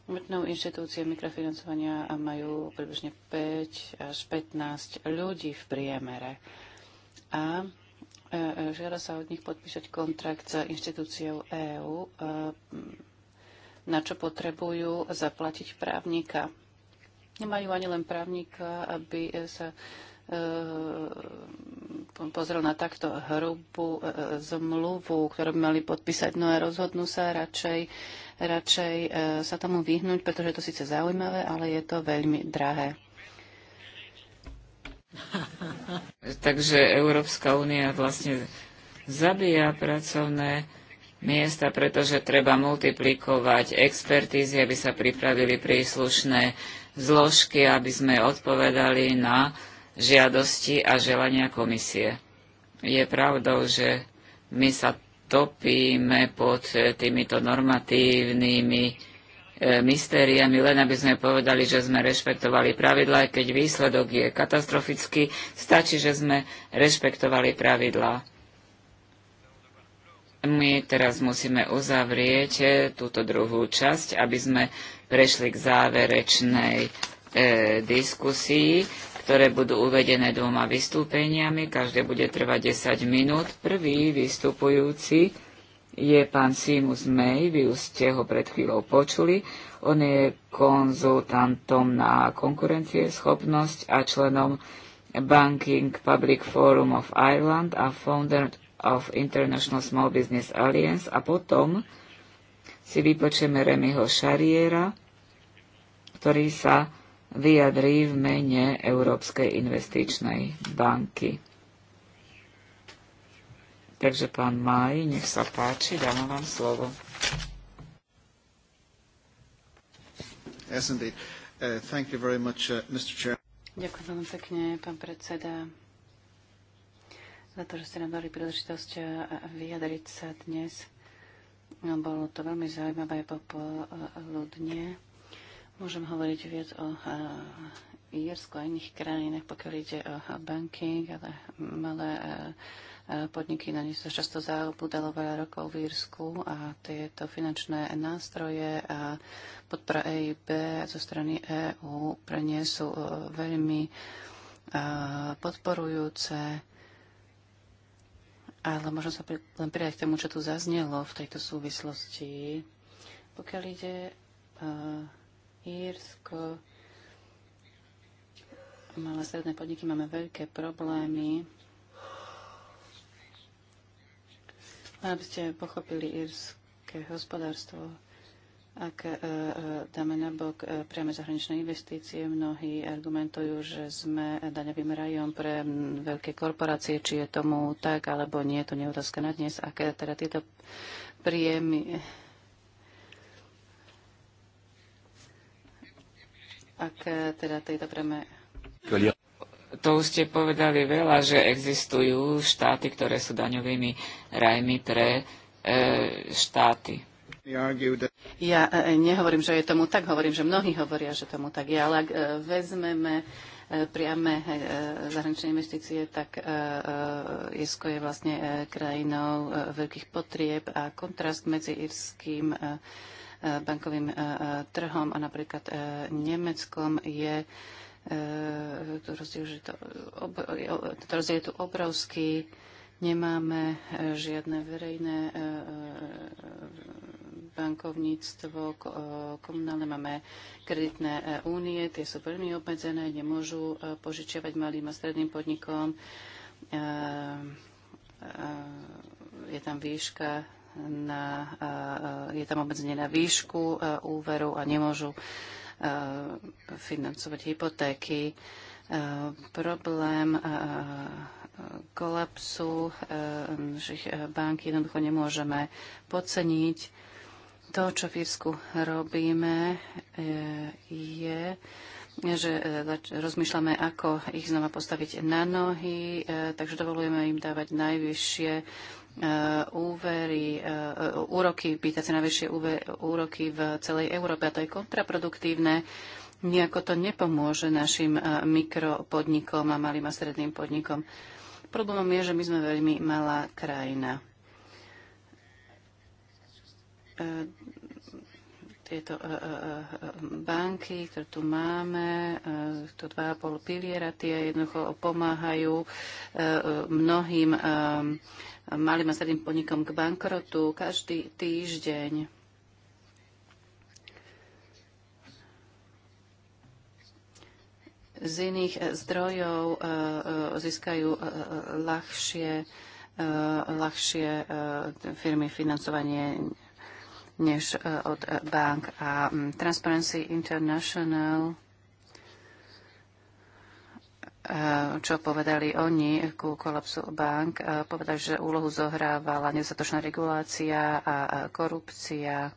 Mrtnou inštitúcie mikrofinancovania majú približne 5 až 15 ľudí v priemere. A e, e, žiada sa od nich podpísať kontrakt s inštitúciou EÚ, e, na čo potrebujú zaplatiť právnika. Nemajú ani len právnika, aby sa E, pozrel na takto hrubú e, e, zmluvu, ktorú by mali podpísať. No a rozhodnú sa radšej, radšej sa tomu vyhnúť, pretože je to síce zaujímavé, ale je to veľmi drahé. Takže Európska únia vlastne zabíja pracovné miesta, pretože treba multiplikovať expertízy, aby sa pripravili príslušné zložky, aby sme odpovedali na uh, žiadosti a želania komisie. Je pravdou, že my sa topíme pod e, týmito normatívnymi e, mystériami, len aby sme povedali, že sme rešpektovali pravidlá, keď výsledok je katastrofický, stačí, že sme rešpektovali pravidlá. My teraz musíme uzavrieť e, túto druhú časť, aby sme prešli k záverečnej e, diskusii ktoré budú uvedené dvoma vystúpeniami. Každé bude trvať 10 minút. Prvý vystupujúci je pán Simus May, vy už ste ho pred chvíľou počuli. On je konzultantom na konkurencie, schopnosť a členom Banking Public Forum of Ireland a founder of International Small Business Alliance. A potom si vypočujeme Remyho Šariera, ktorý sa vyjadrí v mene Európskej investičnej banky. Takže pán Maj, nech sa páči, dám vám slovo. Yes, Uh, thank you very much, uh, Mr. Chair. Ďakujem veľmi pekne, pán predseda, za to, že ste nám dali príležitosť uh, vyjadriť sa dnes. No, bolo to veľmi zaujímavé popoludne. Môžem hovoriť viac o Írsku a iných krajinách, pokiaľ ide o banking, ale malé podniky na nich sa často zaobudalo veľa rokov v Írsku a tieto finančné nástroje a podpora EIB zo strany EÚ pre nie sú veľmi podporujúce. Ale možno sa pri, len pridať k tomu, čo tu zaznelo v tejto súvislosti. Pokiaľ ide Írsko. Malé stredné podniky máme veľké problémy. Aby ste pochopili írske hospodárstvo, ak e, e dáme nabok e, priame zahraničné investície, mnohí argumentujú, že sme daňovým rajom pre veľké korporácie, či je tomu tak alebo nie, to nie je otázka na dnes. Aké teda tieto príjemy ak e, teda tejto preme... To už ste povedali veľa, že existujú štáty, ktoré sú daňovými rajmi pre e, štáty. Ja e, e, nehovorím, že je tomu tak, hovorím, že mnohí hovoria, že tomu tak je, ale ak e, vezmeme e, priame zahraničné investície, tak Irsko je vlastne krajinou veľkých potrieb a kontrast medzi irským bankovým e, e, trhom a napríklad e, Nemeckom je rozdiel, že to, to rozdiel je tu obrovský. Nemáme žiadne verejné bankovníctvo, komunálne máme kreditné únie, tie sú veľmi obmedzené, nemôžu požičiavať malým a stredným podnikom. Je tam výška na, je tam obmedzenie na výšku úveru a nemôžu financovať hypotéky. Problém kolapsu našich bank jednoducho nemôžeme podceniť. To, čo v Írsku robíme, e, je, že e, rozmýšľame, ako ich znova postaviť na nohy, e, takže dovolujeme im dávať najvyššie Eh, úvery, eh, úroky, pýta sa na vyššie úroky v celej Európe. A to je kontraproduktívne. Nejako to nepomôže našim eh, mikropodnikom a malým a stredným podnikom. Problémom je, že my sme veľmi malá krajina. Tieto banky, ktoré tu máme, to pol piliera, tie jednoducho pomáhajú mnohým malým a stredným podnikom k bankrotu každý týždeň. Z iných eh, zdrojov eh, eh, získajú ľahšie, ľahšie firmy financovanie než od bank. A mm, Transparency International Eh, čo povedali oni ku kolapsu bank. Eh, povedali, že úlohu zohrávala nezatočná regulácia a korupcia.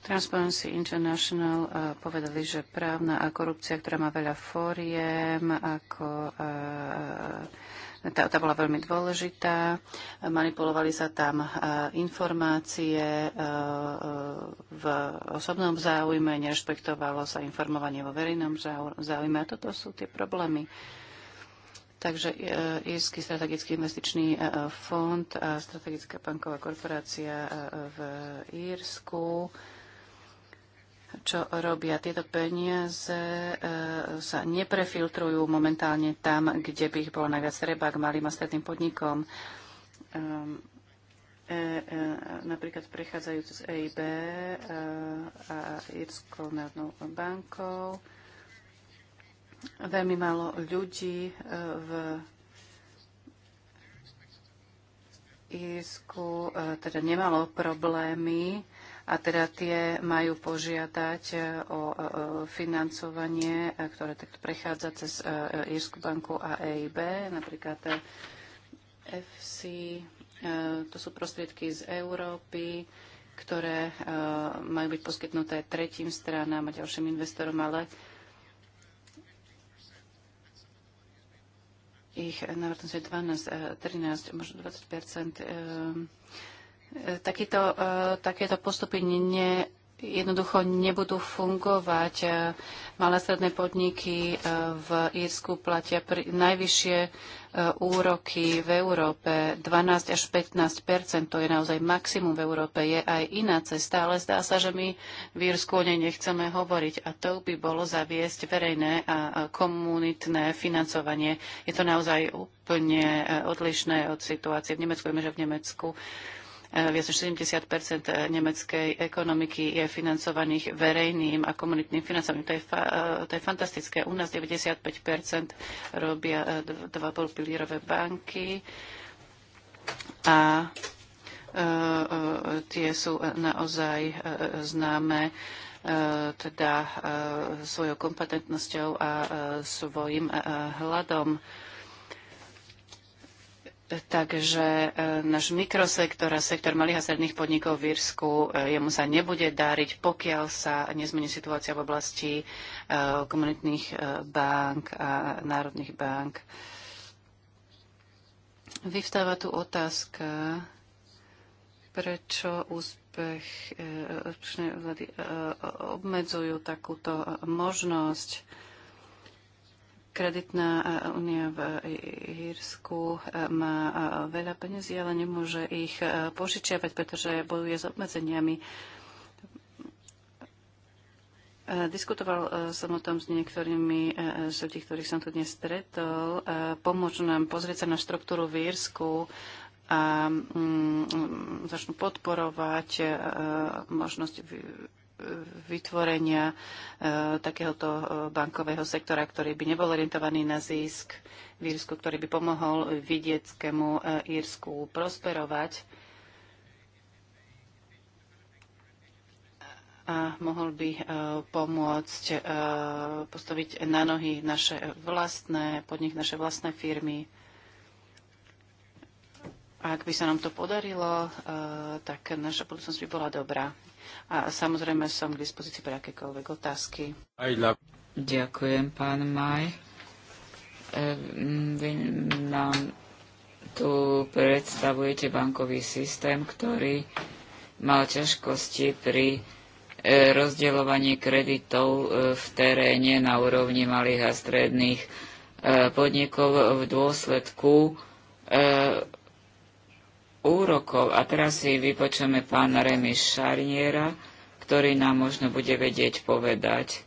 Transparency International eh, povedali, že právna a korupcia, ktorá má veľa fóriem, ako tá, tá bola veľmi dôležitá. Manipulovali sa tam e, informácie e, e, v osobnom záujme, nerešpektovalo sa informovanie vo verejnom záujme. A toto sú tie problémy. Takže Írsky strategický investičný fond a strategická banková korporácia v Írsku čo robia. Tieto peniaze e, sa neprefiltrujú momentálne tam, kde by ich bolo najviac treba k malým a stredným podnikom. Ehm, e, e, napríklad prechádzajú z EIB e, a Írskou národnou bankou. Veľmi málo ľudí e, v Írsku e, teda nemalo problémy a teda tie majú požiadať e, o e, e, financovanie, ktoré takto prechádza cez Írsku banku a EIB, napríklad FC, to sú prostriedky z Európy, ktoré majú byť poskytnuté tretím stranám a ďalším investorom, ale ich navrátam je 12, 13, možno 20 E, takéto, e, takéto postupy ne, jednoducho nebudú fungovať. E, malé stredné podniky v Írsku platia najvyššie úroky v Európe 12 až 15 to je naozaj maximum v Európe. Je aj iná cesta, ale zdá sa, že my v Írsku o nej nechceme hovoriť a to by bolo zaviesť verejné a komunitné financovanie. Je to naozaj úplne odlišné od situácie v Nemecku. Vieme, že v Nemecku Eh, viac než 70 eh, nemeckej ekonomiky je financovaných verejným a komunitným financovaním. To je, fa- eh, to je fantastické. U nás 95 robia 2,5 pilierové banky a tie sú naozaj známe teda svojou kompetentnosťou a svojim hľadom. Takže e, náš mikrosektor a sektor malých a stredných podnikov v Írsku, e, jemu sa nebude dáriť, pokiaľ sa nezmení situácia v oblasti e, komunitných bank a národných bank. Vyvstáva tu otázka, prečo úspech vlády obmedzujú takúto možnosť Kreditná e, únia v Hírsku e, má e, veľa peniazí, ale nemôže ich požičiavať, pretože bojuje s obmedzeniami. Diskutoval som o tom s niektorými z ľudí, ktorých som tu dnes stretol. Pomôžu nám pozrieť sa na štruktúru v Írsku a mm, mm, začnú podporovať možnosť vytvorenia e, takéhoto e, bankového sektora, ktorý by nebol orientovaný na zisk v Írsku, ktorý by pomohol vidieckému e, Írsku prosperovať a mohol by pomôcť postaviť na nohy naše vlastné, pod nich naše vlastné firmy. Ak by sa nám to podarilo, tak naša budúcnosť by bola dobrá a samozrejme som k dispozícii pre akékoľvek otázky. Ďakujem, pán Maj. E, vy nám tu predstavujete bankový systém, ktorý mal ťažkosti pri e, rozdeľovaní kreditov e, v teréne na úrovni malých a stredných podnikov v dôsledku úrokov. A teraz si vypočujeme pána Remy Šarniera, ktorý nám možno bude vedieť povedať,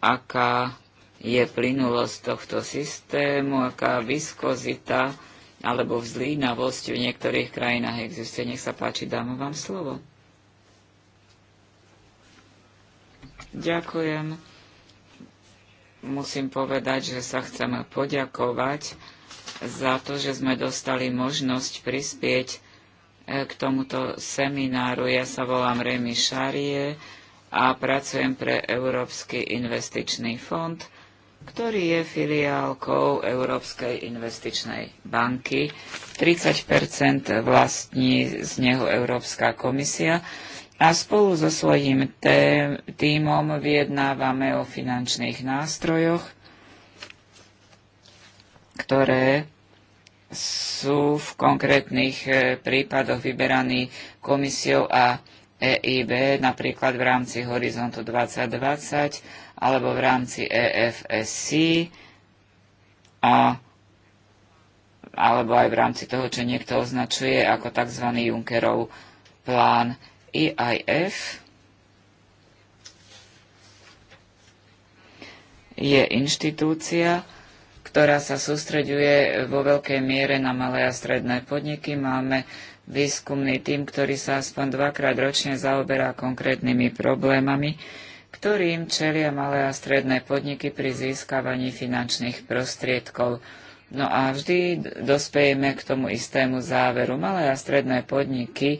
aká je plynulosť tohto systému, aká viskozita alebo vzlínavosť v niektorých krajinách existuje. Nech sa páči, dám vám slovo. Ďakujem. Musím povedať, že sa chcem poďakovať za to, že sme dostali možnosť prispieť e, k tomuto semináru. Ja sa volám Remy Šarie a pracujem pre Európsky investičný fond, ktorý je filiálkou Európskej investičnej banky. 30 vlastní z neho Európska komisia a spolu so svojím tém, tímom vyjednávame o finančných nástrojoch, ktoré sú v konkrétnych e, prípadoch vyberaní komisiou a EIB, napríklad v rámci Horizontu 2020 alebo v rámci EFSC a, alebo aj v rámci toho, čo niekto označuje ako tzv. Junckerov plán EIF. Je inštitúcia, ktorá sa sústreďuje vo veľkej miere na malé a stredné podniky. Máme výskumný tým, ktorý sa aspoň dvakrát ročne zaoberá konkrétnymi problémami, ktorým čelia malé a stredné podniky pri získavaní finančných prostriedkov. No a vždy dospejeme k tomu istému záveru. Malé a stredné podniky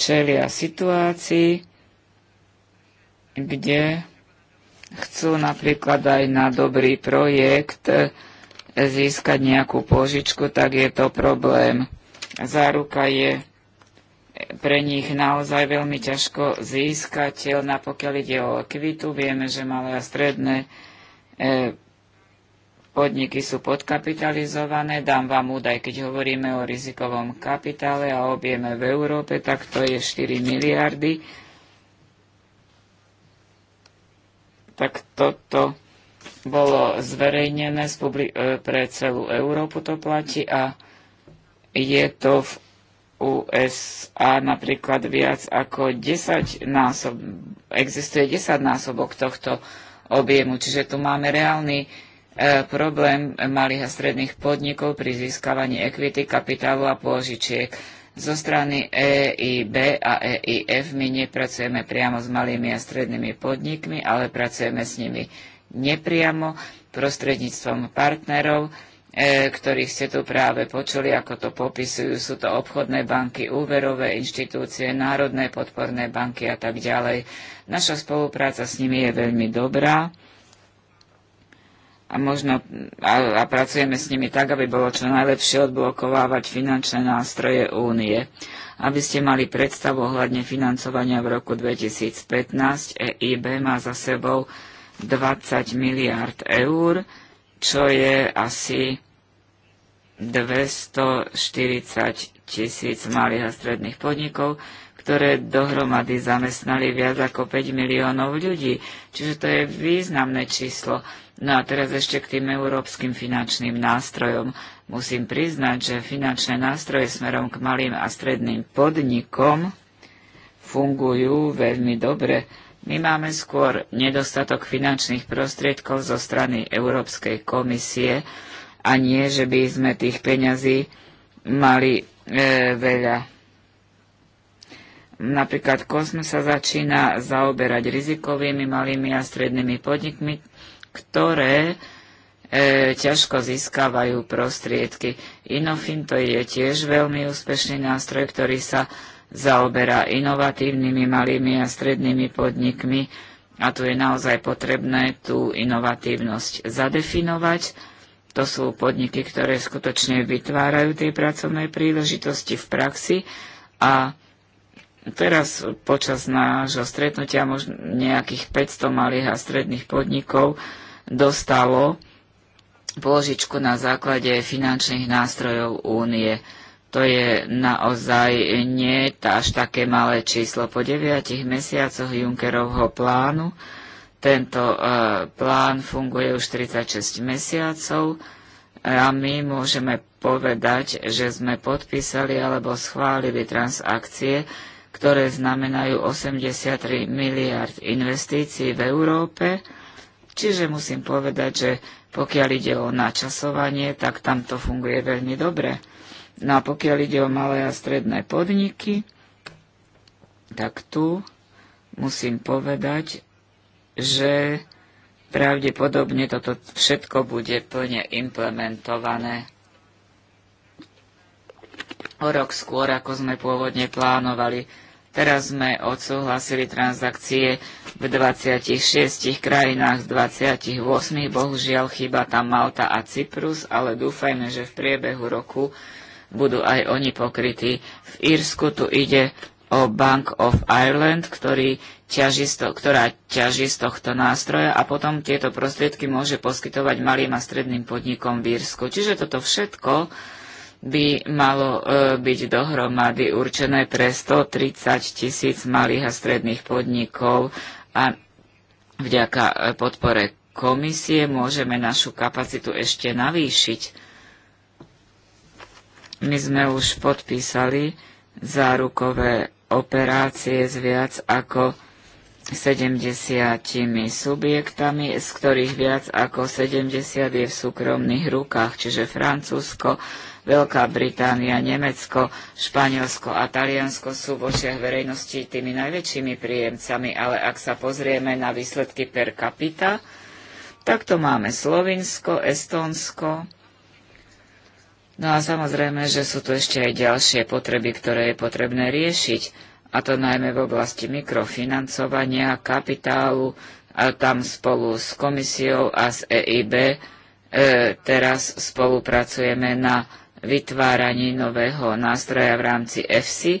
čelia situácii, kde Chcú napríklad aj na dobrý projekt e, získať nejakú požičku, tak je to problém. Záruka je pre nich naozaj veľmi ťažko získateľná, pokiaľ ide o kvitu. Vieme, že malé a stredné e, podniky sú podkapitalizované. Dám vám údaj, keď hovoríme o rizikovom kapitále a objeme v Európe, tak to je 4 miliardy tak toto bolo zverejnené e, pre celú Európu, to platí a je to v USA napríklad viac ako 10 násob, existuje 10 násobok tohto objemu, čiže tu máme reálny e, problém malých a stredných podnikov pri získavaní ekvity, kapitálu a pôžičiek. Zo strany EIB a EIF my nepracujeme priamo s malými a strednými podnikmi, ale pracujeme s nimi nepriamo, prostredníctvom partnerov, e, ktorých ste tu práve počuli, ako to popisujú. Sú to obchodné banky, úverové inštitúcie, národné podporné banky a tak ďalej. Naša spolupráca s nimi je veľmi dobrá a, možno, a, a pracujeme s nimi tak, aby bolo čo najlepšie odblokovávať finančné nástroje únie. Aby ste mali predstavu ohľadne financovania v roku 2015, EIB má za sebou 20 miliard eur, čo je asi 240 tisíc malých a stredných podnikov, ktoré dohromady zamestnali viac ako 5 miliónov ľudí. Čiže to je významné číslo. No a teraz ešte k tým európskym finančným nástrojom. Musím priznať, že finančné nástroje smerom k malým a stredným podnikom fungujú veľmi dobre. My máme skôr nedostatok finančných prostriedkov zo strany Európskej komisie a nie, že by sme tých peňazí mali e, veľa. Napríklad Kosm sa začína zaoberať rizikovými malými a strednými podnikmi, ktoré e, ťažko získavajú prostriedky. Inofin to je tiež veľmi úspešný nástroj, ktorý sa zaoberá inovatívnymi malými a strednými podnikmi a tu je naozaj potrebné tú inovatívnosť zadefinovať. To sú podniky, ktoré skutočne vytvárajú tie pracovné príležitosti v praxi a teraz počas nášho stretnutia možno nejakých 500 malých a stredných podnikov dostalo pôžičku na základe finančných nástrojov únie. To je naozaj nie až také malé číslo. Po deviatich mesiacoch Junckerovho plánu tento e, plán funguje už 36 mesiacov a my môžeme povedať, že sme podpísali alebo schválili transakcie, ktoré znamenajú 83 miliard investícií v Európe, Čiže musím povedať, že pokiaľ ide o načasovanie, tak tam to funguje veľmi dobre. No a pokiaľ ide o malé a stredné podniky, tak tu musím povedať, že pravdepodobne toto všetko bude plne implementované o rok skôr, ako sme pôvodne plánovali. Teraz sme odsúhlasili transakcie v 26 krajinách z 28. Bohužiaľ chyba tam Malta a Cyprus, ale dúfajme, že v priebehu roku budú aj oni pokrytí. V Írsku tu ide o Bank of Ireland, ktorý ťaží z to, ktorá ťaží z tohto nástroja a potom tieto prostriedky môže poskytovať malým a stredným podnikom v Írsku. Čiže toto všetko by malo e, byť dohromady určené pre 130 tisíc malých a stredných podnikov a vďaka e, podpore komisie môžeme našu kapacitu ešte navýšiť. My sme už podpísali zárukové operácie s viac ako 70 subjektami, z ktorých viac ako 70 je v súkromných rukách, čiže Francúzsko, Veľká Británia, Nemecko, Španielsko a Taliansko sú v očiach verejnosti tými najväčšími príjemcami, ale ak sa pozrieme na výsledky per capita, tak to máme Slovinsko, Estónsko. No a samozrejme, že sú tu ešte aj ďalšie potreby, ktoré je potrebné riešiť, a to najmä v oblasti mikrofinancovania, kapitálu, a tam spolu s komisiou a s EIB e, teraz spolupracujeme na vytváraní nového nástroja v rámci EFSI. E,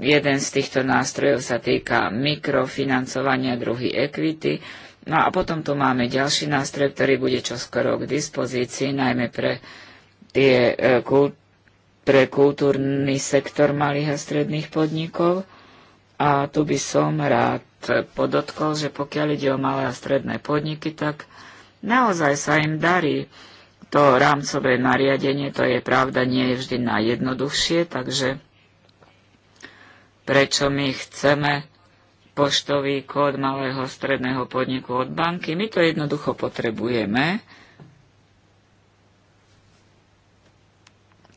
jeden z týchto nástrojov sa týka mikrofinancovania, druhý equity. No a potom tu máme ďalší nástroj, ktorý bude čoskoro k dispozícii, najmä pre, tie, e, kult, pre kultúrny sektor malých a stredných podnikov. A tu by som rád podotkol, že pokiaľ ide o malé a stredné podniky, tak naozaj sa im darí to rámcové nariadenie, to je pravda, nie je vždy najjednoduchšie, takže prečo my chceme poštový kód malého stredného podniku od banky. My to jednoducho potrebujeme.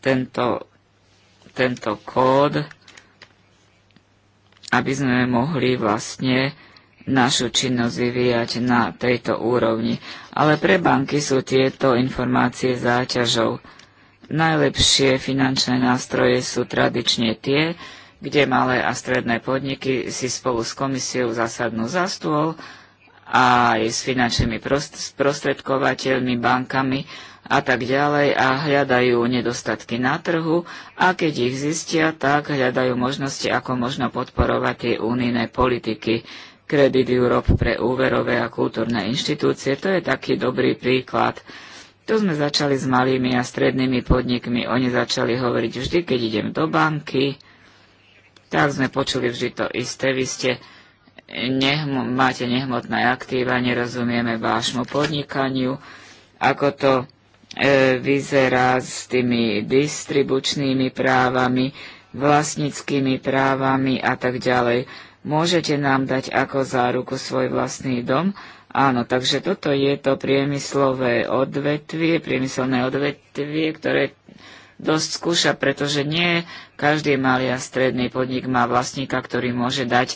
Tento, tento kód, aby sme mohli vlastne našu činnosť vyvíjať na tejto úrovni ale pre banky sú tieto informácie záťažou. Najlepšie finančné nástroje sú tradične tie, kde malé a stredné podniky si spolu s komisiou zasadnú za stôl a aj s finančnými prostredkovateľmi, bankami a tak ďalej a hľadajú nedostatky na trhu a keď ich zistia, tak hľadajú možnosti, ako možno podporovať tie unijné politiky. Kredit Europe pre úverové a kultúrne inštitúcie, to je taký dobrý príklad. Tu sme začali s malými a strednými podnikmi, oni začali hovoriť vždy, keď idem do banky, tak sme počuli vždy to isté, vy ste nehmo, máte nehmotné aktíva, nerozumieme vášmu podnikaniu, ako to e, vyzerá s tými distribučnými právami, vlastníckými právami a tak ďalej Môžete nám dať ako záruku svoj vlastný dom? Áno, takže toto je to priemyslové odvetvie, priemyselné odvetvie, ktoré dosť skúša, pretože nie každý malý a stredný podnik má vlastníka, ktorý môže dať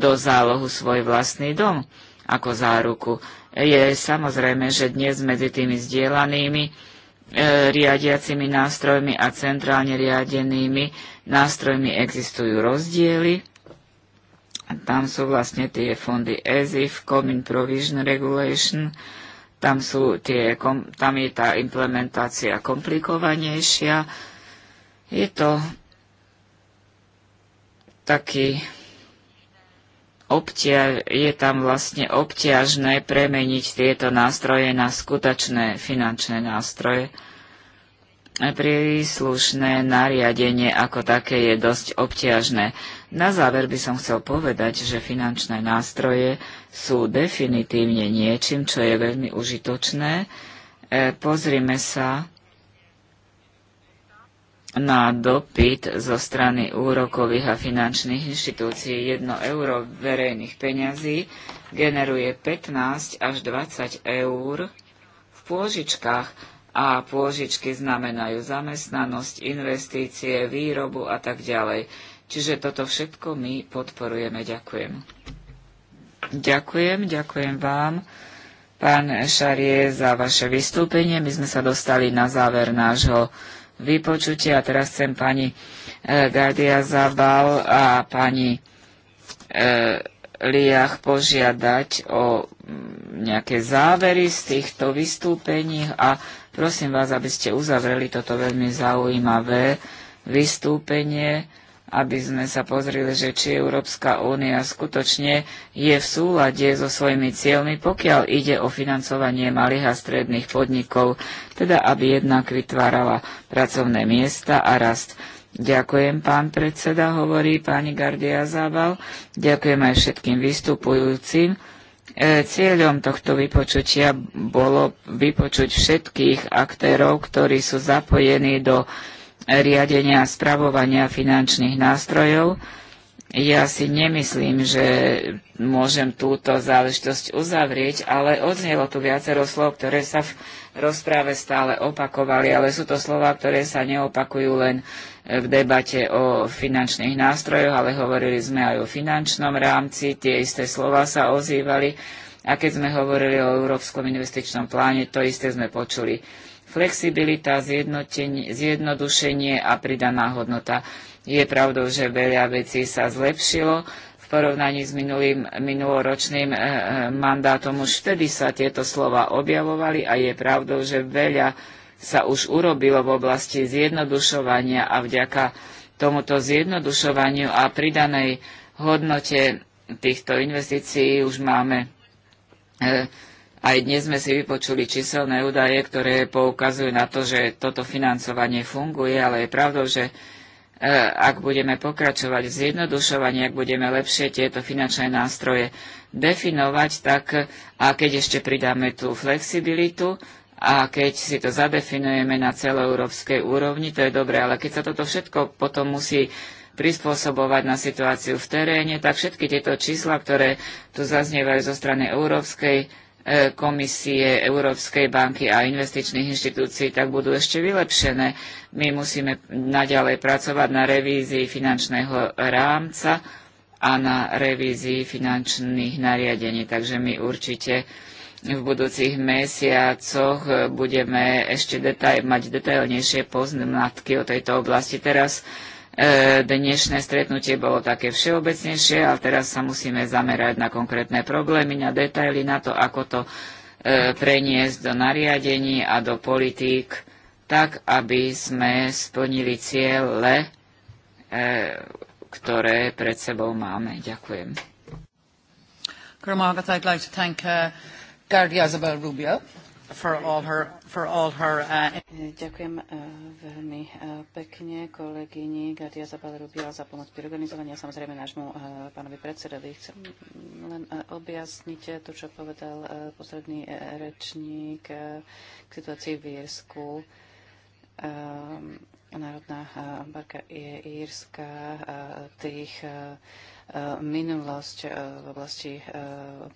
do zálohu svoj vlastný dom ako záruku. Je samozrejme, že dnes medzi tými zdieľanými e, riadiacimi nástrojmi a centrálne riadenými nástrojmi existujú rozdiely tam sú vlastne tie fondy ESIF, Common Provision Regulation, tam, sú tie, tam je tá implementácia komplikovanejšia. Je to taký obtia, je tam vlastne obťažné premeniť tieto nástroje na skutočné finančné nástroje. Príslušné nariadenie ako také je dosť obťažné. Na záver by som chcel povedať, že finančné nástroje sú definitívne niečím, čo je veľmi užitočné. E, pozrime sa na dopyt zo strany úrokových a finančných inštitúcií. 1 euro verejných peňazí generuje 15 až 20 eur v pôžičkách a pôžičky znamenajú zamestnanosť, investície, výrobu a tak ďalej. Čiže toto všetko my podporujeme. Ďakujem. Ďakujem, ďakujem vám, pán Šarie, za vaše vystúpenie. My sme sa dostali na záver nášho vypočutia a teraz chcem pani e, Gardia Zabal a pani e, Liach požiadať o mm, nejaké závery z týchto vystúpení a prosím vás, aby ste uzavreli toto veľmi zaujímavé vystúpenie aby sme sa pozreli, že či Európska únia skutočne je v súlade so svojimi cieľmi, pokiaľ ide o financovanie malých a stredných podnikov, teda aby jednak vytvárala pracovné miesta a rast. Ďakujem, pán predseda, hovorí pani Gardia Zával. Ďakujem aj všetkým vystupujúcim. E, cieľom tohto vypočutia bolo vypočuť všetkých aktérov, ktorí sú zapojení do riadenia a spravovania finančných nástrojov. Ja si nemyslím, že môžem túto záležitosť uzavrieť, ale odznelo tu viacero slov, ktoré sa v rozpráve stále opakovali, ale sú to slova, ktoré sa neopakujú len v debate o finančných nástrojoch, ale hovorili sme aj o finančnom rámci, tie isté slova sa ozývali a keď sme hovorili o Európskom investičnom pláne, to isté sme počuli flexibilita, zjednodušenie a pridaná hodnota. Je pravdou, že veľa vecí sa zlepšilo v porovnaní s minulým, minuloročným e, mandátom. Už vtedy sa tieto slova objavovali a je pravdou, že veľa sa už urobilo v oblasti zjednodušovania a vďaka tomuto zjednodušovaniu a pridanej hodnote týchto investícií už máme e, aj dnes sme si vypočuli číselné údaje, ktoré poukazujú na to, že toto financovanie funguje, ale je pravdou, že e, ak budeme pokračovať v zjednodušovaní, ak budeme lepšie tieto finančné nástroje definovať, tak a keď ešte pridáme tú flexibilitu a keď si to zadefinujeme na celoeurópskej úrovni, to je dobré, ale keď sa toto všetko potom musí prispôsobovať na situáciu v teréne, tak všetky tieto čísla, ktoré tu zaznievajú zo strany Európskej E, komisie Európskej banky a investičných inštitúcií, tak budú ešte vylepšené. My musíme naďalej pracovať na revízii finančného rámca a na revízii finančných nariadení. Takže my určite v budúcich mesiacoch budeme ešte mať detailnejšie poznatky o tejto oblasti. Teraz E, dnešné stretnutie bolo také všeobecnejšie, ale teraz sa musíme zamerať na konkrétne problémy, na detaily, na to, ako to e, preniesť do nariadení a do politík, tak aby sme splnili ciele, e, ktoré pred sebou máme. Ďakujem. I'd like to thank uh, Rubio for all her, for all her, uh... Ďakujem uh, veľmi uh, pekne kolegyni Gadia Zabal za pomoc pri organizovaní a samozrejme nášmu uh, pánovi predsedovi. Chcem len uh, objasniť to, čo povedal uh, posledný uh, rečník uh, k situácii v Írsku. Um, Národná banka Írska tých minulosť v oblasti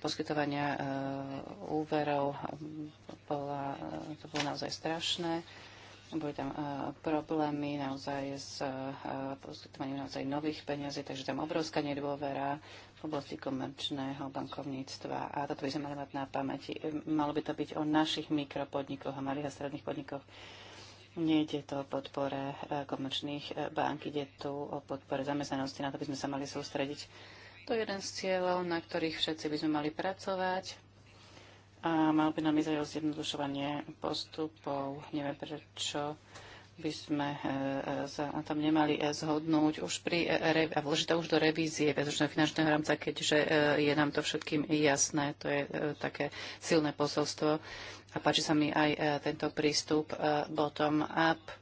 poskytovania úverov bola, to bolo naozaj strašné. Boli tam problémy naozaj s poskytovaním naozaj nových peniazí, takže tam obrovská nedôvera v oblasti komerčného bankovníctva. A toto by sme mali mať na pamäti. Malo by to byť o našich mikropodnikoch a malých a stredných podnikoch Nejde to o podpore e, komerčných e, bank, ide tu o podpore zamestnanosti, na to by sme sa mali sústrediť. To je jeden z cieľov, na ktorých všetci by sme mali pracovať. A mal by nám ísť aj o zjednodušovanie postupov. Neviem, prečo by sme e, sa tam nemali zhodnúť už pri, a vložiť to už do revízie bezúčného finančného rámca, keďže je nám to všetkým jasné, to je také silné posolstvo a páči sa mi aj e, tento prístup e, bottom-up e,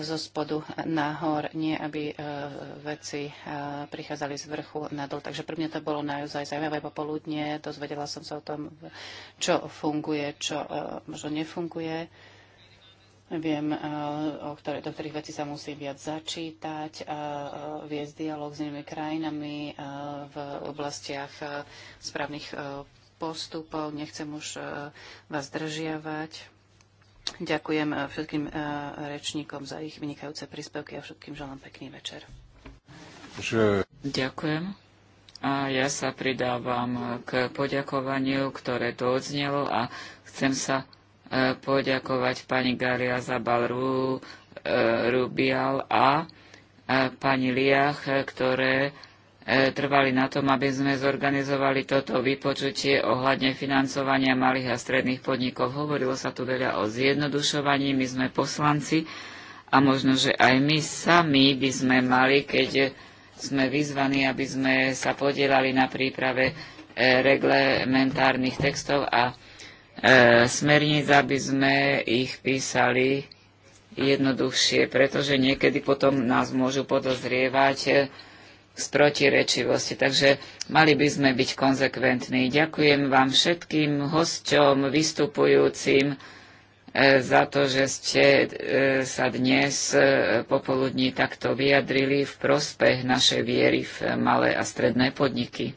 zo spodu nahor, nie aby veci prichádzali z vrchu nadol. Takže pre mňa to bolo naozaj zaujímavé popoludne. Dozvedela som sa o tom, čo funguje, čo možno nefunguje. Viem, o ktoré, do ktorých vecí sa musím viac začítať, viesť dialog s inými krajinami v oblastiach správnych postupov. Nechcem už e, vás zdržiavať. Ďakujem e, všetkým e, rečníkom za ich vynikajúce príspevky a všetkým želám pekný večer. Že... Ďakujem. A ja sa pridávam k poďakovaniu, ktoré tu odznelo a chcem sa poďakovať pani Garia Zabal Rubial a pani Liach, ktoré E, trvali na tom, aby sme zorganizovali toto vypočutie ohľadne financovania malých a stredných podnikov. Hovorilo sa tu veľa o zjednodušovaní, my sme poslanci a možno, že aj my sami by sme mali, keď sme vyzvaní, aby sme sa podielali na príprave e, reglementárnych textov a e, smerníc, aby sme ich písali jednoduchšie, pretože niekedy potom nás môžu podozrievať, z protirečivosti. Takže mali by sme byť konzekventní. Ďakujem vám všetkým hosťom, vystupujúcim e, za to, že ste e, sa dnes e, popoludní takto vyjadrili v prospech našej viery v malé a stredné podniky.